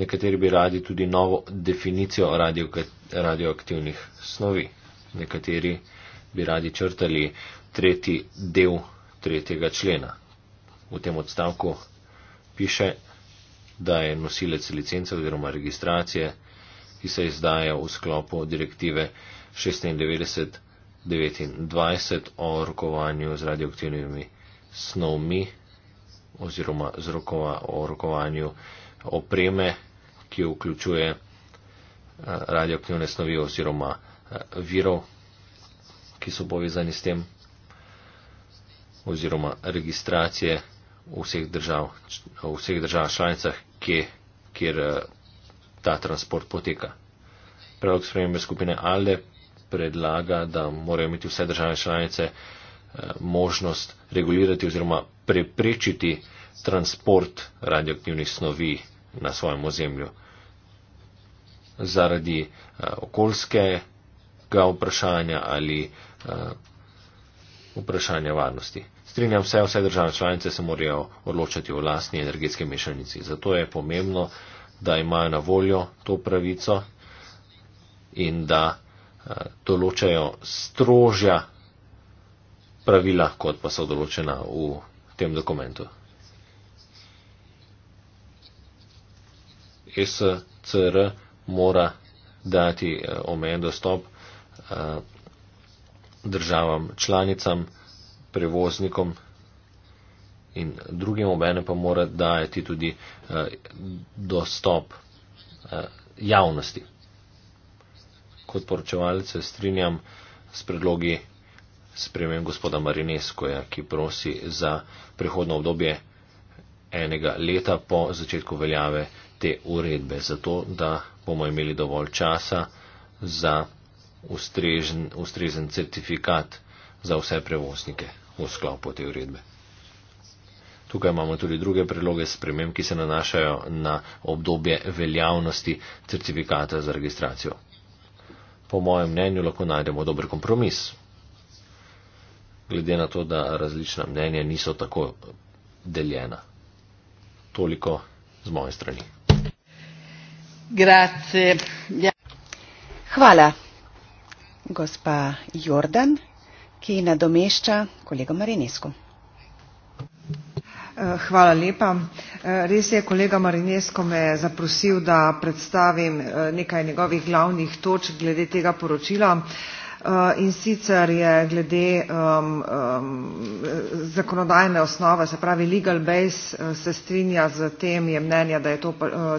Nekateri bi radi tudi novo definicijo radio, radioaktivnih snovi. Nekateri bi radi črtali tretji del tretjega člena. V tem odstavku piše, da je nosilec licence oziroma registracije, ki se izdaja v sklopu direktive 96-29 o rokovanju z radioaktivnimi snovmi oziroma o rokovanju opreme ki vključuje eh, radioaktivne snovi oziroma eh, virov, ki so povezani s tem, oziroma registracije vseh držav, v vseh državah članicah, kje, kjer eh, ta transport poteka. Predlog spremembe skupine ALDE predlaga, da morajo imeti vse države članice možnost regulirati oziroma preprečiti transport radioaktivnih snovi na svojem ozemlju. Zaradi uh, okoljskega vprašanja ali uh, vprašanja varnosti. Strinjam se, vse države članice se morajo odločiti o lastni energetski mešanici. Zato je pomembno, da imajo na voljo to pravico in da uh, določajo strožja pravila, kot pa so določena v tem dokumentu. SCR mora dati eh, omejen dostop eh, državam članicam, prevoznikom in drugim obene pa mora dajati tudi eh, dostop javnosti. Kot poročevalce strinjam s predlogi spremem gospoda Marineskoja, ki prosi za prehodno obdobje enega leta po začetku veljave te uredbe, zato da bomo imeli dovolj časa za ustrezen, ustrezen certifikat za vse prevoznike v sklopu te uredbe. Tukaj imamo tudi druge predloge sprememb, ki se nanašajo na obdobje veljavnosti certifikata za registracijo. Po mojem mnenju lahko najdemo dober kompromis. Glede na to, da različna mnenja niso tako deljena. Toliko z moje strani. Hvala, gospa Jordan, ki nadomešča kolego Marinesku. Eh, hvala lepa. Eh, res je, kolega Marinesko me je zaprosil, da predstavim eh, nekaj njegovih glavnih točk glede tega poročila. Eh, in sicer je glede um, um, zakonodajne osnove, se pravi legal base, eh, se strinja z tem, je mnenja, da je to uh,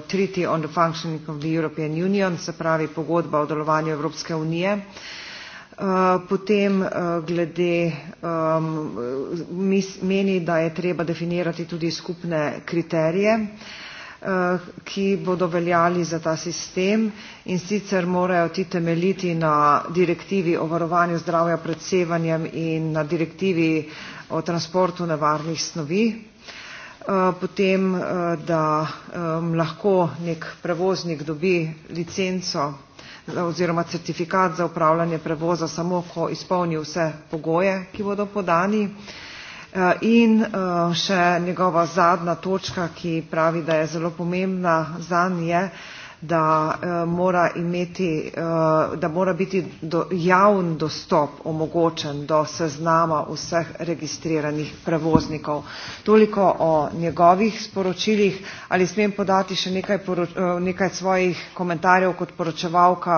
Treaty on the Functioning of the European Union, se pravi pogodba o delovanju Evropske unije. Potem glede um, meni, da je treba definirati tudi skupne kriterije uh, Eh, ki bodo veljali za ta sistem in sicer morajo ti temeljiti na direktivi o varovanju zdravja pred sevanjem in na direktivi o transportu nevarnih snovi. Eh, potem, eh, da lahko nek prevoznik dobi licenco oziroma certifikat za upravljanje prevoza samo, ko izpolni vse pogoje, ki bodo podani. Eh, in eh, še njegova zadnja točka, ki pravi, da je zelo pomembna zanj je, da eh, mora imeti, da mora biti do, javn dostop omogočen do seznama vseh registriranih prevoznikov. Toliko o njegovih sporočilih. Ali smem podati še nekaj, poroč, nekaj svojih komentarjev kot poročevalka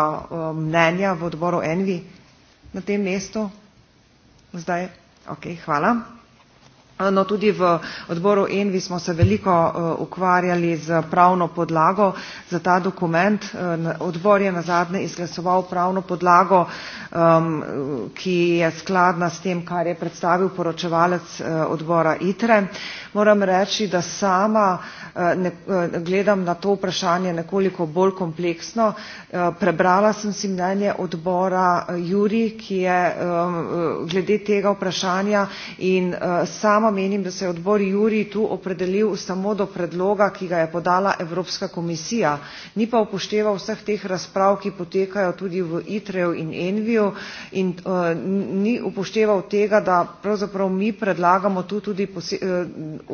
mnenja v odboru Envi na tem mestu? Zdaj? Ok, hvala. Eh, no, tudi v odboru Envi smo se veliko eh, ukvarjali z pravno podlago za ta dokument. Eh, odbor je nazadnje izglasoval pravno podlago, ki je skladna s tem, kar je predstavil poročevalec odbora ITRE. Moram reči, da sama gledam na to vprašanje nekoliko bolj kompleksno. Prebrala sem si mnenje odbora Juri, ki je glede tega vprašanja in sama menim, da se je odbor Juri tu opredelil samo do predloga, ki ga je podala Evropska komisija. Ni pa upošteval vseh teh razprav, ki potekajo tudi v ITREju in ENVIju in uh, ni upošteval tega, da pravzaprav mi predlagamo tu tudi uh,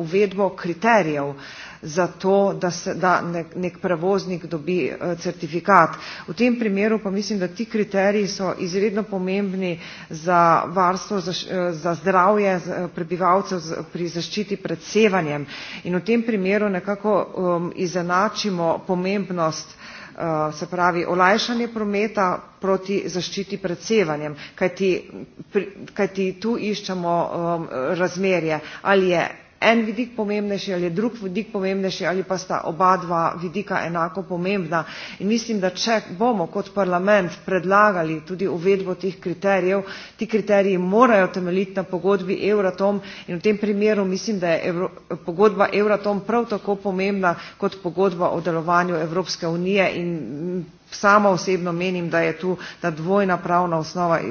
uvedbo kriterijev. Uh, za to, da, se, da nek, nek prevoznik dobi eh, certifikat. V tem primeru pa mislim, da ti kriteriji so izredno pomembni za varstvo, za, eh, za zdravje eh, prebivalcev pri zaščiti pred sevanjem in v tem primeru nekako um, izenačimo pomembnost se pravi olajšanje prometa proti zaščiti pred sevanjem, kajti, kajti tu iščemo um, razmerje, ali je en vidik pomembnejši ali je drug vidik pomembnejši ali pa sta oba dva vidika enako pomembna. In mislim, da če bomo kot parlament predlagali tudi uvedbo teh kriterijev, ti kriteriji morajo temeljiti na pogodbi Euratom in v tem primeru mislim, da je Evro, pogodba Euratom prav tako pomembna kot pogodba o delovanju Evropske unije in sama osebno menim, da je tu ta dvojna pravna osnova eh,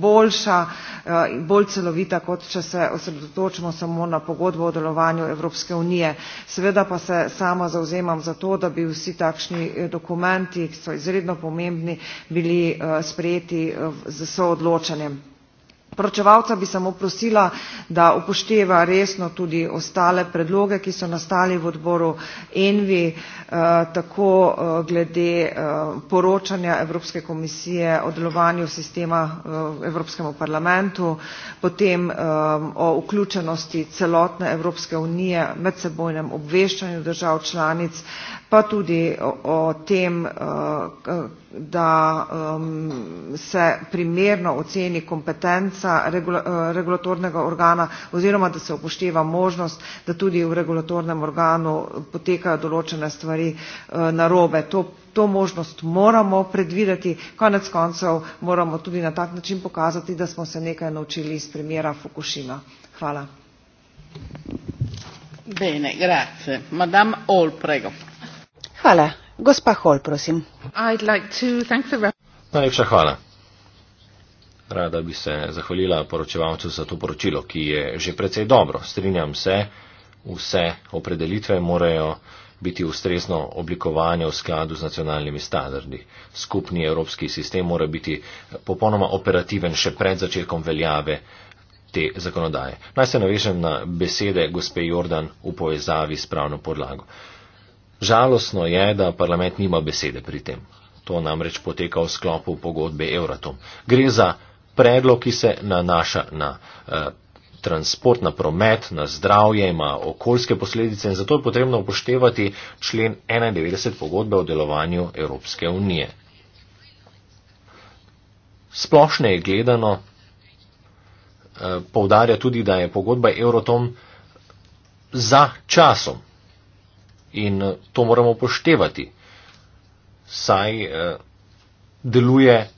boljša, eh, bolj celovita, kot če se osredotočimo samo na pogodbo o delovanju Evropske unije. Seveda pa se sama zauzemam za to, da bi vsi takšni eh, dokumenti, ki so izredno pomembni, bili sprejeti z soodločanjem proračevalca bi samo prosila, da upošteva resno tudi ostale predloge, ki so nastali v odboru Envi, eh, tako eh, glede eh, poročanja Evropske komisije o delovanju sistema v Evropskemu parlamentu, potem o vključenosti celotne Evropske unije medsebojnem obveščanju držav članic, pa tudi o, o tem, eh, da se primerno oceni kompetenca eh, regulatornega organa oziroma da se upošteva možnost, da tudi v regulatornem organu potekajo določene stvari eh, narobe. To To možnost moramo predvideti, konec koncev moramo tudi na tak način pokazati, da smo se nekaj naučili iz primera Fukushima. Hvala. Bene, grazie. Madame Olprego. Hvala. Gospa Hol, prosim. Najlepša hvala. Rada bi se zahvalila poročevalcu za to poročilo, ki je že precej dobro. Strinjam se, vse opredelitve morajo biti ustrezno oblikovanje v skladu z nacionalnimi standardi. Skupni evropski sistem mora biti popolnoma operativen še pred začetkom veljave te zakonodaje. Naj se navežem na besede gospe Jordan v povezavi s pravno podlago. Žalostno je, da parlament nima besede pri tem. To namreč poteka v sklopu pogodbe Euratom. Gre za predlog, ki se nanaša na eh, transport, na promet, na zdravje, ima okoljske posledice in zato je potrebno upoštevati člen 91 pogodbe o delovanju Evropske unije. Splošne je gledano, eh, povdarja tudi, da je pogodba Euratom za časom in eh, to moramo poštevati. Saj eh, deluje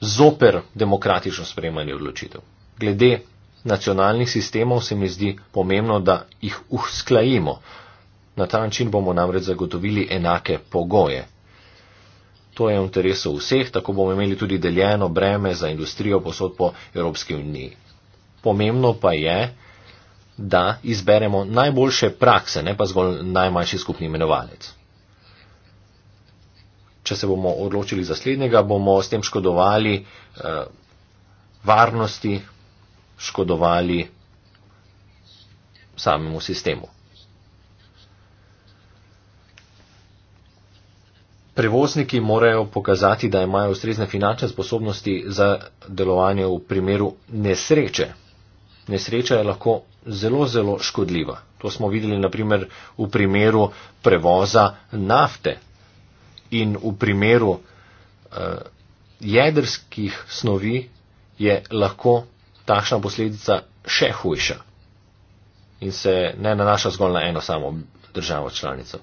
zoper demokratično sprejemanje odločitev. Glede nacionalnih sistemov se mi zdi pomembno, da jih usklajimo. Na ta način bomo namreč zagotovili enake pogoje. To je v interesu vseh, tako bomo imeli tudi deljeno breme za industrijo posod po Evropski uniji. Pomembno pa je, da izberemo najboljše prakse, ne pa zgolj najmanjši skupni imenovalec. Če se bomo odločili za slednjega, bomo s tem škodovali eh, varnosti, škodovali samemu sistemu. Prevozniki morajo pokazati, da imajo ustrezne finančne sposobnosti za delovanje v primeru nesreče, nesreča je lahko zelo, zelo škodljiva. To smo videli naprimer v primeru prevoza nafte in v primeru uh, jedrskih snovi je lahko takšna posledica še hujša in se ne nanaša zgolj na eno samo državo članico.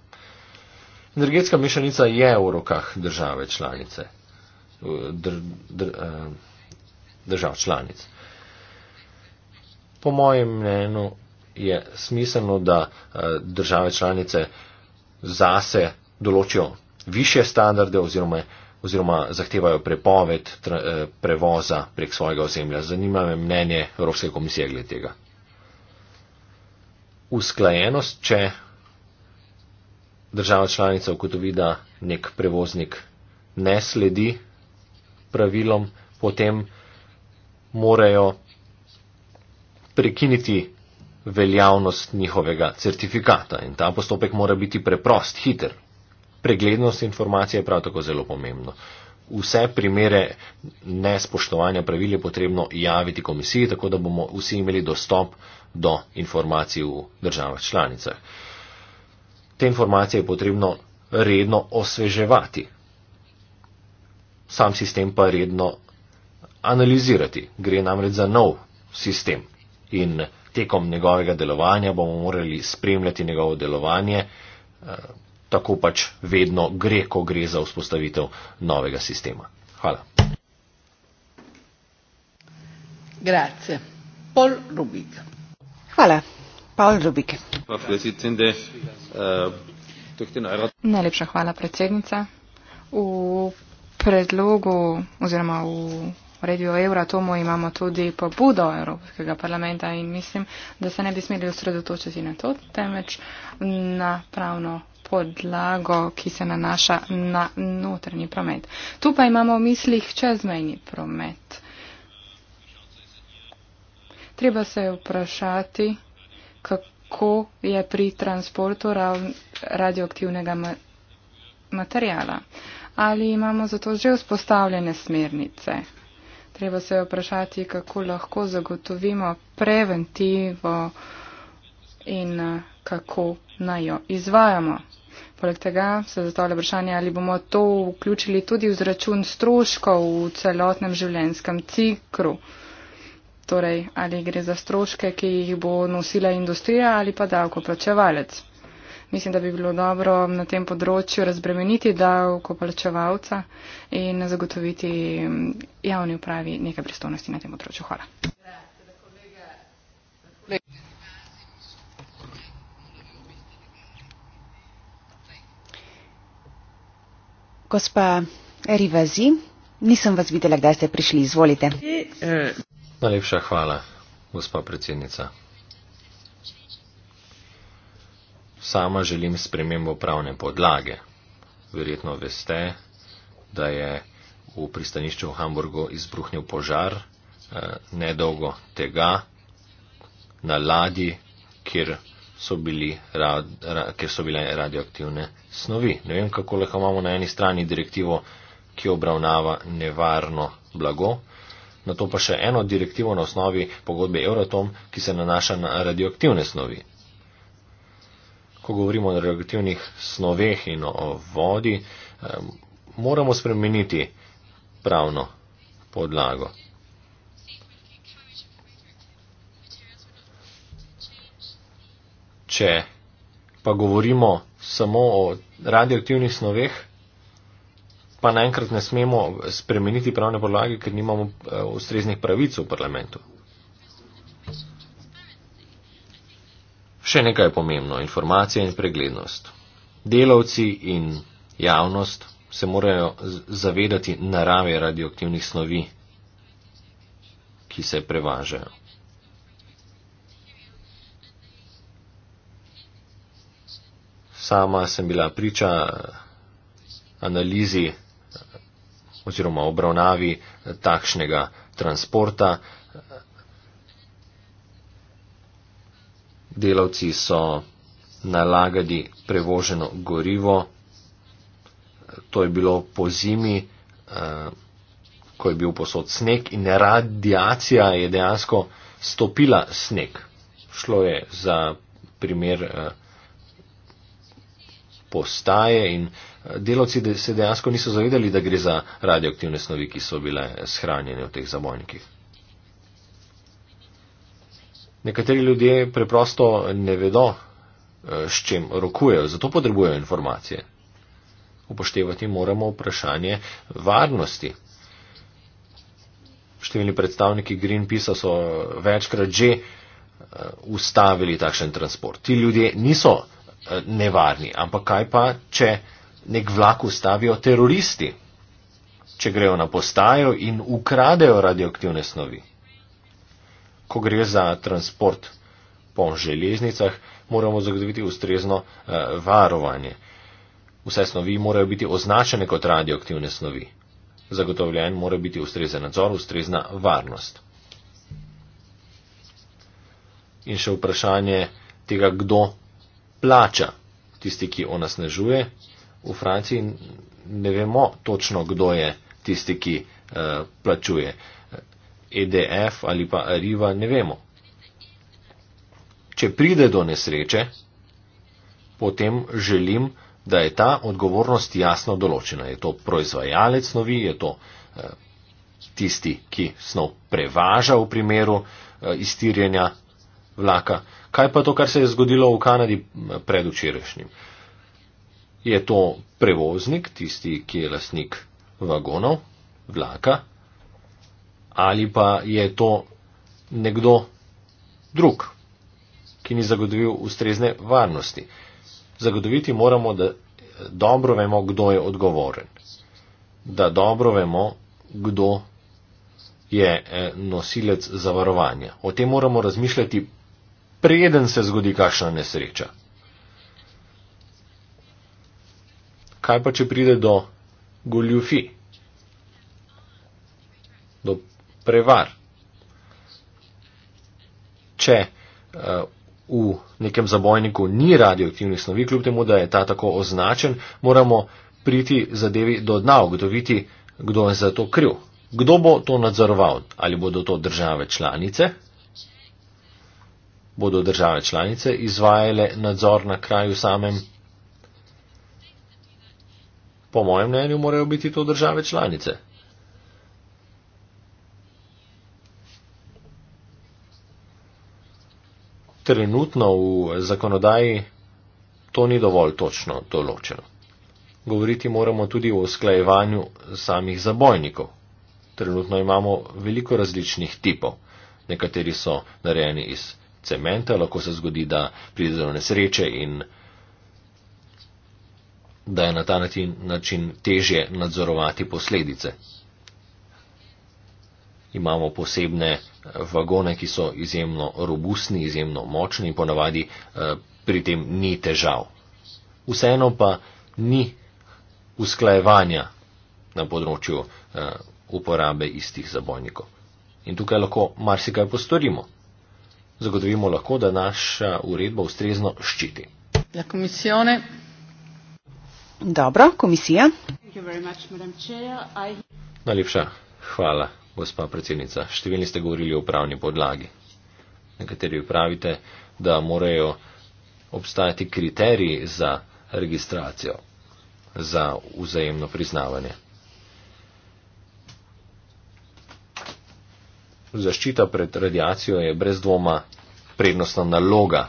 Energetska mešanica je v rokah države članice, eh, dr, dr, uh, držav članic. Uh, po mojem mnenju je smiselno, da eh, države članice zase določijo više standarde oziroma, oziroma zahtevajo prepoved eh, prevoza prek svojega ozemlja. Zanima me mnenje Evropske komisije glede tega. Usklajenost, če država članica ugotovi, da nek prevoznik ne sledi pravilom, potem morajo prekiniti veljavnost njihovega certifikata in ta postopek mora biti preprost, hiter. Preglednost informacije je prav tako zelo pomembno. Vse primere nespoštovanja pravil je potrebno javiti komisiji, tako da bomo vsi imeli dostop do informacij v državah članicah. Te informacije je potrebno redno osveževati, sam sistem pa redno analizirati. Gre namreč za nov sistem in tekom njegovega delovanja bomo morali spremljati njegovo delovanje. Eh, tako pač vedno gre, ko gre za vzpostavitev novega sistema. Hvala. Grazie. Paul Rubik. Hvala. Paul Rubik. Eh, Najlepša hvala, predsednica. V predlogu oziroma v Radio Evra, tomu imamo tudi pobudo Evropskega parlamenta in mislim, da se ne bi smeli osredotočiti na to, temveč na pravno podlago, ki se nanaša na notrni promet. Tu pa imamo v mislih čezmejni promet. Treba se vprašati, kako je pri transportu radioaktivnega materijala. Ali imamo zato že vzpostavljene smernice? Treba se je vprašati, kako lahko zagotovimo preventivo in eh, kako naj jo izvajamo. Poleg tega se zastavlja vprašanje, ali bomo to vključili tudi v zračun stroškov v celotnem življenjskem ciklu. Torej, ali gre za stroške, ki jih bo nosila industrija ali pa davkoplačevalec mislim, da bi bilo dobro na tem področju razbremeniti davkoplačevalca in zagotoviti mm, javni upravi nekaj pristojnosti na tem področju. Hvala. Gospa Rivazi, nisem vas videla, kdaj ste prišli. Izvolite. Eh. Najlepša hvala, gospa predsednica. Sama želim spremembo pravne podlage. Verjetno veste, da je v pristanišču v Hamburgu izbruhnil požar eh, nedolgo tega na ladji, kjer so, bili, ra, ra, kjer so bile radioaktivne snovi. Ne vem, kako lahko imamo na eni strani direktivo, ki obravnava nevarno blago, na to pa še eno direktivo na osnovi pogodbe Euratom, ki se nanaša na radioaktivne snovi ko govorimo o radioaktivnih snoveh in o vodi, eh, moramo spremeniti pravno podlago. Če pa govorimo samo o radioaktivnih snoveh, pa naenkrat ne smemo spremeniti pravne podlage, ker nimamo eh, ustreznih pravic v parlamentu. Še nekaj pomembno, informacija in preglednost. Delavci in javnost se morajo zavedati narave radioaktivnih snovi, ki se prevažajo. Sama sem bila priča analizi eh, oziroma obravnavi eh, takšnega transporta, delavci so nalagali prevoženo gorivo, to je bilo po zimi, eh, ko je bil posod sneg in radiacija je dejansko stopila sneg. Šlo je za primer eh, postaje in eh, delavci se dejansko niso zavedali, da gre za radioaktivne snovi, ki so bile shranjene v teh zabojnikih. Nekateri ljudje preprosto ne vedo, eh, s čem rokujejo, zato potrebujejo informacije. Upoštevati moramo vprašanje varnosti. Številni predstavniki Greenpeace so večkrat že eh, ustavili takšen transport. Ti ljudje niso eh, nevarni, ampak kaj pa, če nek vlak ustavijo teroristi, če grejo na postajo in ukradejo radioaktivne snovi ko gre za transport po železnicah, moramo zagotoviti ustrezno uh, varovanje. Vse snovi morajo biti označene kot radioaktivne snovi. Zagotovljen mora biti ustrezen nadzor, ustrezna varnost. In še vprašanje tega, kdo plača tisti, ki onesnažuje. V Franciji ne vemo točno, kdo je tisti, ki uh, plačuje. Uh, EDF ali pa Ariva, ne vemo. Če pride do nesreče, potem želim, da je ta odgovornost jasno določena. Je to proizvajalec snovi, je to eh, tisti, ki snov prevaža v primeru eh, iztirjenja vlaka. Kaj pa to, kar se je zgodilo v Kanadi eh, predvčerajšnjim? Je to prevoznik, tisti, ki je lasnik vagonov, vlaka, ali pa je to nekdo drug, ki ni zagotovil ustrezne varnosti. Zagotoviti moramo, da eh, dobro vemo, kdo je odgovoren, da dobro vemo, kdo je eh, nosilec zavarovanja. O tem moramo razmišljati, preden se zgodi kakšna nesreča. Kaj pa, če pride do goljufi? prevar. Če eh, v nekem zabojniku ni radioaktivnih snovi, kljub temu, da je ta tako označen, moramo priti zadevi do dna, ugotoviti, kdo je za to kriv. Kdo bo to nadzorval? Ali bodo to države članice? Bodo države članice izvajale nadzor na kraju samem? Po mojem mnenju morajo biti to države članice. trenutno v zakonodaji to ni dovolj točno določeno. Govoriti moramo tudi o usklajevanju samih zabojnikov. Trenutno imamo veliko različnih tipov. Nekateri so narejeni iz cementa, lahko se zgodi, da pride do nesreče in da je na ta način težje nadzorovati posledice imamo posebne eh, vagone, ki so izjemno robustni, izjemno močni in ponavadi eh, pri tem ni težav. Vseeno pa ni usklajevanja na področju eh, uporabe istih zabojnikov. In tukaj lahko marsikaj postorimo. Zagotovimo lahko, da naša uredba ustrezno ščiti. La komisione. Dobro, komisija. Najlepša hvala gospa predsednica. Številni ste govorili o pravni podlagi. Nekateri pravite, da morajo obstajati kriteriji za registracijo, za vzajemno priznavanje. Zaščita pred radiacijo je brez dvoma prednostna naloga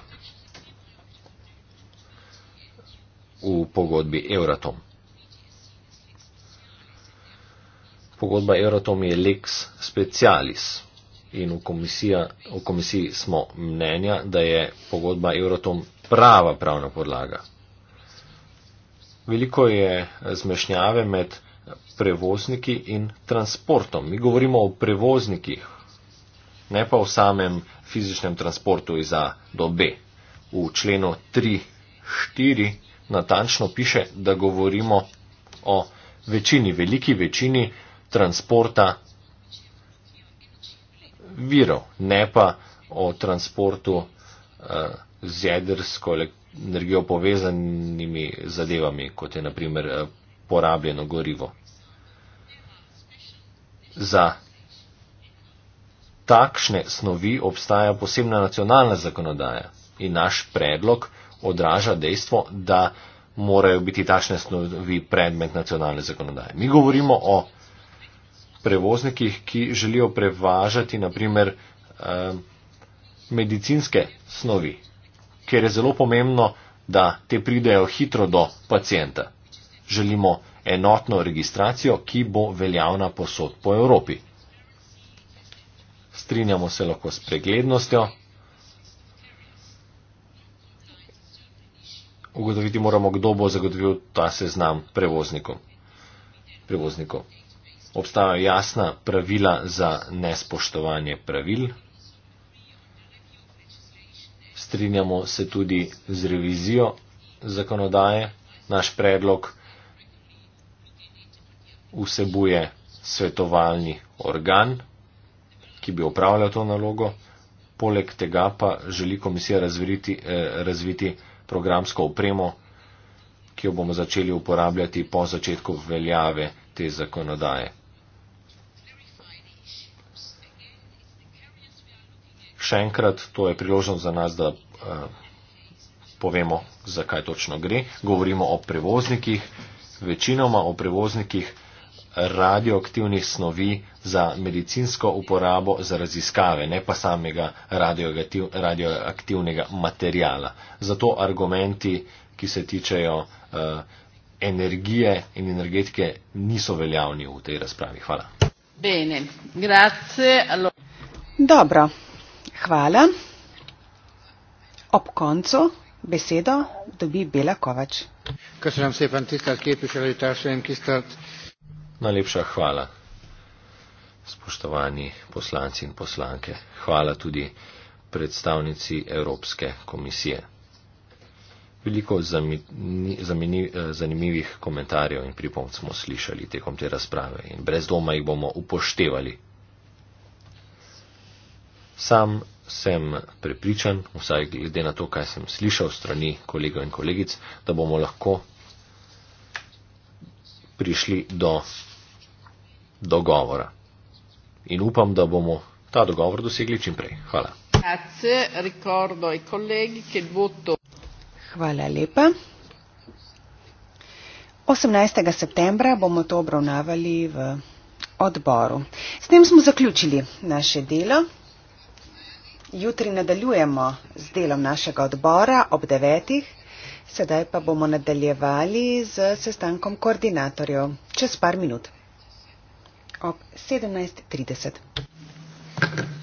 v pogodbi Euratom. pogodba Euratom je lex specialis in v, v komisiji smo mnenja, da je pogodba Euratom prava pravna podlaga. Veliko je zmešnjave med prevozniki in transportom. Mi govorimo o prevoznikih, ne pa o samem fizičnem transportu iz A do B. V členu 3.4 natančno piše, da govorimo o večini, veliki večini transporta virov, ne pa o transportu eh, z jedrsko energijo povezanimi zadevami, kot je naprimer eh, porabljeno gorivo. Za takšne snovi obstaja posebna nacionalna zakonodaja in naš predlog odraža dejstvo, da morajo biti takšne snovi predmet nacionalne zakonodaje. Mi govorimo o prevoznikih, ki želijo prevažati naprimer eh, medicinske snovi, ker je zelo pomembno, da te pridejo hitro do pacijenta. Želimo enotno registracijo, ki bo veljavna posod po Evropi. Strinjamo se lahko s preglednostjo. Ugotoviti moramo, kdo bo zagotovil ta seznam prevoznikov. prevoznikov obstajajo jasna pravila za nespoštovanje pravil. Strinjamo se tudi z revizijo zakonodaje. Naš predlog vsebuje svetovalni organ, ki bi upravljal to nalogo. Poleg tega pa želi komisija razviti, eh, razviti programsko opremo, ki jo bomo začeli uporabljati po začetku veljave te zakonodaje. še enkrat, to je priložnost za nas, da eh, povemo, zakaj točno gre. Govorimo o prevoznikih, večinoma o prevoznikih radioaktivnih snovi za medicinsko uporabo, za raziskave, ne pa samega radioaktivnega materijala. Zato argumenti, ki se tičejo uh, energije in energetike, niso veljavni v tej razpravi. Hvala. Bene, grazie. Dobro. Hvala. Ob koncu besedo dobi Bela Kovač. Najlepša hvala, spoštovani poslanci in poslanke. Hvala tudi predstavnici Evropske komisije. Veliko zanimivih komentarjev in pripomb smo slišali tekom te razprave in brez doma jih bomo upoštevali Sam sem prepričan, vsaj glede na to, kaj sem slišal strani kolegov in kolegic, da bomo lahko prišli do dogovora. In upam, da bomo ta dogovor dosegli čim prej. Hvala. Hvala lepa. 18. septembra bomo to obravnavali v odboru. S tem smo zaključili naše delo. Jutri nadaljujemo z delom našega odbora ob devetih, sedaj pa bomo nadaljevali z sestankom koordinatorjev čez par minut ob 17.30.